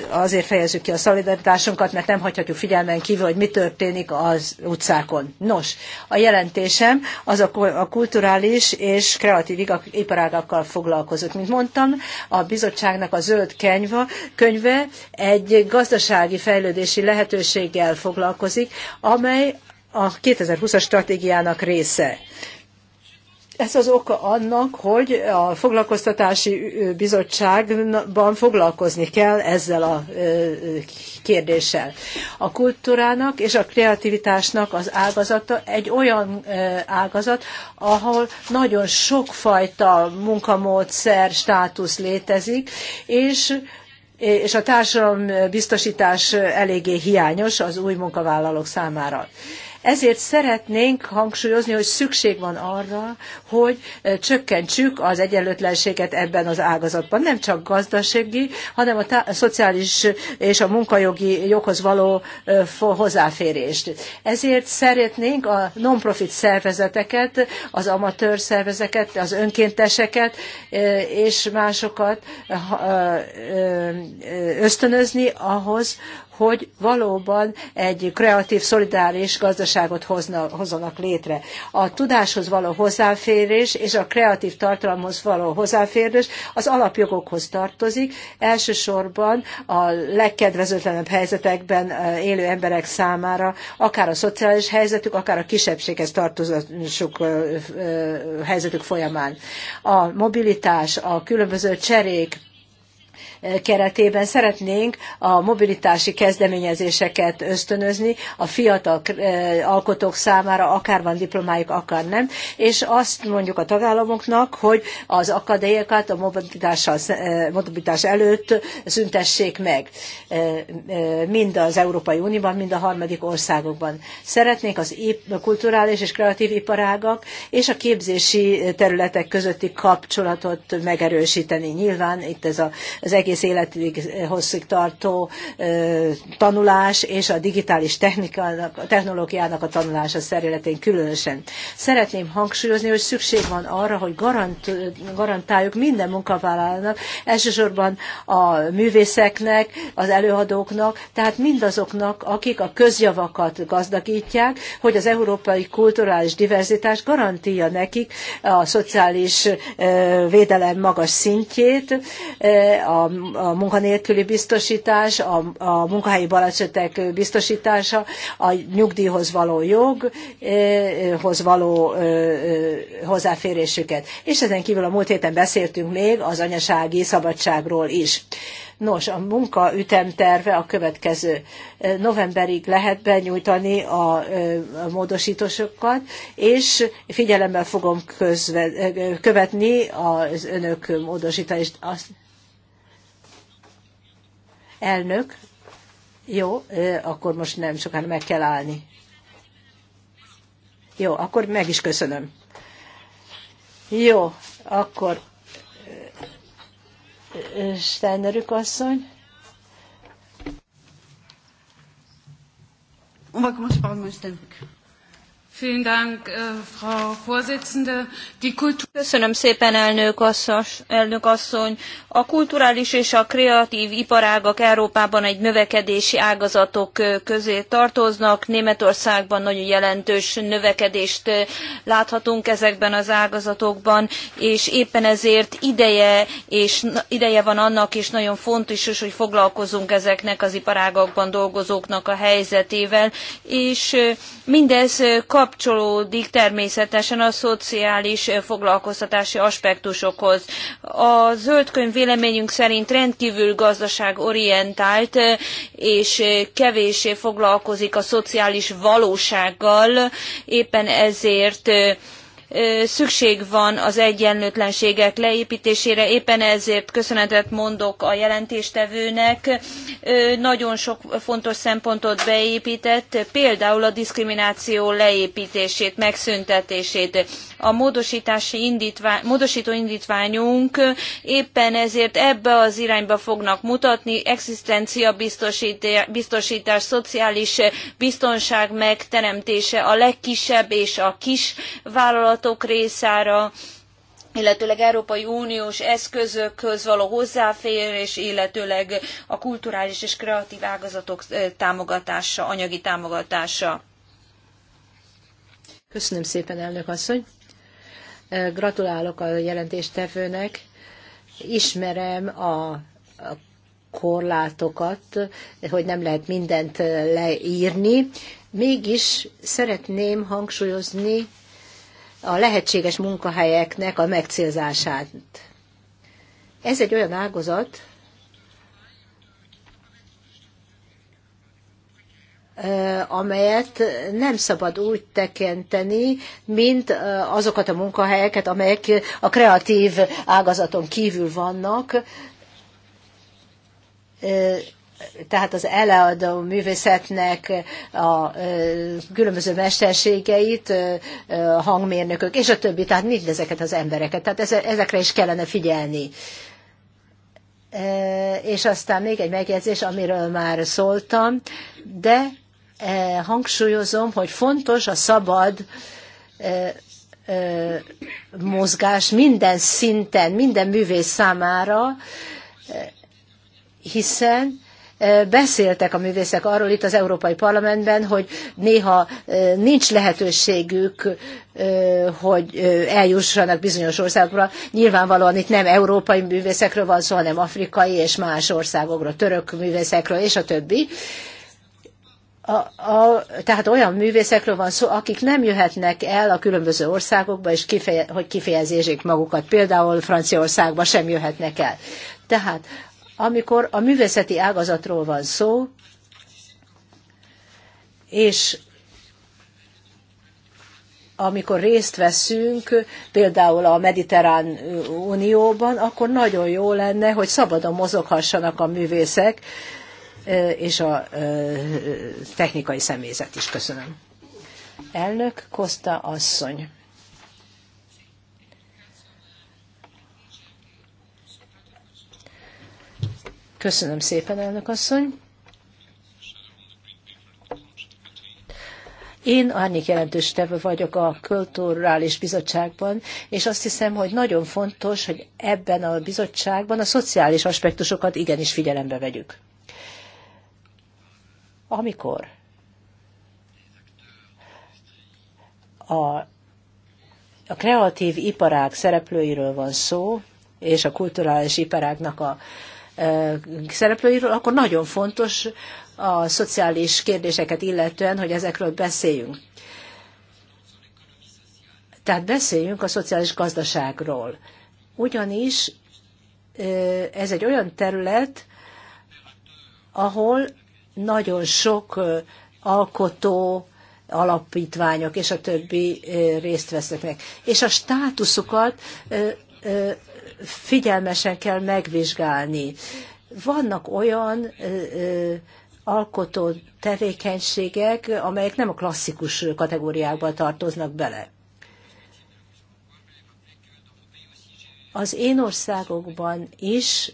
azért fejezzük ki a szolidaritásunkat, mert nem hagyhatjuk figyelmen kívül, hogy mi történik az utcákon. Nos, a jelentésem az a kulturális és kreatív iparágakkal foglalkozott. Mint mondtam, a bizottságnak a zöld kenyva, könyve egy gazdasági fejlődési lehetőséggel foglalkozik, amely a 2020-as stratégiának része. Ez az oka annak, hogy a foglalkoztatási bizottságban foglalkozni kell ezzel a kérdéssel. A kultúrának és a kreativitásnak az ágazata egy olyan ágazat, ahol nagyon sokfajta munkamódszer, státusz létezik, és és a biztosítás eléggé hiányos az új munkavállalók számára. Ezért szeretnénk hangsúlyozni, hogy szükség van arra, hogy eh, csökkentsük az egyenlőtlenséget ebben az ágazatban. Nem csak gazdasági, hanem a, tá- a szociális és a munkajogi joghoz való eh, hozzáférést. Ezért szeretnénk a non-profit szervezeteket, az amatőr szervezeteket, az önkénteseket eh, és másokat ösztönözni ahhoz, hogy valóban egy kreatív, szolidáris gazdaságot hozna, hozzanak létre. A tudáshoz való hozzáférés és a kreatív tartalomhoz való hozzáférés az alapjogokhoz tartozik, elsősorban a legkedvezőtlenebb helyzetekben eh, élő emberek számára, akár a szociális helyzetük, akár a kisebbséghez tartozásuk eh, eh, helyzetük folyamán. A mobilitás, a különböző cserék, keretében szeretnénk a mobilitási kezdeményezéseket ösztönözni a fiatal eh, alkotók számára, akár van diplomájuk, akár nem, és azt mondjuk a tagállamoknak, hogy az akadélyokat a eh, mobilitás előtt szüntessék meg, eh, mind az Európai Unióban, mind a harmadik országokban. Szeretnénk az kulturális és kreatív iparágak és a képzési területek közötti kapcsolatot megerősíteni. Nyilván itt ez a, az egész egész életig hosszig tartó tanulás és a digitális technikának, technológiának a tanulása területén különösen. Szeretném hangsúlyozni, hogy szükség van arra, hogy garant, garantáljuk minden munkavállalónak, elsősorban a művészeknek, az előadóknak, tehát mindazoknak, akik a közjavakat gazdagítják, hogy az európai kulturális diverzitás garantíja nekik a szociális védelem magas szintjét, a a munkanélküli biztosítás, a, a munkahelyi balesetek biztosítása, a nyugdíjhoz való joghoz eh, való eh, eh, hozzáférésüket. És ezen kívül a múlt héten beszéltünk még az anyasági szabadságról is. Nos, a munka ütemterve a következő. Novemberig lehet benyújtani a módosítósokat, és figyelemmel fogom közve, követni az önök módosítást. Elnök, jó, akkor most nem sokan meg kell állni. Jó, akkor meg is köszönöm. Jó, akkor Steinerük asszony. On va commencer par le Äh, Köszönöm szépen, elnök, asszas, elnök asszony. A kulturális és a kreatív iparágak Európában egy növekedési ágazatok közé tartoznak. Németországban nagyon jelentős növekedést láthatunk ezekben az ágazatokban, és éppen ezért ideje, és ideje van annak, és nagyon fontos is, hogy foglalkozunk ezeknek az iparágakban dolgozóknak a helyzetével, és mindez kap kapcsolódik természetesen a szociális foglalkoztatási aspektusokhoz. A zöld könyv véleményünk szerint rendkívül gazdaságorientált, és kevéssé foglalkozik a szociális valósággal, éppen ezért szükség van az egyenlőtlenségek leépítésére. Éppen ezért köszönetet mondok a jelentéstevőnek. Nagyon sok fontos szempontot beépített, például a diszkrimináció leépítését, megszüntetését a módosítási indítvány, módosító indítványunk éppen ezért ebbe az irányba fognak mutatni, egzisztencia biztosítás, szociális biztonság megteremtése a legkisebb és a kis vállalatok részára illetőleg Európai Uniós eszközökhöz való hozzáférés, illetőleg a kulturális és kreatív ágazatok támogatása, anyagi támogatása. Köszönöm szépen, elnök asszony. Gratulálok a jelentéstevőnek. Ismerem a korlátokat, hogy nem lehet mindent leírni. Mégis szeretném hangsúlyozni a lehetséges munkahelyeknek a megcélzását. Ez egy olyan ágazat, amelyet nem szabad úgy tekinteni, mint azokat a munkahelyeket, amelyek a kreatív ágazaton kívül vannak. Tehát az eleadó művészetnek a különböző mesterségeit, hangmérnökök és a többi, tehát mindezeket az embereket. Tehát ezekre is kellene figyelni. És aztán még egy megjegyzés, amiről már szóltam, de Eh, hangsúlyozom, hogy fontos a szabad eh, eh, mozgás minden szinten, minden művész számára, hiszen beszéltek a művészek arról itt az Európai Parlamentben, hogy néha nincs lehetőségük, hogy eljussanak bizonyos országokra. Nyilvánvalóan itt nem európai művészekről van szó, hanem afrikai és más országokról, török művészekről és a többi a, a, tehát olyan művészekről van szó, akik nem jöhetnek el a különböző országokba, és kifeje, hogy kifejezésék magukat. Például Franciaországba sem jöhetnek el. Tehát amikor a művészeti ágazatról van szó, és amikor részt veszünk, például a Mediterrán Unióban, akkor nagyon jó lenne, hogy szabadon mozoghassanak a művészek, és a technikai személyzet is. Köszönöm. Elnök Kosta asszony. Köszönöm szépen, elnök asszony. Én árnyék jelentős tevő vagyok a Kulturális Bizottságban, és azt hiszem, hogy nagyon fontos, hogy ebben a bizottságban a szociális aspektusokat igenis figyelembe vegyük amikor a, a kreatív iparág szereplőiről van szó, és a kulturális iparágnak a szereplőiről, akkor nagyon fontos a szociális kérdéseket illetően, hogy ezekről beszéljünk. Tehát beszéljünk a szociális gazdaságról. Ugyanis ez egy olyan terület, ahol nagyon sok alkotó, alapítványok és a többi részt vesznek meg. És a státuszukat figyelmesen kell megvizsgálni. Vannak olyan alkotó tevékenységek, amelyek nem a klasszikus kategóriákba tartoznak bele. Az én országokban is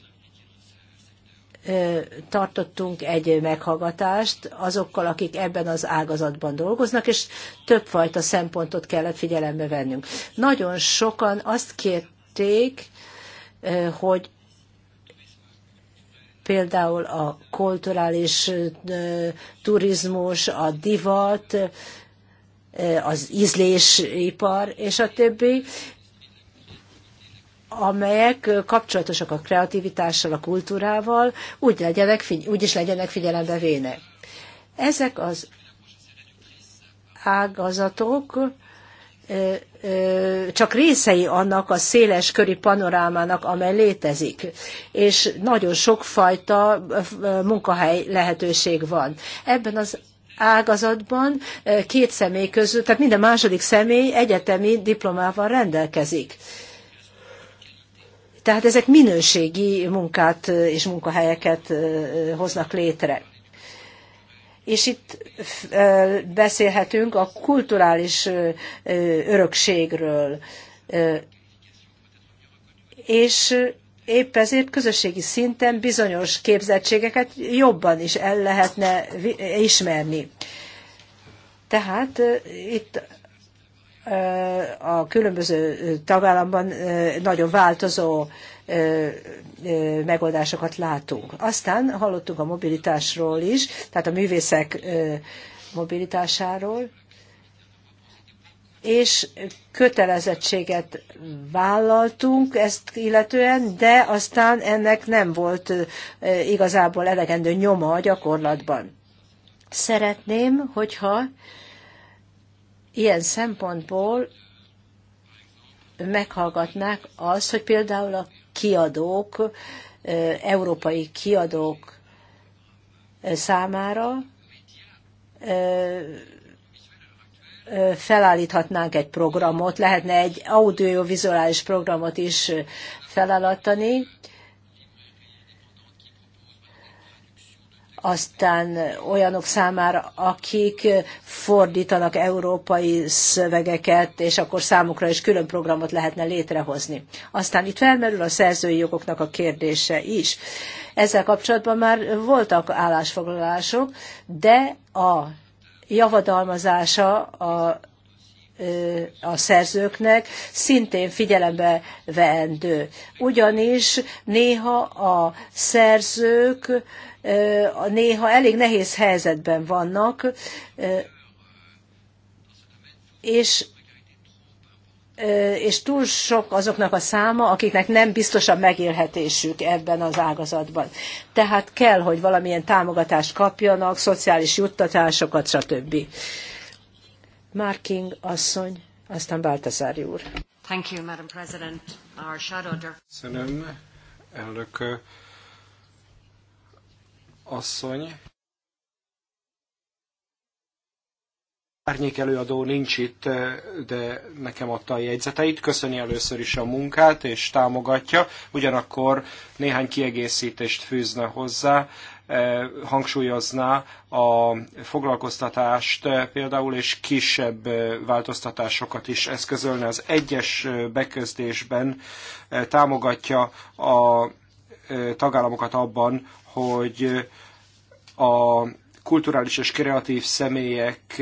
tartottunk egy meghallgatást azokkal, akik ebben az ágazatban dolgoznak, és többfajta szempontot kellett figyelembe vennünk. Nagyon sokan azt kérték, hogy például a kulturális turizmus, a divat, az ízlésipar és a többi amelyek kapcsolatosak a kreativitással, a kultúrával, úgy, legyenek, úgy is legyenek figyelembe véne. Ezek az ágazatok csak részei annak a széles köri panorámának, amely létezik, és nagyon sokfajta munkahely lehetőség van. Ebben az ágazatban két személy közül, tehát minden második személy egyetemi diplomával rendelkezik. Tehát ezek minőségi munkát és munkahelyeket hoznak létre. És itt beszélhetünk a kulturális örökségről. És épp ezért közösségi szinten bizonyos képzettségeket jobban is el lehetne ismerni. Tehát itt a különböző tagállamban nagyon változó megoldásokat látunk. Aztán hallottunk a mobilitásról is, tehát a művészek mobilitásáról, és kötelezettséget vállaltunk ezt illetően, de aztán ennek nem volt igazából elegendő nyoma a gyakorlatban. Szeretném, hogyha Ilyen szempontból meghallgatnák azt, hogy például a kiadók, európai kiadók számára felállíthatnánk egy programot, lehetne egy audiovizuális programot is felállítani, aztán olyanok számára, akik fordítanak európai szövegeket, és akkor számukra is külön programot lehetne létrehozni. Aztán itt felmerül a szerzői jogoknak a kérdése is. Ezzel kapcsolatban már voltak állásfoglalások, de a javadalmazása a a szerzőknek szintén figyelembe veendő. Ugyanis néha a szerzők néha elég nehéz helyzetben vannak, és és túl sok azoknak a száma, akiknek nem biztos a megélhetésük ebben az ágazatban. Tehát kell, hogy valamilyen támogatást kapjanak, szociális juttatásokat, stb. Marking asszony, aztán Baltazári úr. Thank you, Madam President. Our shadow... Köszönöm, elnök asszony. Árnyék előadó nincs itt, eh, de nekem adta a jegyzeteit. Köszöni először is a munkát, és támogatja. Ugyanakkor néhány kiegészítést fűzne hozzá, eh, hangsúlyozná a foglalkoztatást eh, például, és kisebb változtatásokat is eszközölne. Az egyes beközdésben támogatja a tagállamokat abban, hogy a kulturális és kreatív személyek,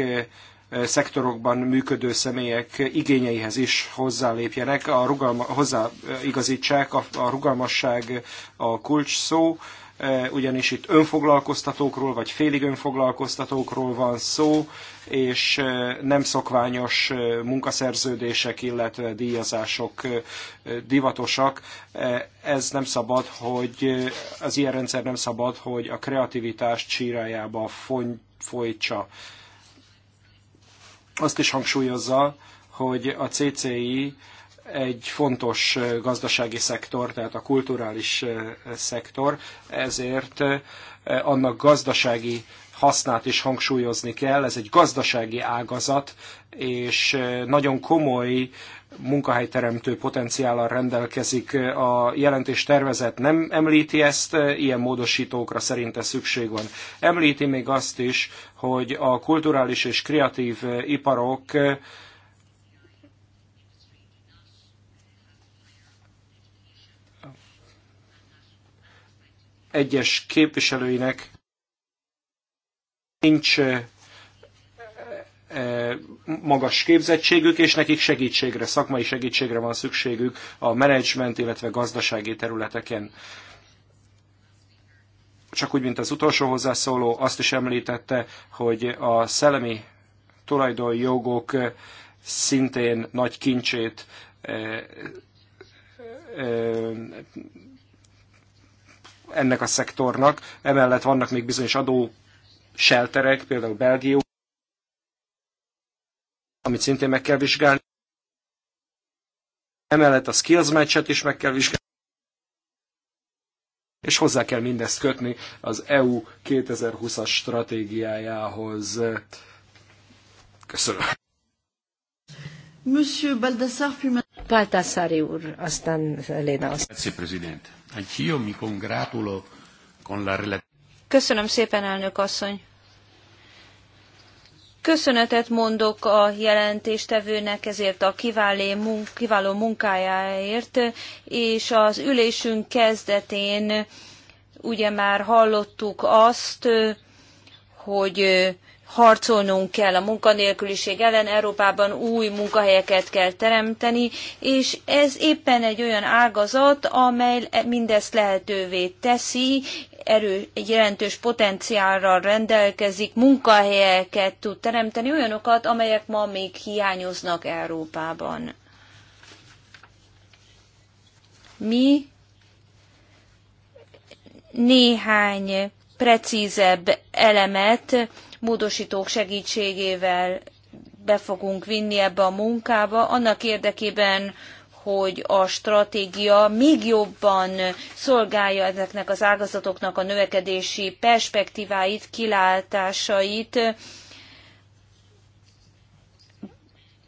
szektorokban működő személyek igényeihez is hozzálépjenek, a rugalma, hozzáigazítsák, a, a rugalmasság a kulcs szó, E, ugyanis itt önfoglalkoztatókról vagy félig önfoglalkoztatókról van szó, és e, nem szokványos e, munkaszerződések, illetve díjazások divatosak. Ez nem szabad, hogy az ilyen rendszer nem szabad, hogy a kreativitást csírájába folytsa. Azt is hangsúlyozza, hogy a CCI egy fontos gazdasági szektor, tehát a kulturális szektor, ezért annak gazdasági hasznát is hangsúlyozni kell. Ez egy gazdasági ágazat, és nagyon komoly munkahelyteremtő potenciállal rendelkezik. A jelentés tervezet nem említi ezt, ilyen módosítókra szerinte szükség van. Említi még azt is, hogy a kulturális és kreatív iparok egyes képviselőinek nincs magas képzettségük, és nekik segítségre, szakmai segítségre van szükségük a menedzsment, illetve gazdasági területeken. Csak úgy, mint az utolsó hozzászóló, azt is említette, hogy a szellemi tulajdonjogok szintén nagy kincsét ennek a szektornak. Emellett vannak még bizonyos adó shelterek, például Belgium, amit szintén meg kell vizsgálni. Emellett a skills match is meg kell vizsgálni és hozzá kell mindezt kötni az EU 2020-as stratégiájához. Köszönöm. Monsieur Baldassar, úr, aztán Léna Köszönöm szépen, elnök asszony. Köszönetet mondok a jelentéstevőnek ezért a kiváló munkájáért, és az ülésünk kezdetén ugye már hallottuk azt, hogy harcolnunk kell a munkanélküliség ellen, Európában új munkahelyeket kell teremteni, és ez éppen egy olyan ágazat, amely mindezt lehetővé teszi, erő, egy jelentős potenciállal rendelkezik, munkahelyeket tud teremteni, olyanokat, amelyek ma még hiányoznak Európában. Mi néhány precízebb elemet módosítók segítségével be fogunk vinni ebbe a munkába, annak érdekében, hogy a stratégia még jobban szolgálja ezeknek az ágazatoknak a növekedési perspektíváit, kilátásait,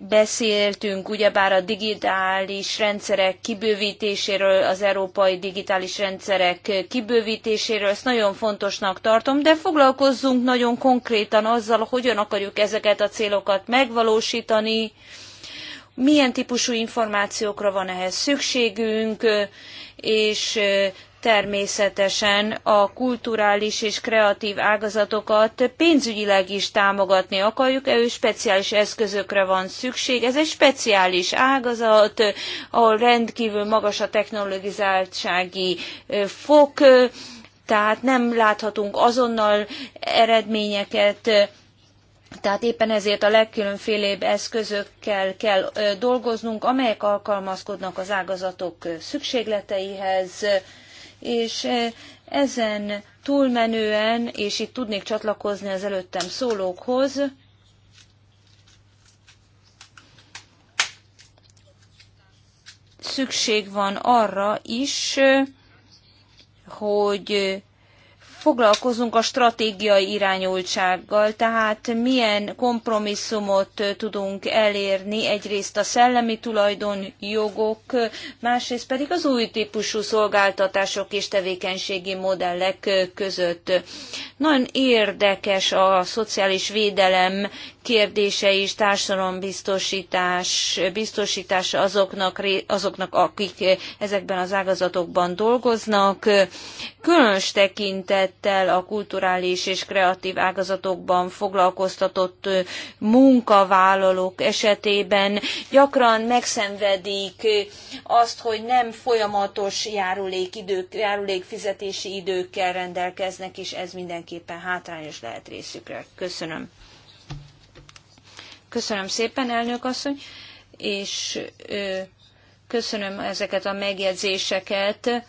beszéltünk ugyebár a digitális rendszerek kibővítéséről, az európai digitális rendszerek kibővítéséről, ezt nagyon fontosnak tartom, de foglalkozzunk nagyon konkrétan azzal, hogyan akarjuk ezeket a célokat megvalósítani, milyen típusú információkra van ehhez szükségünk, és természetesen a kulturális és kreatív ágazatokat pénzügyileg is támogatni akarjuk, ő speciális eszközökre van szükség. Ez egy speciális ágazat, ahol rendkívül magas a technologizáltsági fok, tehát nem láthatunk azonnal eredményeket, tehát éppen ezért a legkülönfélébb eszközökkel kell dolgoznunk, amelyek alkalmazkodnak az ágazatok szükségleteihez, és eh, ezen túlmenően, és itt tudnék csatlakozni az előttem szólókhoz, szükség van arra is, eh, hogy foglalkozunk a stratégiai irányultsággal, tehát milyen kompromisszumot tudunk elérni egyrészt a szellemi tulajdon jogok, másrészt pedig az új típusú szolgáltatások és tevékenységi modellek között. Nagyon érdekes a szociális védelem kérdése is, társadalombiztosítás, biztosítás azoknak, azoknak, akik ezekben az ágazatokban dolgoznak. Különös tekintet tekintettel a kulturális és kreatív ágazatokban foglalkoztatott munkavállalók esetében gyakran megszenvedik azt, hogy nem folyamatos járulékidők, járulékfizetési időkkel rendelkeznek, és ez mindenképpen hátrányos lehet részükre. Köszönöm. Köszönöm szépen, elnök asszony, és köszönöm ezeket a megjegyzéseket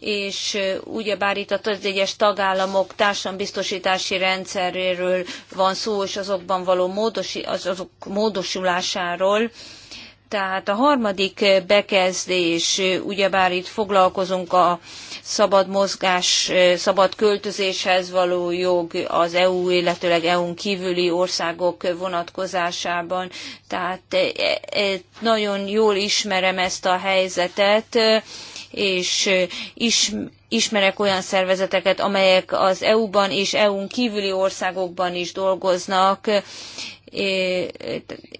és ugyebár itt az egyes tagállamok társadalombiztosítási rendszeréről van szó, és azokban való módosi, az, azok módosulásáról, tehát a harmadik bekezdés, ugyebár itt foglalkozunk a szabad mozgás, szabad költözéshez való jog az EU, illetőleg EU-n kívüli országok vonatkozásában. Tehát nagyon jól ismerem ezt a helyzetet, és is, ismerek olyan szervezeteket, amelyek az EU-ban és EU-n kívüli országokban is dolgoznak,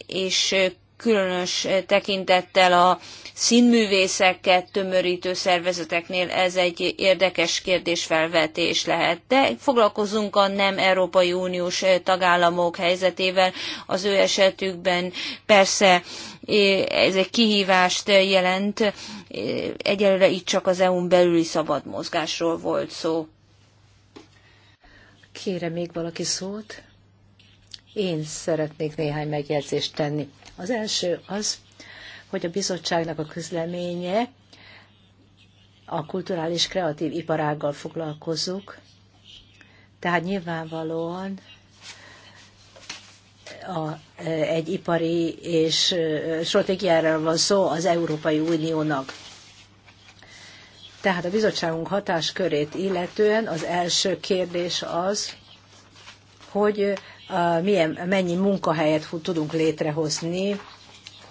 és különös eh, tekintettel a színművészeket tömörítő szervezeteknél ez egy érdekes kérdésfelvetés lehet. De foglalkozunk a nem Európai Uniós eh, tagállamok helyzetével, az ő esetükben persze eh, ez egy kihívást jelent, egyelőre itt csak az EU-n belüli szabad mozgásról volt szó. Kérem még valaki szót? Én szeretnék néhány megjegyzést tenni. Az első az, hogy a bizottságnak a közleménye a kulturális kreatív iparággal foglalkozunk, tehát nyilvánvalóan a, e, egy ipari és e, stratégiára van szó az Európai Uniónak. Tehát a bizottságunk hatáskörét illetően az első kérdés az, hogy milyen, mennyi munkahelyet tudunk létrehozni,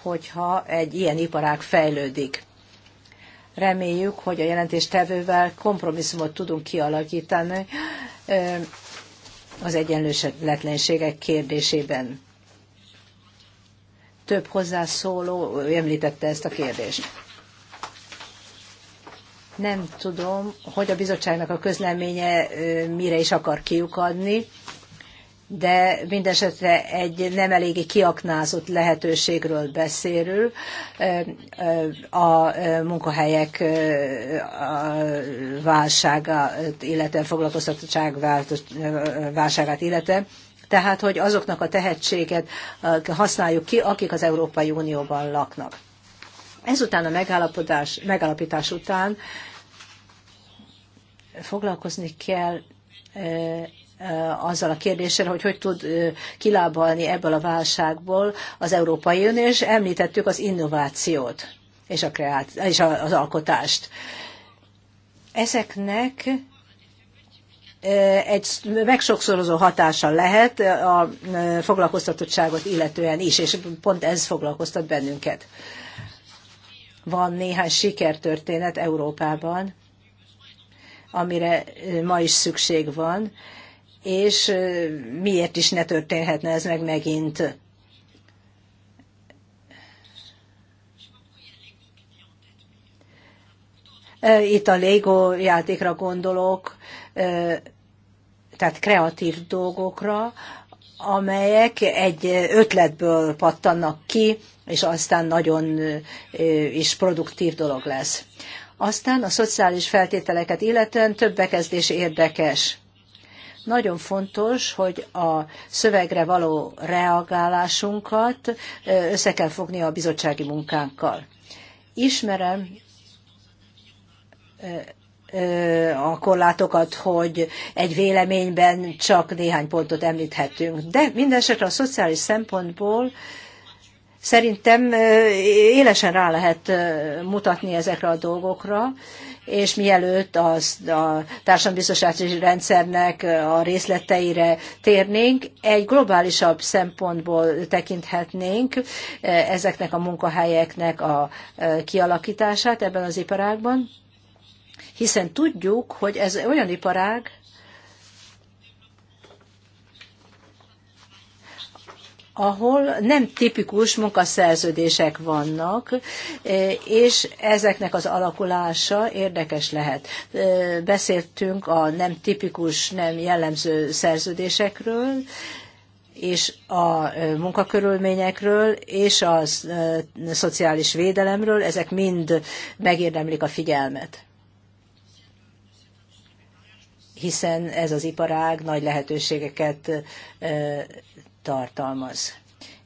hogyha egy ilyen iparág fejlődik. Reméljük, hogy a jelentéstevővel kompromisszumot tudunk kialakítani az egyenlőségek kérdésében. Több hozzászóló említette ezt a kérdést. Nem tudom, hogy a bizottságnak a közleménye mire is akar kiukadni de mindesetre egy nem eléggé kiaknázott lehetőségről beszélő a munkahelyek válságát, illetve foglalkoztatottság válságát, illetve tehát, hogy azoknak a tehetséget használjuk ki, akik az Európai Unióban laknak. Ezután a megállapodás, megállapítás után foglalkozni kell azzal a kérdéssel, hogy hogy tud kilábalni ebből a válságból az Európai Unió, és említettük az innovációt és, a kreát, és az alkotást. Ezeknek egy megsokszorozó hatása lehet a foglalkoztatottságot illetően is, és pont ez foglalkoztat bennünket. Van néhány sikertörténet Európában, amire ma is szükség van, és miért is ne történhetne ez meg megint. Itt a Lego játékra gondolok, tehát kreatív dolgokra, amelyek egy ötletből pattannak ki, és aztán nagyon is produktív dolog lesz. Aztán a szociális feltételeket illetően több bekezdés érdekes nagyon fontos, hogy a szövegre való reagálásunkat össze kell fogni a bizottsági munkánkkal. Ismerem a korlátokat, hogy egy véleményben csak néhány pontot említhetünk. De mindesetre a szociális szempontból szerintem élesen rá lehet mutatni ezekre a dolgokra, és mielőtt az, a társadalombiztosítási rendszernek a részleteire térnénk, egy globálisabb szempontból tekinthetnénk e, ezeknek a munkahelyeknek a e, kialakítását ebben az iparágban, hiszen tudjuk, hogy ez olyan iparág, ahol nem tipikus munkaszerződések vannak, e, és ezeknek az alakulása érdekes lehet. E, beszéltünk a nem tipikus, nem jellemző szerződésekről, és a e, munkakörülményekről, és a szociális védelemről, ezek mind megérdemlik a figyelmet hiszen ez az iparág nagy lehetőségeket tartalmaz.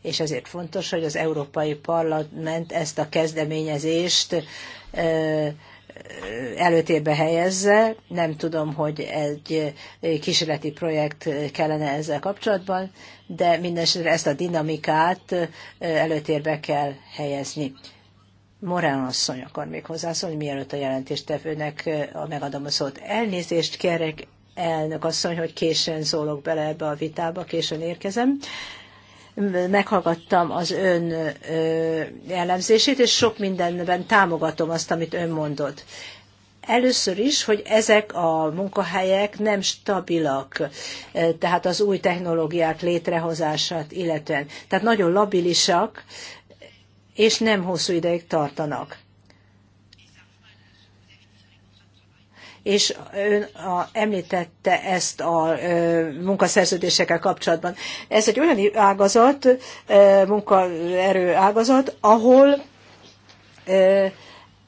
És ezért fontos, hogy az Európai Parlament ezt a kezdeményezést előtérbe helyezze. Nem tudom, hogy egy kísérleti projekt kellene ezzel kapcsolatban, de mindenesetre ezt a dinamikát előtérbe kell helyezni. Morán asszony akar még hozzászólni, mielőtt a jelentéstevőnek megadom a szót. Elnézést kérek, elnök asszony, hogy későn szólok bele ebbe a vitába, későn érkezem. Meghallgattam az ön elemzését, és sok mindenben támogatom azt, amit ön mondott. Először is, hogy ezek a munkahelyek nem stabilak, tehát az új technológiák létrehozását illetően. Tehát nagyon labilisak, és nem hosszú ideig tartanak. és ön a, említette ezt a ö, munkaszerződésekkel kapcsolatban. Ez egy olyan ágazat, ö, munkaerő ágazat, ahol ö,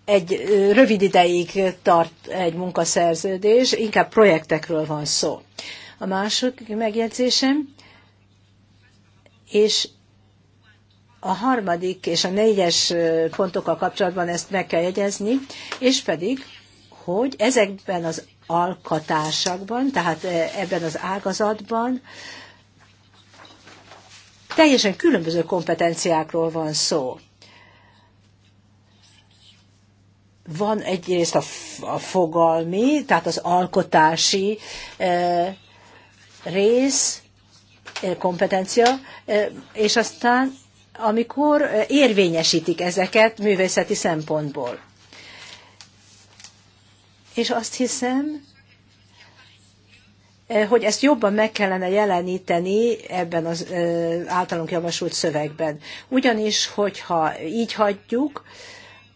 egy rövid ideig tart egy munkaszerződés, inkább projektekről van szó. A második megjegyzésem, és a harmadik és a négyes pontokkal kapcsolatban ezt meg kell jegyezni, és pedig hogy ezekben az alkatásakban, tehát e, ebben az ágazatban teljesen különböző kompetenciákról van szó. Van egyrészt a, a fogalmi, tehát az alkotási e, rész, e, kompetencia, és aztán amikor érvényesítik ezeket művészeti szempontból. És azt hiszem, eh, hogy ezt jobban meg kellene jeleníteni ebben az eh, általunk javasolt szövegben. Ugyanis, hogyha így hagyjuk,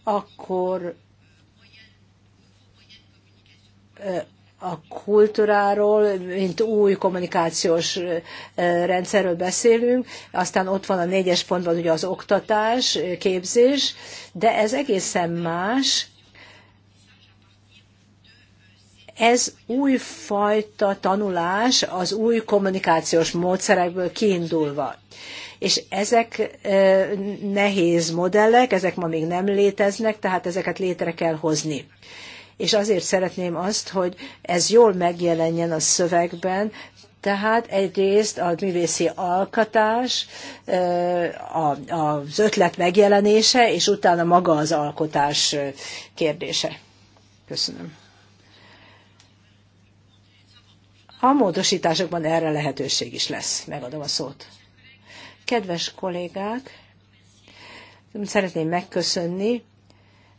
akkor eh, a kultúráról, mint új kommunikációs rendszerről beszélünk, aztán ott van a négyes pontban ugye az oktatás, képzés, de ez egészen más, ez újfajta tanulás az új kommunikációs módszerekből kiindulva. És ezek nehéz modellek, ezek ma még nem léteznek, tehát ezeket létre kell hozni és azért szeretném azt, hogy ez jól megjelenjen a szövegben, tehát egyrészt a művészi alkotás, az ötlet megjelenése, és utána maga az alkotás kérdése. Köszönöm. A módosításokban erre lehetőség is lesz. Megadom a szót. Kedves kollégák, szeretném megköszönni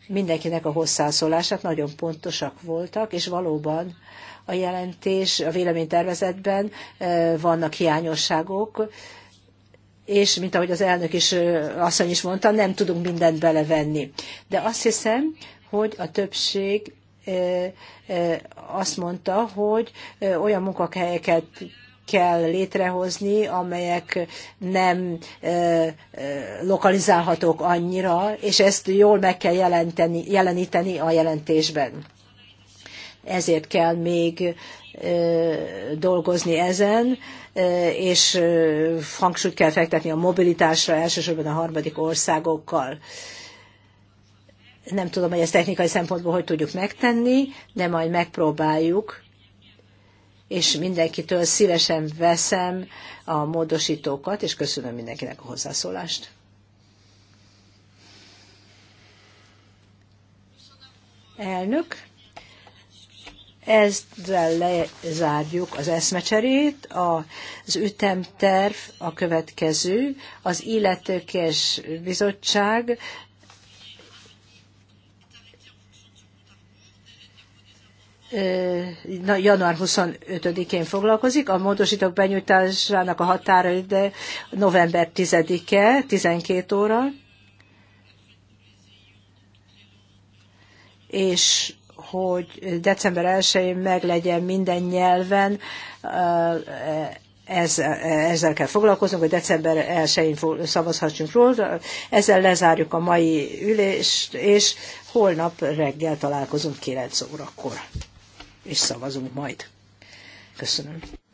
mindenkinek a hozzászólását, nagyon pontosak voltak, és valóban a jelentés, a véleménytervezetben e, vannak hiányosságok, és mint ahogy az elnök is, asszony is mondta, nem tudunk mindent belevenni. De azt hiszem, hogy a többség azt mondta, hogy olyan munkahelyeket kell létrehozni, amelyek nem lokalizálhatók annyira, és ezt jól meg kell jelenteni, jeleníteni a jelentésben. Ezért kell még dolgozni ezen, és hangsúlyt kell fektetni a mobilitásra, elsősorban a harmadik országokkal nem tudom, hogy ezt technikai szempontból hogy tudjuk megtenni, de majd megpróbáljuk, és mindenkitől szívesen veszem a módosítókat, és köszönöm mindenkinek a hozzászólást. Elnök, ezzel lezárjuk az eszmecserét. Az ütemterv a következő. Az illetékes bizottság január 25-én foglalkozik, a módosítók benyújtásának a határa ide november 10-e, 12 óra, és hogy december 1-én meglegyen minden nyelven, ezzel, ezzel kell foglalkoznunk, hogy december 1-én szavazhassunk róla. Ezzel lezárjuk a mai ülést, és holnap reggel találkozunk 9 órakor és szavazunk majd. Köszönöm.